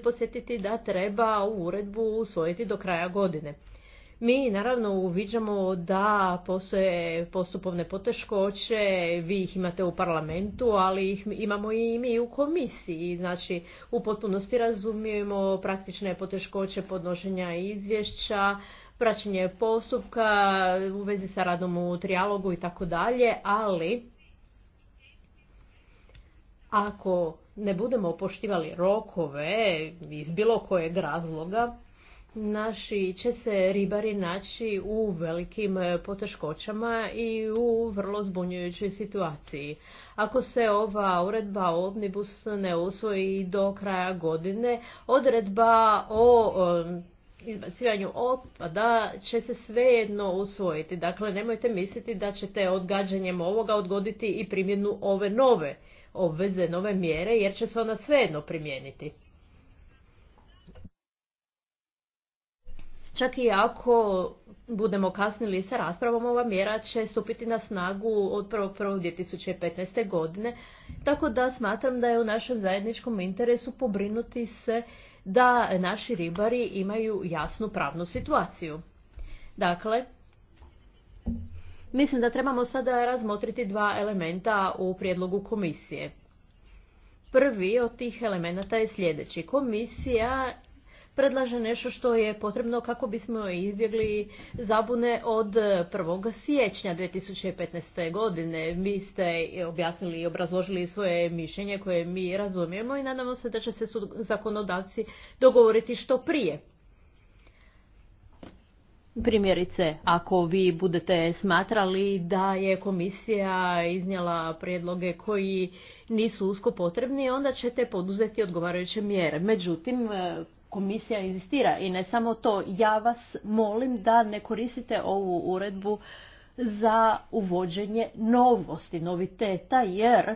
posjetiti da treba u uredbu usvojiti do kraja godine. Mi naravno uviđamo da postoje postupovne poteškoće, vi ih imate u parlamentu, ali ih imamo i mi u komisiji. Znači, u potpunosti razumijemo praktične poteškoće podnošenja izvješća, praćenje postupka u vezi sa radom u trialogu i tako dalje, ali ako ne budemo poštivali rokove iz bilo kojeg razloga, naši će se ribari naći u velikim e, poteškoćama i u vrlo zbunjujućoj situaciji. Ako se ova uredba o Omnibus ne usvoji do kraja godine, odredba o e, izbacivanju otpada će se svejedno usvojiti. Dakle, nemojte misliti da ćete odgađanjem ovoga odgoditi i primjenu ove nove obveze, nove mjere, jer će se ona svejedno primijeniti. Čak i ako budemo kasnili sa raspravom, ova mjera će stupiti na snagu od 1.1.2015. godine, tako da smatram da je u našem zajedničkom interesu pobrinuti se da naši ribari imaju jasnu pravnu situaciju. Dakle, Mislim da trebamo sada razmotriti dva elementa u prijedlogu komisije. Prvi od tih elemenata je sljedeći. Komisija predlaže nešto što je potrebno kako bismo izbjegli zabune od 1. siječnja 2015. godine. Vi ste objasnili i obrazložili svoje mišljenje koje mi razumijemo i nadamo se da će se zakonodavci dogovoriti što prije. Primjerice, ako vi budete smatrali da je komisija iznijela prijedloge koji nisu usko potrebni, onda ćete poduzeti odgovarajuće mjere. Međutim, e, komisija insistira i ne samo to, ja vas molim da ne koristite ovu uredbu za uvođenje novosti, noviteta, jer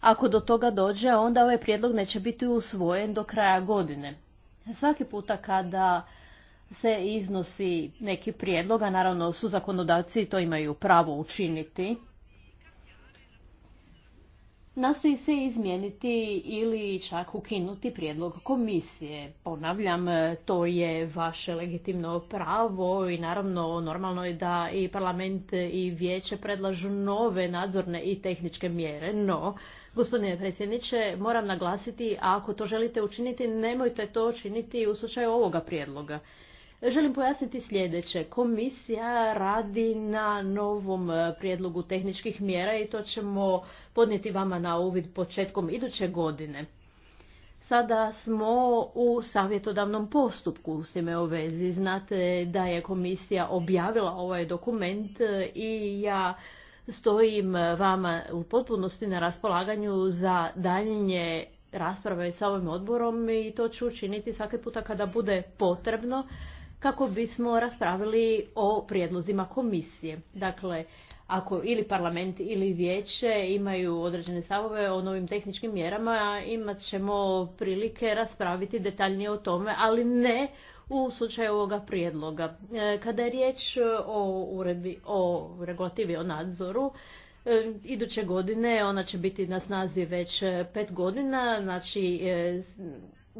ako do toga dođe, onda ovaj prijedlog neće biti usvojen do kraja godine. Svaki puta kada se iznosi neki prijedlog, a naravno su zakonodavci to imaju pravo učiniti, nastoji se izmijeniti ili čak ukinuti prijedlog komisije. Ponavljam, to je vaše legitimno pravo i naravno normalno je da i parlament i vijeće predlažu nove nadzorne i tehničke mjere, no Gospodine predsjedniče, moram naglasiti, a ako to želite učiniti, nemojte to učiniti u slučaju ovoga prijedloga. Želim pojasniti sljedeće. Komisija radi na novom prijedlogu tehničkih mjera i to ćemo podnijeti vama na uvid početkom iduće godine. Sada smo u savjetodavnom postupku s time u vezi. Znate da je komisija objavila ovaj dokument i ja stojim eh, vama u potpunosti na raspolaganju za daljnje rasprave sa ovim odborom i to ću učiniti svaki puta kada bude potrebno kako bismo raspravili o prijedlozima komisije. Dakle, ako ili parlament ili vijeće imaju određene stavove o novim tehničkim mjerama, imat ćemo prilike raspraviti detaljnije o tome, ali ne u slučaju ovoga prijedloga. E, kada je riječ e, o, uredbi, o regulativi o nadzoru, e, iduće godine ona će biti na snazi već pet godina, znači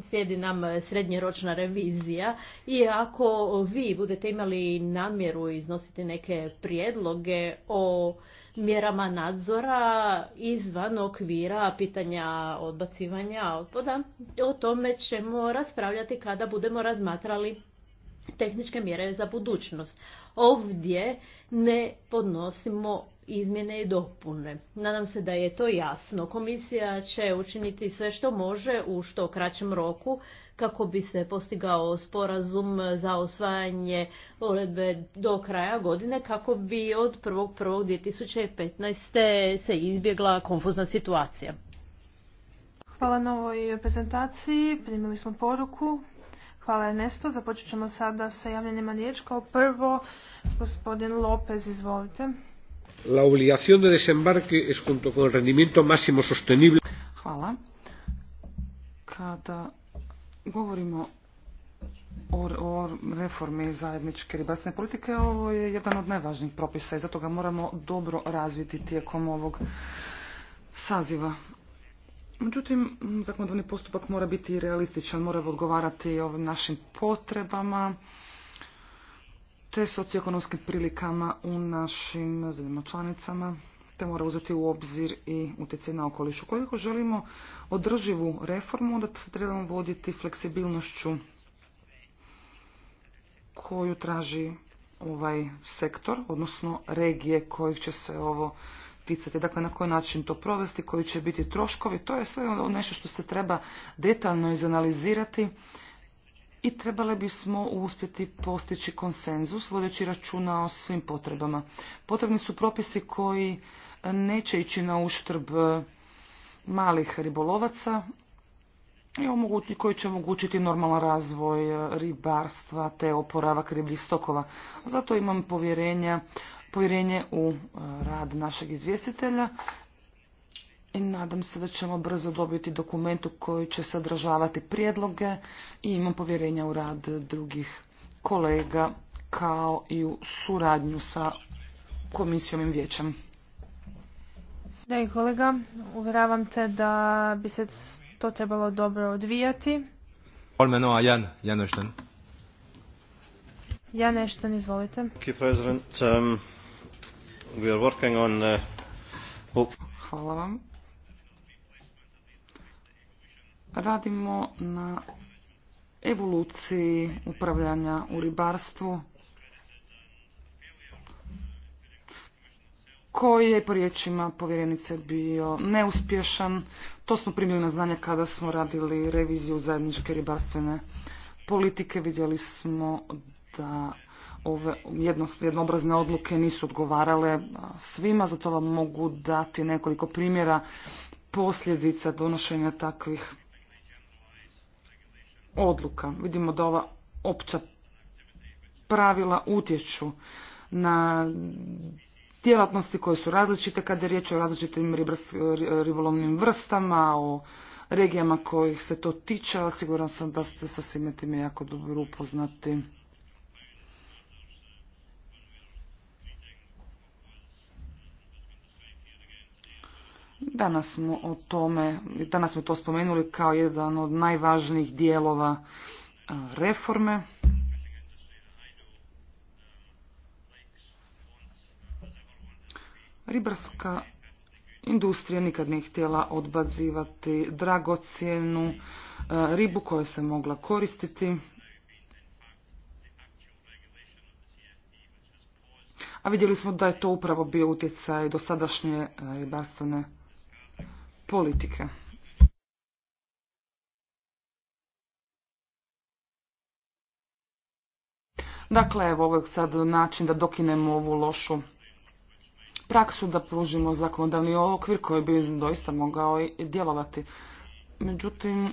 slijedi nam srednjeročna revizija i ako vi budete imali namjeru iznositi neke prijedloge o mjerama nadzora izvan okvira pitanja odbacivanja otpada. O tome ćemo raspravljati kada budemo razmatrali tehničke mjere za budućnost. Ovdje ne podnosimo izmjene i dopune. Nadam se da je to jasno. Komisija će učiniti sve što može u što kraćem roku kako bi se postigao sporazum za osvajanje uredbe do kraja godine kako bi od 1.1.2015. se izbjegla konfuzna situacija. Hvala na ovoj prezentaciji. Primili smo poruku. Hvala Ernesto. Započet ćemo sada sa javljenima riječ. Kao prvo, gospodin Lopez, izvolite. La obligación de desembarque es junto con el rendimiento máximo sostenible. Hvala. Kada govorimo o, o reformi zajedničke ribarstvene politike, ovo je jedan od najvažnijih propisa i zato ga moramo dobro razviti tijekom ovog saziva. Međutim, zakonodavni postupak mora biti realističan, mora odgovarati ovim našim potrebama, te socioekonomskim prilikama u našim zemljama članicama, te mora uzeti u obzir i utjecaj na okoliš. Ukoliko želimo održivu reformu, onda se trebamo voditi fleksibilnošću koju traži ovaj sektor, odnosno regije kojih će se ovo ticati, dakle na koji način to provesti, koji će biti troškovi, to je sve ono nešto što se treba detaljno izanalizirati i trebali bismo uspjeti postići konsenzus vodeći računa o svim potrebama. Potrebni su propisi koji neće ići na uštrb e, malih ribolovaca i koji će omogućiti normalan razvoj e, ribarstva te oporavak ribljih stokova. Zato imam povjerenja povjerenje u e, rad našeg izvjestitelja i nadam se da ćemo brzo dobiti dokumentu koji će sadržavati prijedloge i imam povjerenja u rad drugih kolega kao i u suradnju sa komisijom i vijećem. Da kolega, uvjeravam te da bi se to trebalo dobro odvijati. Olmeno, a Jan, Jan Ešten. Jan Ešten, izvolite. Um, uh, Hvala vam radimo na evoluciji upravljanja u ribarstvu koji je po riječima povjerenice bio neuspješan. To smo primili na znanje kada smo radili reviziju zajedničke ribarstvene politike. Vidjeli smo da ove jednoobrazne odluke nisu odgovarale svima, zato vam mogu dati nekoliko primjera posljedica donošenja takvih odluka. Vidimo da ova opća pravila utječu na djelatnosti koje su različite kada je riječ o različitim ribolovnim vrstama, o regijama kojih se to tiče, a siguran sam da ste sa svime time jako dobro upoznati. Danas smo o tome, danas smo to spomenuli kao jedan od najvažnijih dijelova e, reforme. Ribarska industrija nikad nije htjela odbazivati dragocjenu e, ribu koja se mogla koristiti. A vidjeli smo da je to upravo bio utjecaj dosadašnje e, ribarstvene politika. Dakle, evo, ovo je sad način da dokinemo ovu lošu praksu, da pružimo zakonodavni okvir koji bi doista mogao djelovati. Međutim,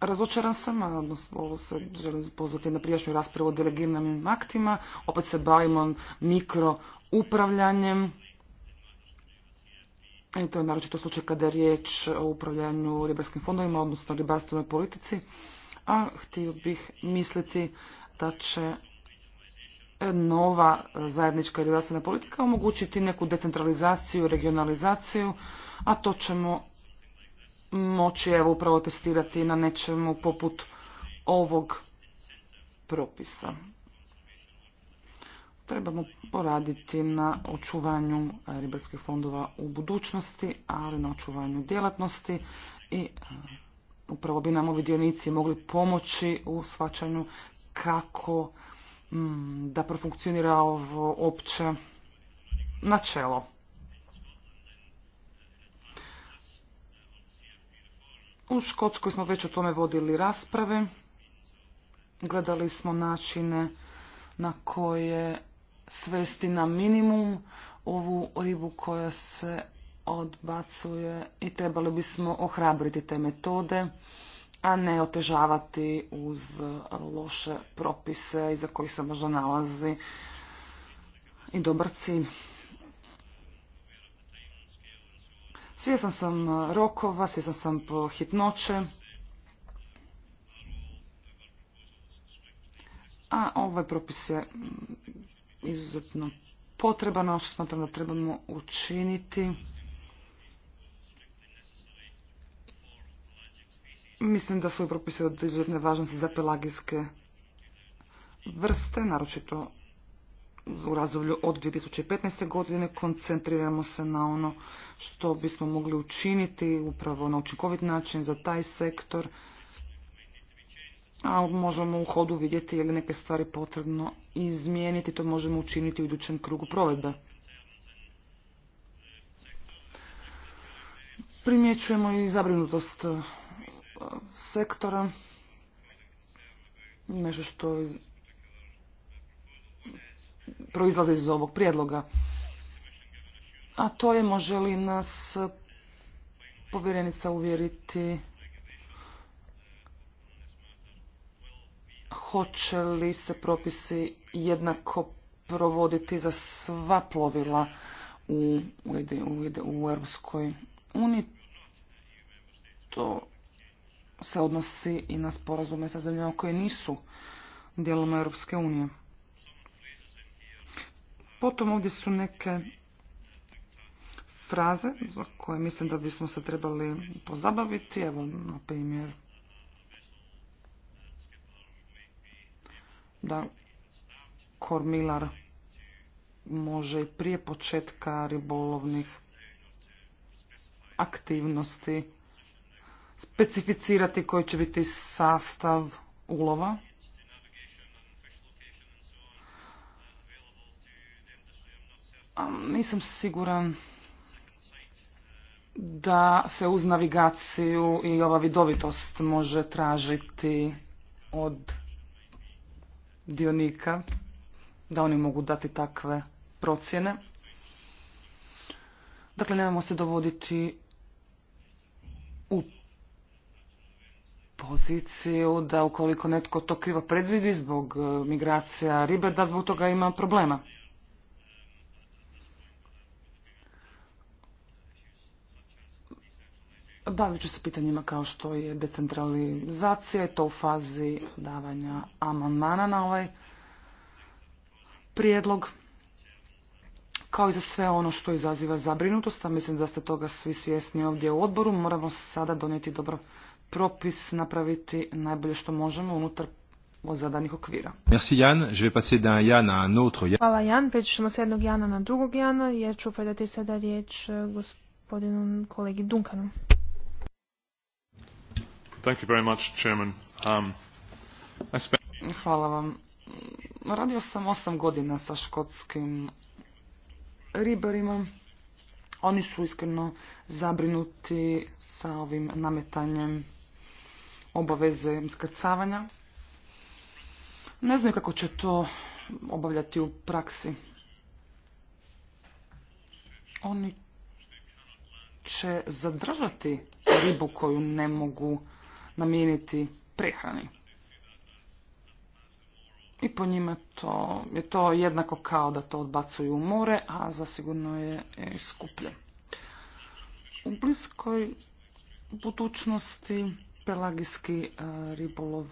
razočaran sam, odnosno ovo se želim pozvati na prijašnju raspravu o delegiranim aktima, opet se bavimo mikro upravljanjem, i to je naročito slučaj kada je riječ o upravljanju ribarskim fondovima, odnosno ribarstvenoj politici. A htio bih misliti da će nova zajednička ribarstvena politika omogućiti neku decentralizaciju, regionalizaciju, a to ćemo moći evo upravo testirati na nečemu poput ovog propisa trebamo poraditi na očuvanju eh, ribarskih fondova u budućnosti, ali na očuvanju djelatnosti i eh, upravo bi nam ovi dionici mogli pomoći u shvaćanju kako mm, da profunkcionira ovo opće načelo. U Škotskoj smo već o tome vodili rasprave, gledali smo načine na koje svesti na minimum ovu ribu koja se odbacuje i trebali bismo ohrabriti te metode, a ne otežavati uz loše propise iza kojih se možda nalazi i dobar cilj. Svjesan sam rokova, svjesan sam po hitnoće. A ovaj propis je izuzetno potreban, ono što smatram da trebamo učiniti. Mislim da su propisi od izuzetne važnosti za pelagijske vrste, naročito u razdoblju od 2015. godine. Koncentriramo se na ono što bismo mogli učiniti upravo na učinkovit način za taj sektor a možemo u hodu vidjeti je li neke stvari potrebno izmijeniti, to možemo učiniti u idućem krugu provedbe. Primjećujemo i zabrinutost e, sektora, nešto što proizlaze iz ovog prijedloga. A to je može li nas povjerenica uvjeriti hoće li se propisi jednako provoditi za sva plovila u, u, Europskoj uniji. To se odnosi i na sporazume sa zemljama koje nisu dijelom Europske unije. Potom ovdje su neke fraze za koje mislim da bismo se trebali pozabaviti. Evo, na primjer, da kormilar može i prije početka ribolovnih aktivnosti specificirati koji će biti sastav ulova. nisam siguran da se uz navigaciju i ova vidovitost može tražiti od dionika, da oni mogu dati takve procjene. Dakle, nemamo se dovoditi u poziciju da ukoliko netko to krivo predvidi zbog e, migracija ribe, da zbog toga ima problema. Bavit ću se pitanjima kao što je decentralizacija i to u fazi davanja amandmana na ovaj prijedlog kao i za sve ono što izaziva zabrinutost, a mislim da ste toga svi svjesni ovdje u odboru. Moramo sada donijeti dobro propis, napraviti najbolje što možemo unutar zadanih okvira. Hvala Jan, preći ćemo s jednog Jana na drugog Jana, jer ću predati sada riječ eh, gospodinu kolegi Dunkanu. Um, Hvala vam. Radio sam osam godina sa škotskim ribarima. Oni su iskreno zabrinuti sa ovim nametanjem obaveze skrcavanja. Ne znaju kako će to obavljati u praksi. Oni će zadržati ribu koju ne mogu namijeniti prehrani. I po njima to, je to jednako kao da to odbacuju u more, a zasigurno je skuplje. U bliskoj budućnosti pelagijski e, ribolov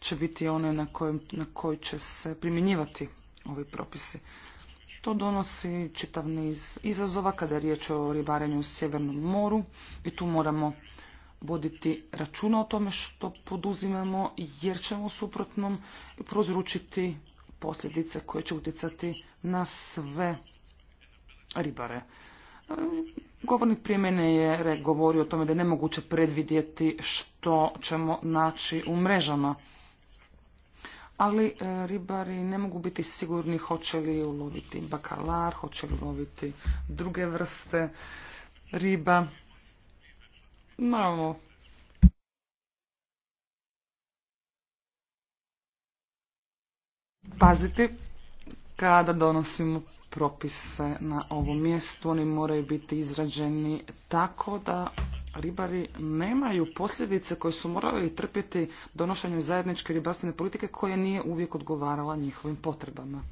će biti onaj na, na koji će se primjenjivati ovi propisi. To donosi čitav niz izazova kada je riječ o ribarenju u Sjevernom moru i tu moramo voditi računa o tome što poduzimamo jer ćemo u suprotnom prozručiti posljedice koje će utjecati na sve ribare. Govornik prije mene je govorio o tome da je nemoguće predvidjeti što ćemo naći u mrežama. Ali e, ribari ne mogu biti sigurni hoće li uloviti bakalar, hoće li uloviti druge vrste riba. Moramo paziti kada donosimo propise na ovom mjestu. Oni moraju biti izrađeni tako da ribari nemaju posljedice koje su morali trpjeti donošenjem zajedničke ribarstvene politike koja nije uvijek odgovarala njihovim potrebama.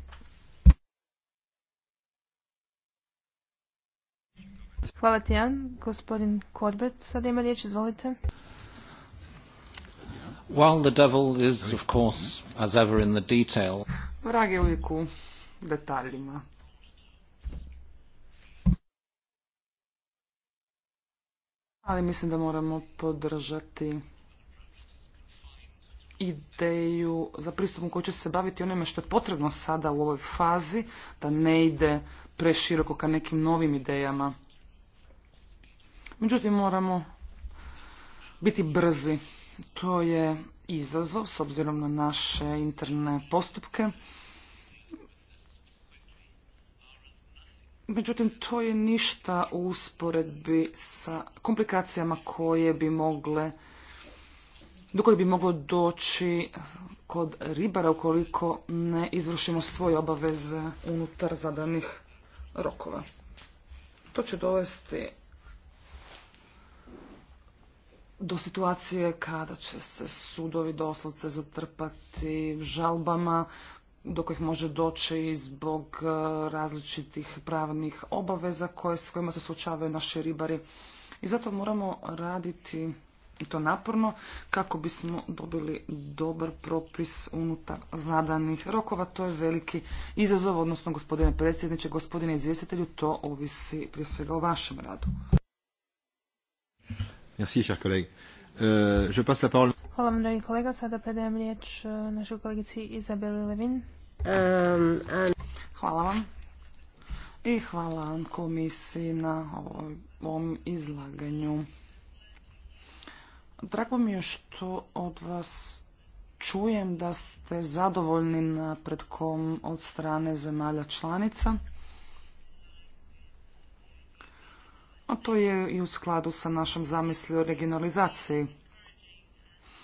Hvala ti, Jan. Gospodin Korbet, sada ima riječ, izvolite. While the devil is, of course, as ever in the detail. uvijek u detaljima. Ali mislim da moramo podržati ideju za pristup u kojoj će se baviti onime što je potrebno sada u ovoj fazi, da ne ide preširoko ka nekim novim idejama. Međutim, moramo biti brzi. To je izazov s obzirom na naše interne postupke. Međutim, to je ništa u usporedbi sa komplikacijama koje bi mogle do koje bi moglo doći kod ribara ukoliko ne izvršimo svoje obaveze unutar zadanih rokova. To će dovesti do situacije kada će se sudovi doslovce zatrpati žalbama do kojih može doći zbog e, različitih pravnih obaveza koje, s kojima se suočavaju naši ribari. I zato moramo raditi i to naporno kako bismo dobili dobar propis unutar zadanih rokova. To je veliki izazov, odnosno gospodine predsjedniče, gospodine izvjestitelju, to ovisi prije svega o vašem radu. Merci, Euh, je passe la parole. Hvala vam, dragi kolega. Sada predajem riječ e, našoj kolegici Izabeli Levin. Um, Hvala vam. I hvala komisiji na ovom izlaganju. Drago mi je što od vas čujem da ste zadovoljni napretkom od strane zemalja članica. a to je i u skladu sa našom zamisli o regionalizaciji.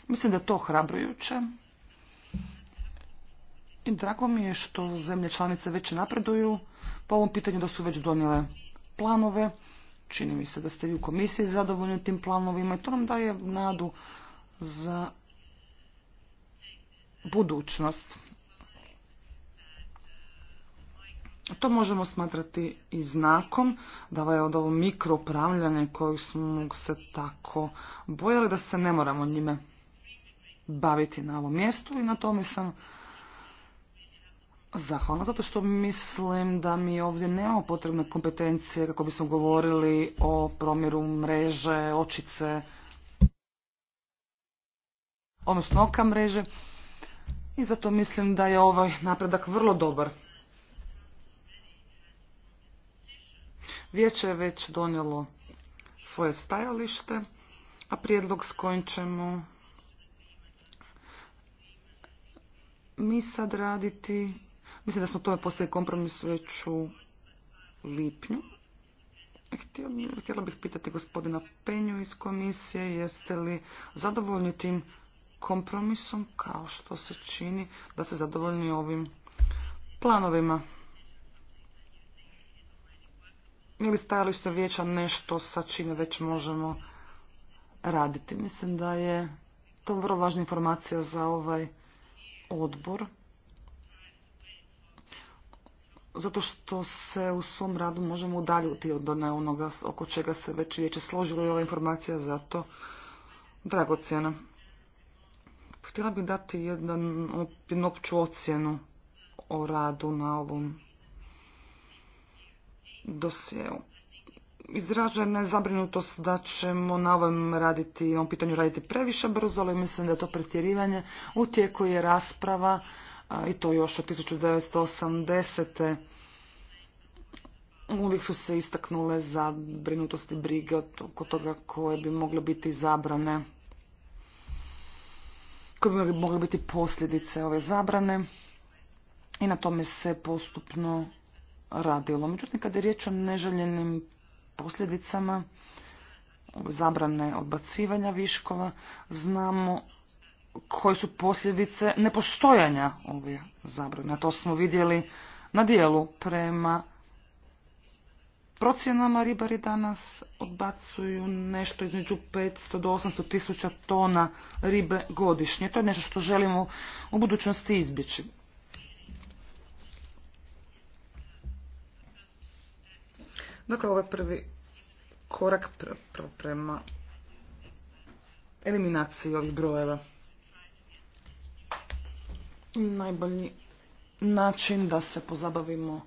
Mislim da je to hrabrujuće. I drago mi je što zemlje članice već napreduju po ovom pitanju da su već donijele planove. Čini mi se da ste vi u komisiji zadovoljni tim planovima i to nam daje nadu za budućnost. To možemo smatrati i znakom da je ovaj, od ovo mikropravljanje kojeg smo se tako bojali da se ne moramo njime baviti na ovom mjestu i na tome sam zahvalna zato što mislim da mi ovdje nemamo potrebne kompetencije kako bismo govorili o promjeru mreže, očice, odnosno oka mreže i zato mislim da je ovaj napredak vrlo dobar. Vijeće je već donijelo svoje stajalište, a prijedlog s kojim ćemo mi sad raditi, mislim da smo tome postali kompromis već u lipnju. Htjela bih pitati gospodina Penju iz komisije, jeste li zadovoljni tim kompromisom kao što se čini da se zadovoljni ovim planovima ili stajalište vijeća nešto sa čime već možemo raditi. Mislim da je to vrlo važna informacija za ovaj odbor. Zato što se u svom radu možemo udaljiti od onoga oko čega se već vijeće složilo i ova informacija zato dragocjena. Htjela bih dati jedan, jednu opću ocjenu o radu na ovom dosjeu. Izražena je zabrinutost da ćemo na ovom raditi, ovom pitanju raditi previše brzo, ali mislim da je to pretjerivanje. U tijeku je rasprava i to još od 1980. Uvijek su se istaknule zabrinutosti brige oko toga koje bi mogle biti zabrane koje bi mogle biti posljedice ove zabrane i na tome se postupno radilo. Međutim, kada je riječ o neželjenim posljedicama zabrane odbacivanja viškova, znamo koje su posljedice nepostojanja ove zabrane. To smo vidjeli na dijelu prema procjenama ribari danas odbacuju nešto između 500 do 800 tisuća tona ribe godišnje. To je nešto što želimo u budućnosti izbjeći. Dakle, ovo je prvi korak prema eliminaciji ovih brojeva. Najbolji način da se pozabavimo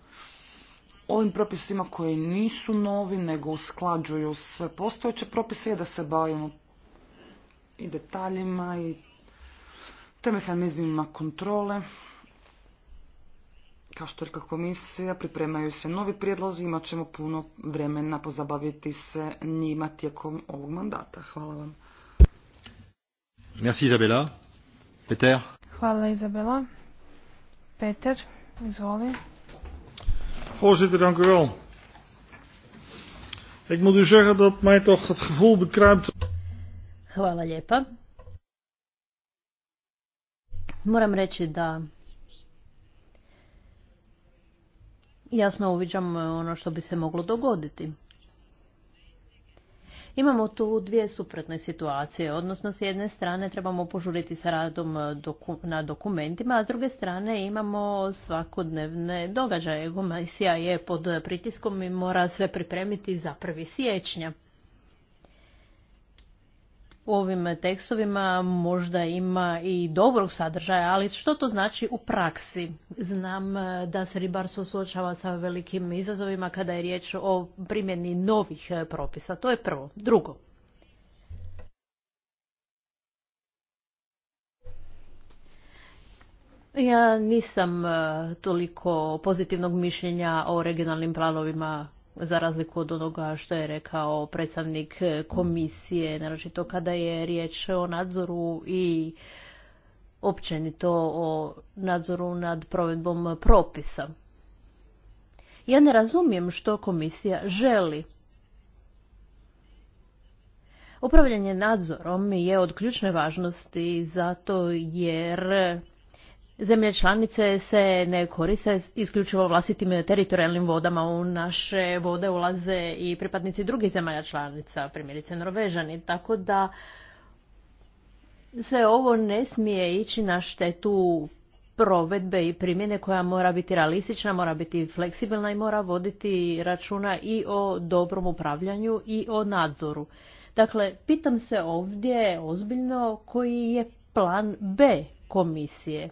ovim propisima koji nisu novi, nego usklađuju sve postojeće propise je da se bavimo i detaljima i te mehanizmima kontrole. Kao što rekla komisija, pripremaju se novi prijedlozi, imat ćemo puno vremena pozabaviti se njima tijekom ovog mandata. Hvala vam. Merci Izabela. Peter. Hvala Izabela. Peter, izvoli. Voorzitter, dank u wel. Ik moet u zeggen dat mij toch het gevoel bekruipt. Hvala lijepa. Moram reći da jasno uviđam e, ono što bi se moglo dogoditi. Imamo tu dvije suprotne situacije, odnosno s jedne strane trebamo požuriti sa radom e, na dokumentima, a s druge strane imamo svakodnevne događaje. Komisija je pod pritiskom i mora sve pripremiti za 1. siječnja u ovim tekstovima možda ima i dobrog sadržaja, ali što to znači u praksi? Znam eh, da se ribarstvo suočava sa velikim izazovima kada je riječ o primjeni novih eh, propisa. To je prvo. Drugo. Ja nisam eh, toliko pozitivnog mišljenja o regionalnim planovima za razliku od onoga što je rekao predstavnik komisije, naročito kada je riječ o nadzoru i općenito o nadzoru nad provedbom propisa. Ja ne razumijem što komisija želi. Upravljanje nadzorom je od ključne važnosti zato jer zemlje članice se ne koriste isključivo vlastitim teritorijalnim vodama. U naše vode ulaze i pripadnici drugih zemalja članica, primjerice Norvežani, tako da se ovo ne smije ići na štetu provedbe i primjene koja mora biti realistična, mora biti fleksibilna i mora voditi računa i o dobrom upravljanju i o nadzoru. Dakle, pitam se ovdje ozbiljno koji je plan B komisije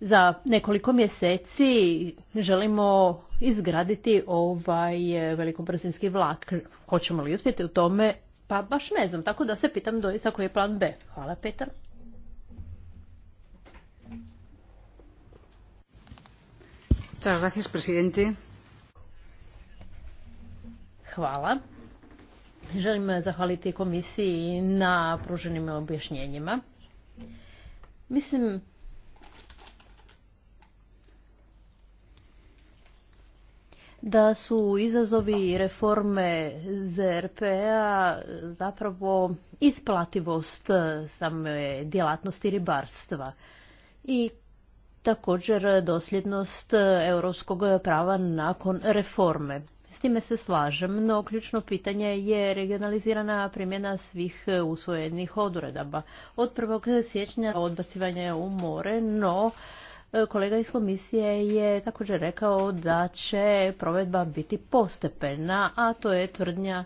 za nekoliko mjeseci želimo izgraditi ovaj e, velikobrzinski vlak. Hoćemo li uspjeti u tome? Pa baš ne znam, tako da se pitam doista koji je plan B. Hvala Petar. Hvala. Želim zahvaliti komisiji na pruženim objašnjenjima. Mislim da su izazovi reforme ZRP-a zapravo isplativost same djelatnosti ribarstva i također dosljednost europskog prava nakon reforme. S time se slažem, no ključno pitanje je regionalizirana primjena svih usvojenih odredaba. Od 1. siječnja odbacivanje u more, no E, kolega iz komisije je također rekao da će provedba biti postepena, a to je tvrdnja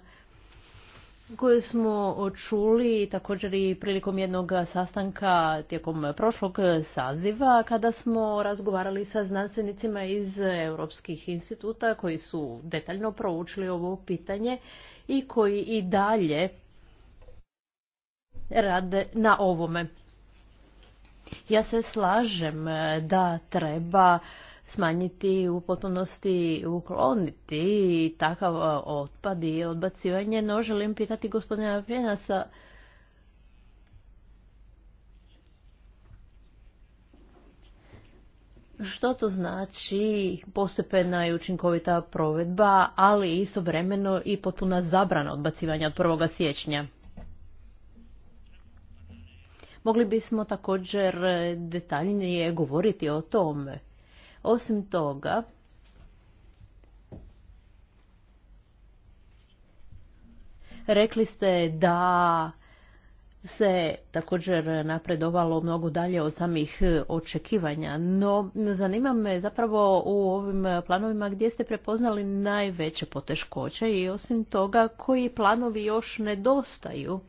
koju smo čuli također i prilikom jednog sastanka tijekom prošlog saziva kada smo razgovarali sa znanstvenicima iz europskih instituta koji su detaljno proučili ovo pitanje i koji i dalje rade na ovome. Ja se slažem e, da treba smanjiti u potpunosti ukloniti takav e, otpad i odbacivanje, no želim pitati gospodina Pjenasa što to znači postepena i učinkovita provedba, ali istovremeno i potpuna zabrana odbacivanja od 1. siječnja. Mogli bismo također e, detaljnije govoriti o tome. Osim toga, rekli ste da se također napredovalo mnogo dalje od samih e, očekivanja, no zanima me zapravo u ovim planovima gdje ste prepoznali najveće poteškoće i osim toga koji planovi još nedostaju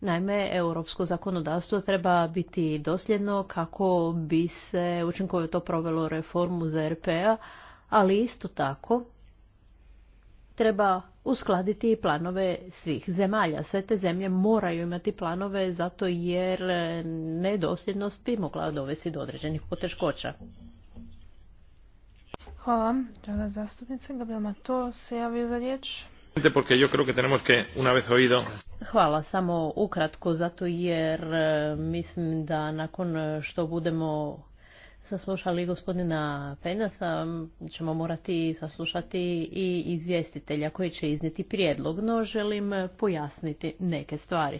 Naime, europsko zakonodavstvo treba biti dosljedno kako bi se učinkovito provelo reformu ZRP-a, ali isto tako treba uskladiti i planove svih zemalja. Sve te zemlje moraju imati planove zato jer nedosljednost bi mogla dovesti do određenih poteškoća. Hvala vam, zastupnica. Gabriel se javio za riječ. Hvala samo ukratko zato jer eh, mislim da nakon eh, što budemo saslušali gospodina Penasa ćemo morati saslušati i izvjestitelja koji će izniti prijedlog, no želim pojasniti neke stvari.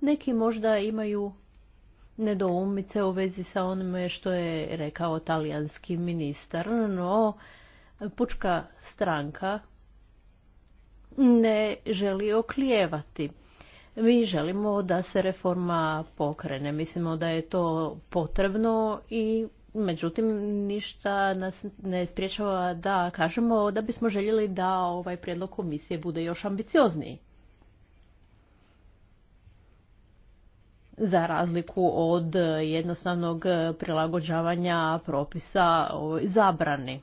Neki možda imaju nedoumice u vezi sa onime što je rekao talijanski ministar, no pučka stranka ne želi oklijevati. Mi želimo da se reforma pokrene. Mislimo da je to potrebno i međutim ništa nas ne spriječava da kažemo da bismo željeli da ovaj prijedlog komisije bude još ambiciozniji. Za razliku od jednostavnog prilagođavanja propisa ovoj zabrani.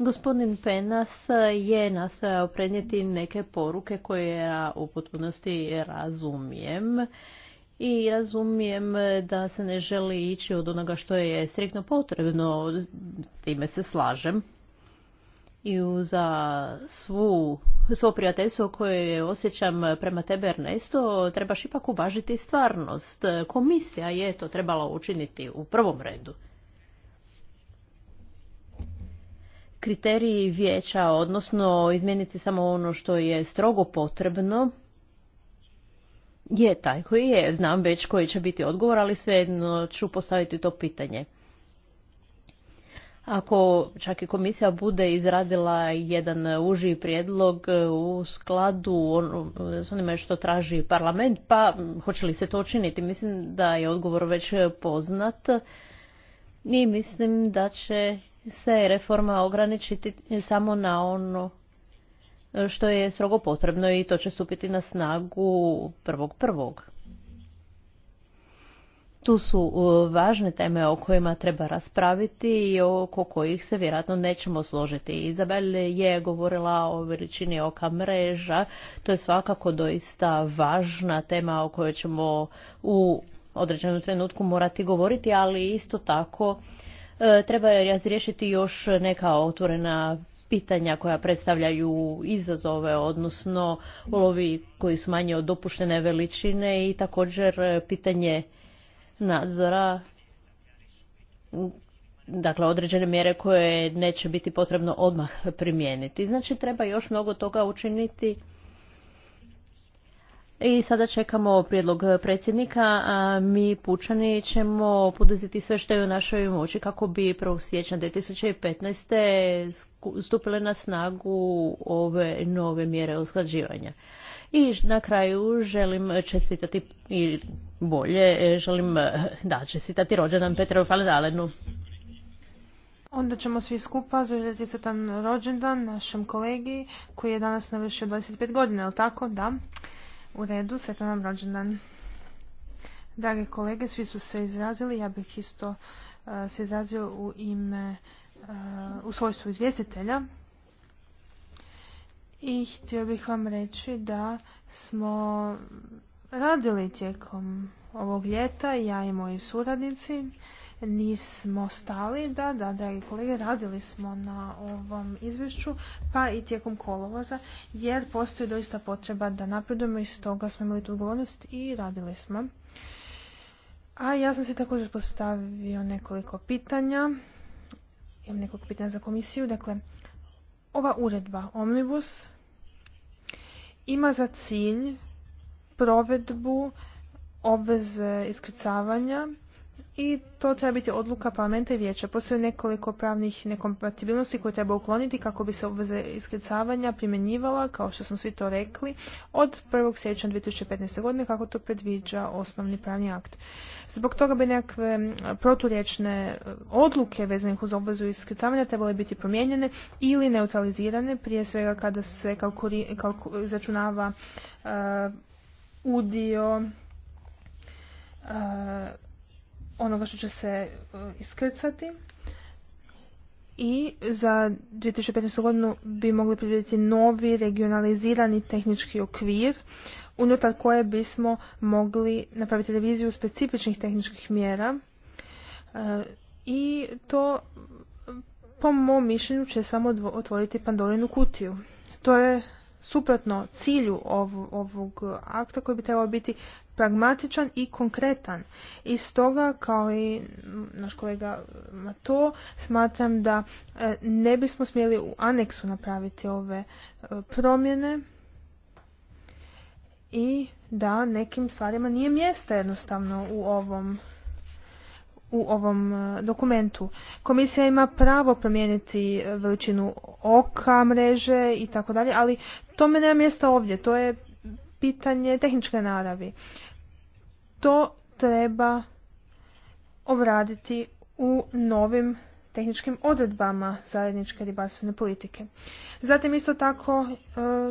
Gospodin Penas je nastojao prenijeti neke poruke koje ja u potpunosti razumijem i razumijem da se ne želi ići od onoga što je striktno potrebno, s time se slažem. I za svu, svo prijateljstvo koje osjećam prema tebe Ernesto, trebaš ipak uvažiti stvarnost. Komisija je to trebala učiniti u prvom redu. kriteriji vijeća, odnosno izmijeniti samo ono što je strogo potrebno, je taj koji je. Znam već koji će biti odgovor, ali svejedno ću postaviti to pitanje. Ako čak i komisija bude izradila jedan uži prijedlog u skladu ono, s onime što traži parlament, pa hoće li se to učiniti? Mislim da je odgovor već poznat i mislim da će se reforma ograničiti samo na ono što je strogo potrebno i to će stupiti na snagu prvog prvog. Tu su e, važne teme o kojima treba raspraviti i oko kojih se vjerojatno nećemo složiti. Izabel je govorila o veličini oka mreža, to je svakako doista važna tema o kojoj ćemo u određenom trenutku morati govoriti, ali isto tako E, treba razriješiti još neka otvorena pitanja koja predstavljaju izazove, odnosno ulovi koji su manje od dopuštene veličine i također e, pitanje nadzora dakle određene mjere koje neće biti potrebno odmah primijeniti. Znači treba još mnogo toga učiniti i sada čekamo prijedlog predsjednika, a mi pučani ćemo poduzeti sve što je u našoj moći kako bi 1. siječnja 2015. stupile na snagu ove nove mjere usklađivanja. I na kraju želim čestitati i bolje, želim da čestitati rođendan Petru Faledalenu. Onda ćemo svi skupa zaželjeti tam rođendan našem kolegi koji je danas navršio 25 godina, je li tako? Da. U redu, sretan vam rođendan. Drage kolege, svi su se izrazili, ja bih isto e, se izrazio u ime, e, u svojstvu izvjestitelja. I htio bih vam reći da smo radili tijekom ovog ljeta, ja i moji suradnici, nismo stali, da, da, dragi kolege, radili smo na ovom izvješću, pa i tijekom kolovoza, jer postoji doista potreba da napredujemo i stoga smo imali tu odgovornost i radili smo. A ja sam se također postavio nekoliko pitanja, imam nekoliko pitanja za komisiju, dakle, ova uredba Omnibus ima za cilj provedbu obveze iskrcavanja i to treba biti odluka parlamenta i vijeća. Postoje nekoliko pravnih nekompatibilnosti koje treba ukloniti kako bi se obveze iskrcavanja primjenjivala, kao što smo svi to rekli, od 1. siječnja 2015. godine kako to predviđa osnovni pravni akt. Zbog toga bi nekakve proturječne e, odluke vezane uz obvezu iskrcavanja trebale biti promijenjene ili neutralizirane, prije svega kada se začunava e, udio e, onoga što će se e, iskrcati i za 2015. godinu bi mogli predvidjeti novi regionalizirani tehnički okvir unutar koje bismo mogli napraviti reviziju specifičnih tehničkih mjera e, i to po mom mišljenju će samo otvoriti Pandorinu kutiju. To je suprotno cilju ovog, ovog akta koji bi trebao biti pragmatičan i konkretan. I stoga, kao i naš kolega Mato, smatram da e, ne bismo smjeli u aneksu napraviti ove e, promjene i da nekim stvarima nije mjesta jednostavno u ovom u ovom e, dokumentu. Komisija ima pravo promijeniti veličinu oka, mreže i tako dalje, ali tome nema mjesta ovdje. To je pitanje tehničke naravi to treba obraditi u novim tehničkim odredbama zajedničke ribarstvene politike. Zatim isto tako e,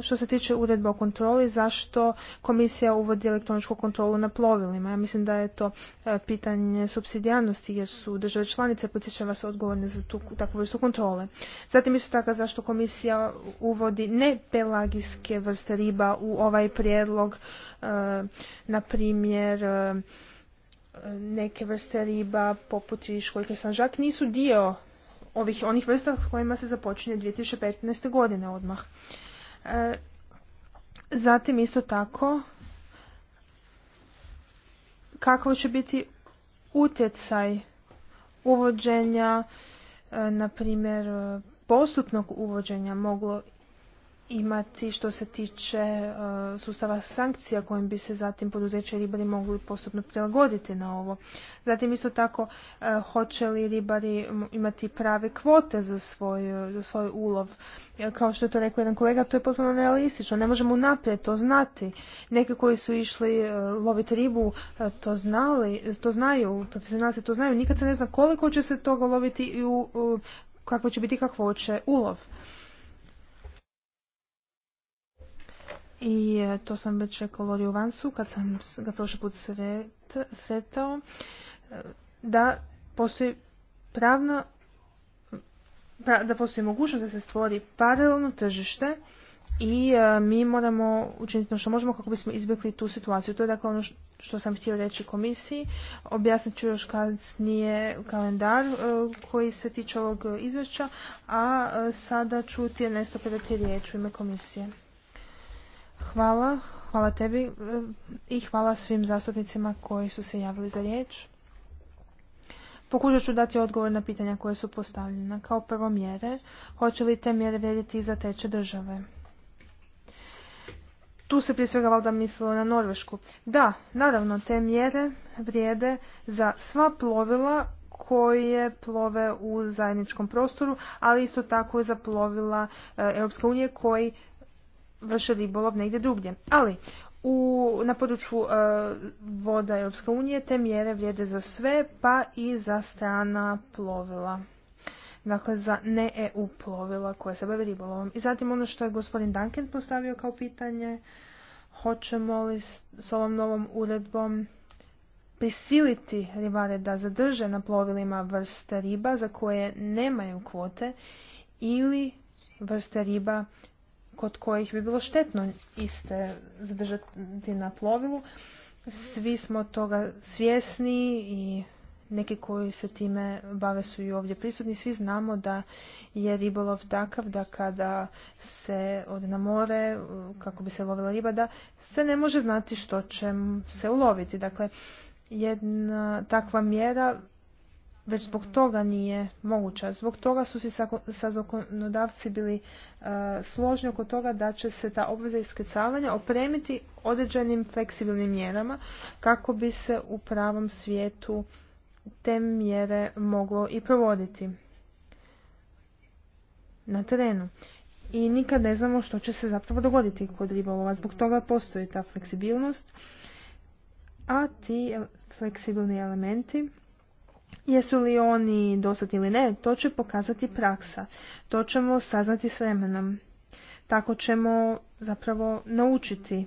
što se tiče uredba o kontroli, zašto komisija uvodi elektroničku kontrolu na plovilima. Ja mislim da je to e, pitanje subsidijarnosti jer su države članice potječava vas odgovorne za tu, takvu vrstu kontrole. Zatim isto tako zašto komisija uvodi ne pelagijske vrste riba u ovaj prijedlog, e, na primjer neke vrste riba poput školjke sanžak nisu dio ovih onih vrsta kojima se započinje 2015. godine odmah. E, zatim isto tako kakav će biti utjecaj uvođenja, e, na primjer postupnog uvođenja moglo imati što se tiče e, sustava sankcija kojim bi se zatim poduzeće ribari mogli postupno prilagoditi na ovo. Zatim isto tako e, hoće li ribari imati prave kvote za svoj, e, za ulov. Kao što je to rekao jedan kolega, to je potpuno realistično. Ne možemo unaprijed to znati. Neki koji su išli loviti ribu to, znali, to znaju, profesionalci to znaju. Nikad se ne zna koliko će se toga loviti i u, će biti kakvo će ulov. i e, to sam već rekao Lori Vansu kad sam ga prošli put sretao e, da postoji pravna da postoji mogućnost da se stvori paralelno tržište i e, mi moramo učiniti ono što možemo kako bismo izbjegli tu situaciju. To je dakle ono što sam htio reći komisiji. Objasnit ću još kasnije kalendar koji se tiče ovog izvješća, a sada ću nešto predati riječ u ime komisije. Hvala, hvala tebi e, i hvala svim zastupnicima koji su se javili za riječ. Pokušat ću dati odgovor na pitanja koje su postavljena. Kao prvo mjere, hoće li te mjere vrijediti i za treće države? Tu se prije svega valjda mislilo na Norvešku. Da, naravno, te mjere vrijede za sva plovila koje plove u zajedničkom prostoru, ali isto tako i za plovila e, Europske unije koji vrše ribolov negdje drugdje. Ali u, na području e, voda Europske unije te mjere vrijede za sve pa i za strana plovila. Dakle, za ne EU plovila koja se bave ribolovom. I zatim ono što je gospodin Duncan postavio kao pitanje, hoćemo li s ovom novom uredbom prisiliti ribare da zadrže na plovilima vrste riba za koje nemaju kvote ili vrste riba kod kojih bi bilo štetno iste zadržati na plovilu. Svi smo toga svjesni i neki koji se time bave su i ovdje prisutni. Svi znamo da je ribolov takav da kada se od na more kako bi se lovila riba da se ne može znati što će se uloviti. Dakle, jedna takva mjera već zbog toga nije moguća. Zbog toga su se sa zakonodavci bili e, složni oko toga da će se ta obveza iskrcavanja opremiti određenim fleksibilnim mjerama kako bi se u pravom svijetu te mjere moglo i provoditi na terenu. I nikad ne znamo što će se zapravo dogoditi kod ribolova. Zbog toga postoji ta fleksibilnost, a ti fleksibilni elementi Jesu li oni dosad ili ne, to će pokazati praksa. To ćemo saznati s vremenom. Tako ćemo zapravo naučiti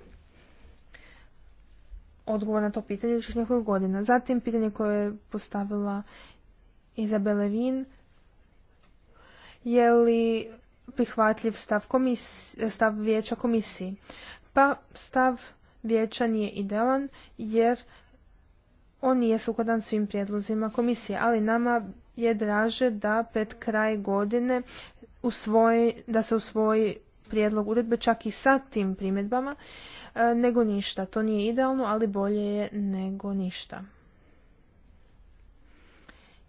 odgovor na to pitanje još nekoliko godina. Zatim pitanje koje je postavila Izabele Vin je li prihvatljiv stav, stav vijeća komisiji. Pa stav vijeća nije idealan jer on nije sukladan svim prijedlozima komisije, ali nama je draže da pred kraj godine usvoji, da se usvoji prijedlog uredbe čak i sa tim primjedbama e, nego ništa. To nije idealno, ali bolje je nego ništa.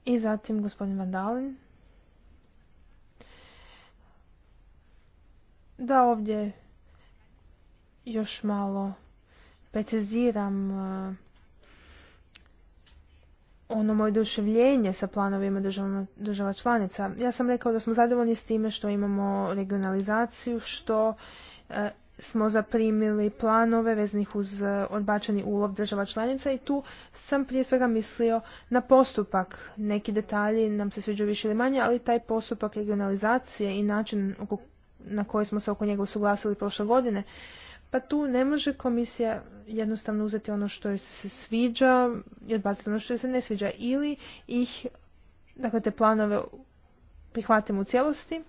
I zatim gospodin Vandalin. Da ovdje još malo preciziram e, ono moje oduševljenje sa planovima država, članica. Ja sam rekao da smo zadovoljni s time što imamo regionalizaciju, što e, smo zaprimili planove veznih uz e, odbačeni ulov država članica i tu sam prije svega mislio na postupak. Neki detalji nam se sviđaju više ili manje, ali taj postupak regionalizacije i način na koji smo se oko njega usuglasili prošle godine pa tu ne može komisija jednostavno uzeti ono što joj se sviđa i odbaciti ono što joj se ne sviđa. Ili ih, dakle te planove prihvatimo u cijelosti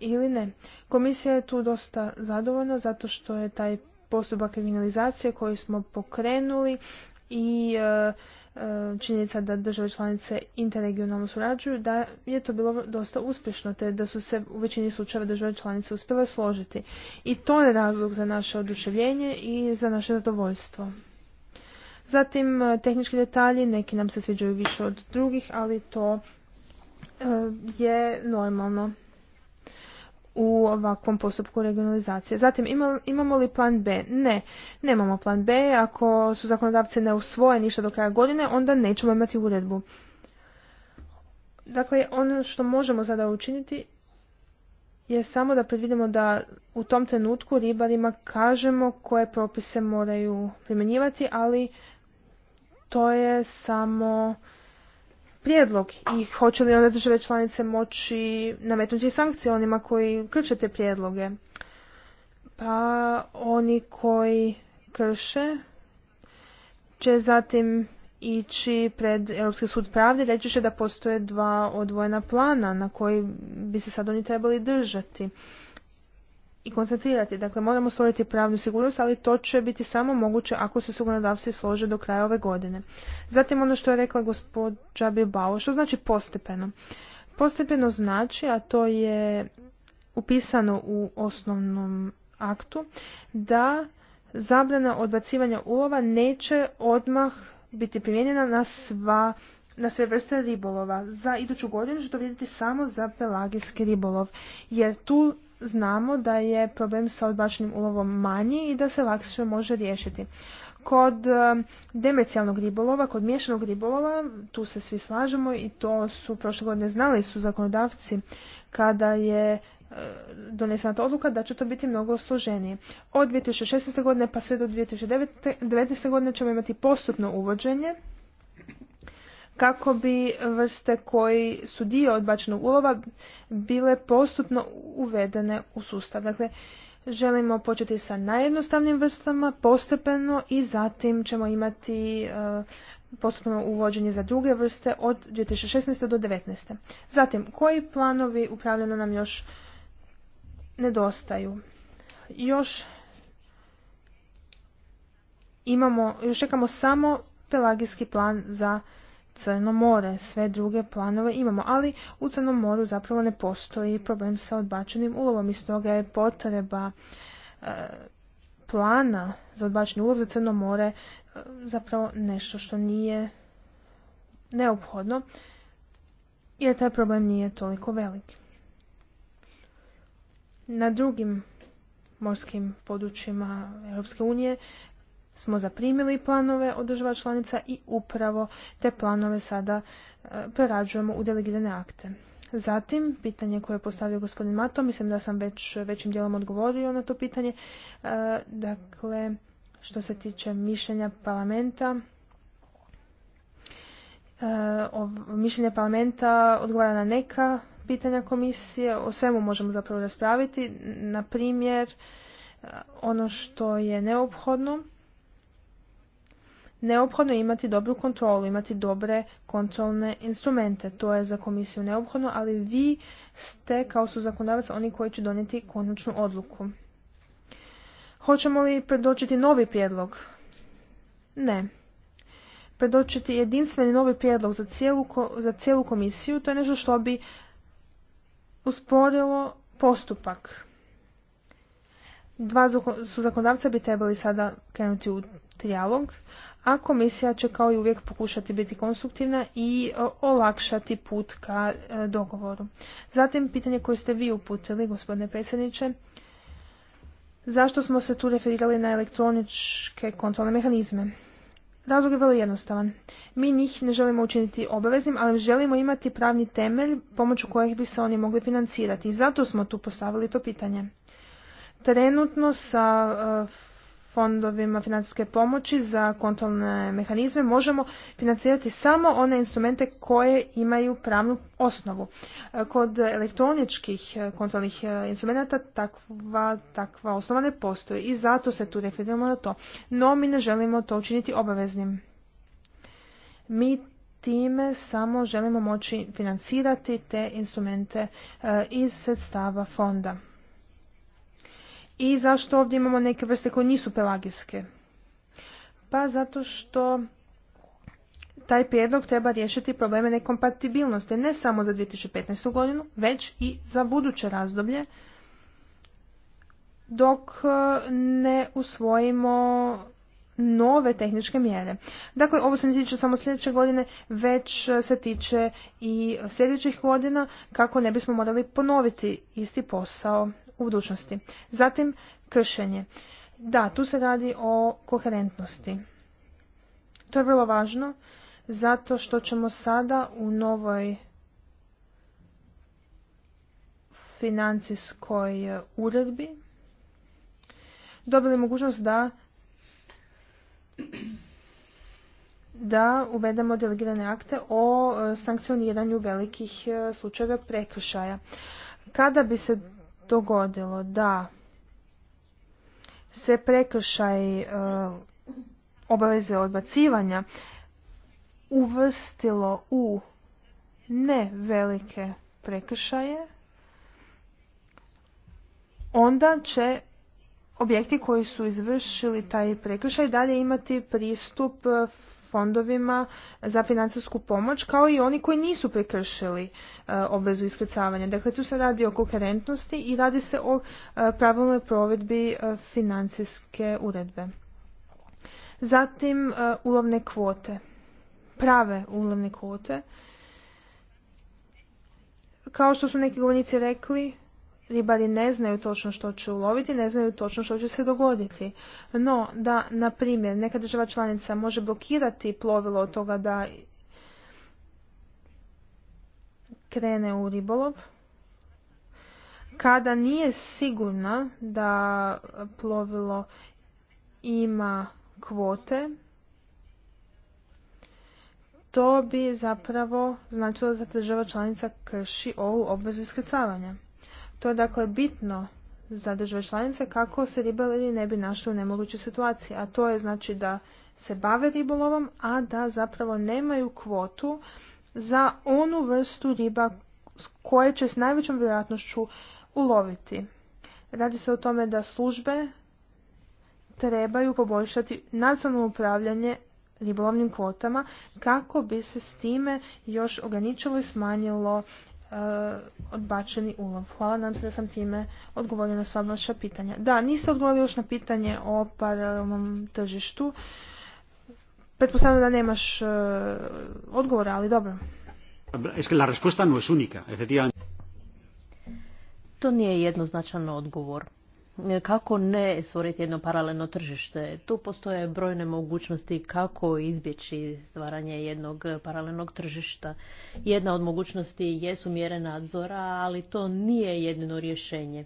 ili ne. Komisija je tu dosta zadovoljna zato što je taj postupak kriminalizacije koji smo pokrenuli i e, E, činjenica da države članice interregionalno surađuju, da je to bilo dosta uspješno, te da su se u većini slučajeva države članice uspjele složiti. I to je razlog za naše oduševljenje i za naše zadovoljstvo. Zatim, e, tehnički detalji, neki nam se sviđaju više od drugih, ali to e, je normalno u ovakvom postupku regionalizacije. Zatim, imamo li plan B? Ne, nemamo plan B. Ako su zakonodavci ne usvoje ništa do kraja godine, onda nećemo imati uredbu. Dakle, ono što možemo sada učiniti je samo da predvidimo da u tom trenutku ribarima kažemo koje propise moraju primjenjivati, ali to je samo prijedlog i hoće li one države članice moći nametnuti sankcije onima koji krše te prijedloge? Pa oni koji krše će zatim ići pred Europski sud pravde, reći će da postoje dva odvojena plana na koji bi se sad oni trebali držati i koncentrirati. Dakle, moramo stvoriti pravnu sigurnost, ali to će biti samo moguće ako se sugonodavci slože do kraja ove godine. Zatim ono što je rekla gospođa Bilbao, što znači postepeno? Postepeno znači, a to je upisano u osnovnom aktu, da zabrana odbacivanja ulova neće odmah biti primijenjena na sva na sve vrste ribolova. Za iduću godinu to vidjeti samo za pelagijski ribolov, jer tu znamo da je problem sa odbačenim ulovom manji i da se lakše može riješiti. Kod e, demercijalnog ribolova, kod miješanog ribolova, tu se svi slažemo i to su prošle godine znali su zakonodavci kada je e, donesena ta odluka da će to biti mnogo složenije. Od 2016. godine pa sve do 2019. godine ćemo imati postupno uvođenje kako bi vrste koji su dio odbačenog ulova bile postupno uvedene u sustav. Dakle, želimo početi sa najjednostavnijim vrstama postepeno i zatim ćemo imati e, postupno uvođenje za druge vrste od 2016. do 2019. Zatim, koji planovi upravljeno nam još nedostaju? Još imamo, još čekamo samo pelagijski plan za Crno more, sve druge planove imamo, ali u Crnom moru zapravo ne postoji problem sa odbačenim ulovom i stoga je potreba e, plana za odbačeni ulov za Crno more e, zapravo nešto što nije neophodno jer taj problem nije toliko velik. Na drugim morskim područjima Europske unije smo zaprimili planove od država članica i upravo te planove sada e, prerađujemo u delegirane akte. Zatim, pitanje koje je postavio gospodin Mato, mislim da sam već većim dijelom odgovorio na to pitanje. E, dakle, što se tiče mišljenja parlamenta, e, mišljenje parlamenta odgovara na neka pitanja komisije, o svemu možemo zapravo raspraviti. Na primjer, ono što je neophodno neophodno je imati dobru kontrolu, imati dobre kontrolne instrumente. To je za komisiju neophodno, ali vi ste kao su zakonodavac oni koji će donijeti konačnu odluku. Hoćemo li predočiti novi prijedlog? Ne. Predočiti jedinstveni novi prijedlog za cijelu, za cijelu komisiju, to je nešto što bi usporilo postupak. Dva su zakonodavca bi trebali sada krenuti u trijalog, a komisija će kao i uvijek pokušati biti konstruktivna i e, olakšati put ka e, dogovoru. Zatim pitanje koje ste vi uputili, gospodine predsjedniče, zašto smo se tu referirali na elektroničke kontrolne mehanizme? Razlog je vrlo jednostavan. Mi njih ne želimo učiniti obaveznim, ali želimo imati pravni temelj pomoću kojeg bi se oni mogli financirati. I zato smo tu postavili to pitanje. Trenutno sa e, fondovima financijske pomoći za kontrolne mehanizme možemo financirati samo one instrumente koje imaju pravnu osnovu. E, kod elektroničkih e, kontrolnih e, instrumenta takva, takva osnova ne postoji i zato se tu referiramo na to. No mi ne želimo to učiniti obaveznim. Mi time samo želimo moći financirati te instrumente iz sredstava fonda i zašto ovdje imamo neke vrste koje nisu pelagijske? Pa zato što taj prijedlog treba riješiti probleme nekompatibilnosti ne samo za 2015. godinu, već i za buduće razdoblje dok e, ne usvojimo nove tehničke mjere. Dakle, ovo se ne tiče samo sljedeće godine, već e, se tiče i sljedećih godina kako ne bismo morali ponoviti isti posao u budućnosti. Zatim, kršenje. Da, tu se radi o koherentnosti. To je vrlo važno zato što ćemo sada u novoj financijskoj e, uredbi dobili mogućnost da da uvedemo delegirane akte o e, sankcioniranju velikih e, slučajeva prekršaja. Kada bi se dogodilo da se prekršaj e, obaveze odbacivanja uvrstilo u ne velike prekršaje, onda će objekti koji su izvršili taj prekršaj dalje imati pristup e, fondovima za financijsku pomoć kao i oni koji nisu prekršili e, obvezu iskrcavanja. Dakle, tu se radi o koherentnosti i radi se o e, pravilnoj provedbi financijske uredbe. Zatim ulovne kvote, prave ulovne kvote. Kao što su neki govornici rekli, ribari ne znaju točno što će uloviti, ne znaju točno što će se dogoditi. No, da, na primjer, neka država članica može blokirati plovilo od toga da krene u ribolov, kada nije sigurna da plovilo ima kvote, to bi zapravo značilo da država članica krši ovu obvezu iskrcavanja. To je dakle bitno za države članice kako se ribari ne bi našli u nemogućoj situaciji, a to je znači da se bave ribolovom, a da zapravo nemaju kvotu za onu vrstu riba koje će s najvećom vjerojatnošću uloviti. Radi se o tome da službe trebaju poboljšati nacionalno upravljanje ribolovnim kvotama kako bi se s time još ograničilo i smanjilo Eh, odbačeni ulov. Hvala nam se da sam time odgovorila na sva vaša pitanja. Da, niste odgovorili još na pitanje o paralelnom tržištu. Pretpostavljam da nemaš eh, odgovora, ali dobro. Es que la respuesta no es única, To nije jednoznačan odgovor kako ne stvoriti jedno paralelno tržište. Tu postoje brojne mogućnosti kako izbjeći stvaranje jednog paralelnog tržišta. Jedna od mogućnosti jesu mjere nadzora, ali to nije jedino rješenje.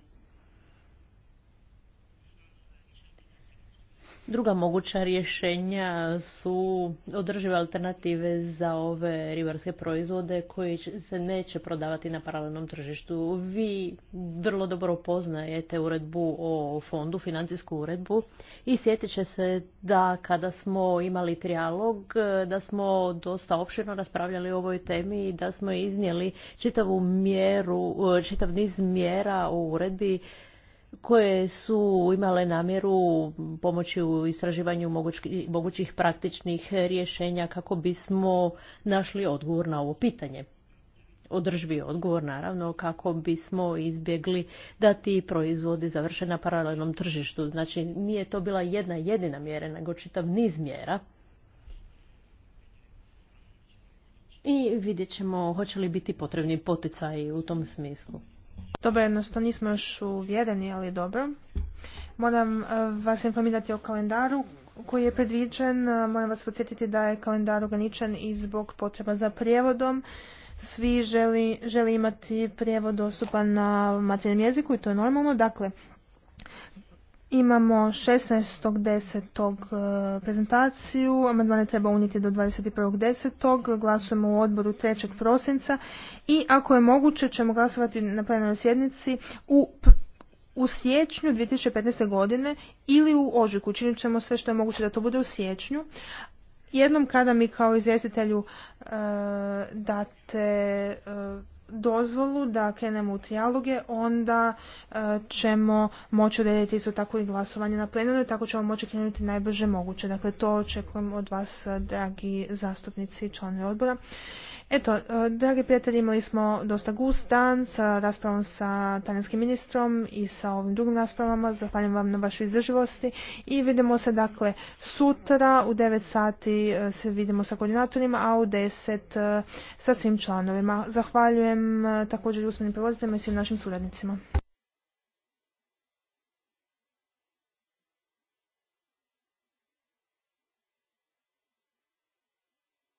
Druga moguća rješenja su održive alternative za ove ribarske proizvode koji se neće prodavati na paralelnom tržištu. Vi vrlo dobro poznajete uredbu o fondu, financijsku uredbu i sjetit će se da kada smo imali trijalog da smo dosta opširno raspravljali o ovoj temi i da smo iznijeli čitavu mjeru, čitav niz mjera u uredbi koje su imale namjeru pomoći u istraživanju mogućih praktičnih rješenja kako bismo našli odgovor na ovo pitanje. Održivi odgovor, naravno, kako bismo izbjegli da ti proizvodi završe na paralelnom tržištu. Znači, nije to bila jedna jedina mjera, nego čitav niz mjera. I vidjet ćemo hoće li biti potrebni poticaji u tom smislu. Dobro, jednostavno nismo još uvjereni, ali dobro. Moram e, vas informirati o kalendaru koji je predviđen. E, moram vas podsjetiti da je kalendar ograničen i zbog potreba za prijevodom. Svi želi, imati prijevod dostupan na materijalnom jeziku i to je normalno. Dakle, Imamo 16.10. E, prezentaciju, amandmane treba unijeti do 21.10. Glasujemo u odboru 3. prosinca i ako je moguće ćemo glasovati na plenarnoj sjednici u, u siječnju 2015. godine ili u ožujku. Činit ćemo sve što je moguće da to bude u siječnju. Jednom kada mi kao izvjestitelju e, date e, dozvolu da krenemo u trijaloge, onda e, ćemo moći odrediti isto tako i glasovanje na plenaru i tako ćemo moći krenuti najbrže moguće. Dakle, to očekujem od vas, dragi zastupnici i članovi odbora. Eto, e, dragi prijatelji, imali smo dosta gust dan sa raspravom sa talijanskim ministrom i sa ovim drugim raspravama. Zahvaljujem vam na vašoj izdrživosti i vidimo se dakle sutra u 9 sati e, se vidimo sa koordinatorima, a u 10 e, sa svim članovima. Zahvaljujem također i usmenim prevoditeljima i svim našim suradnicima.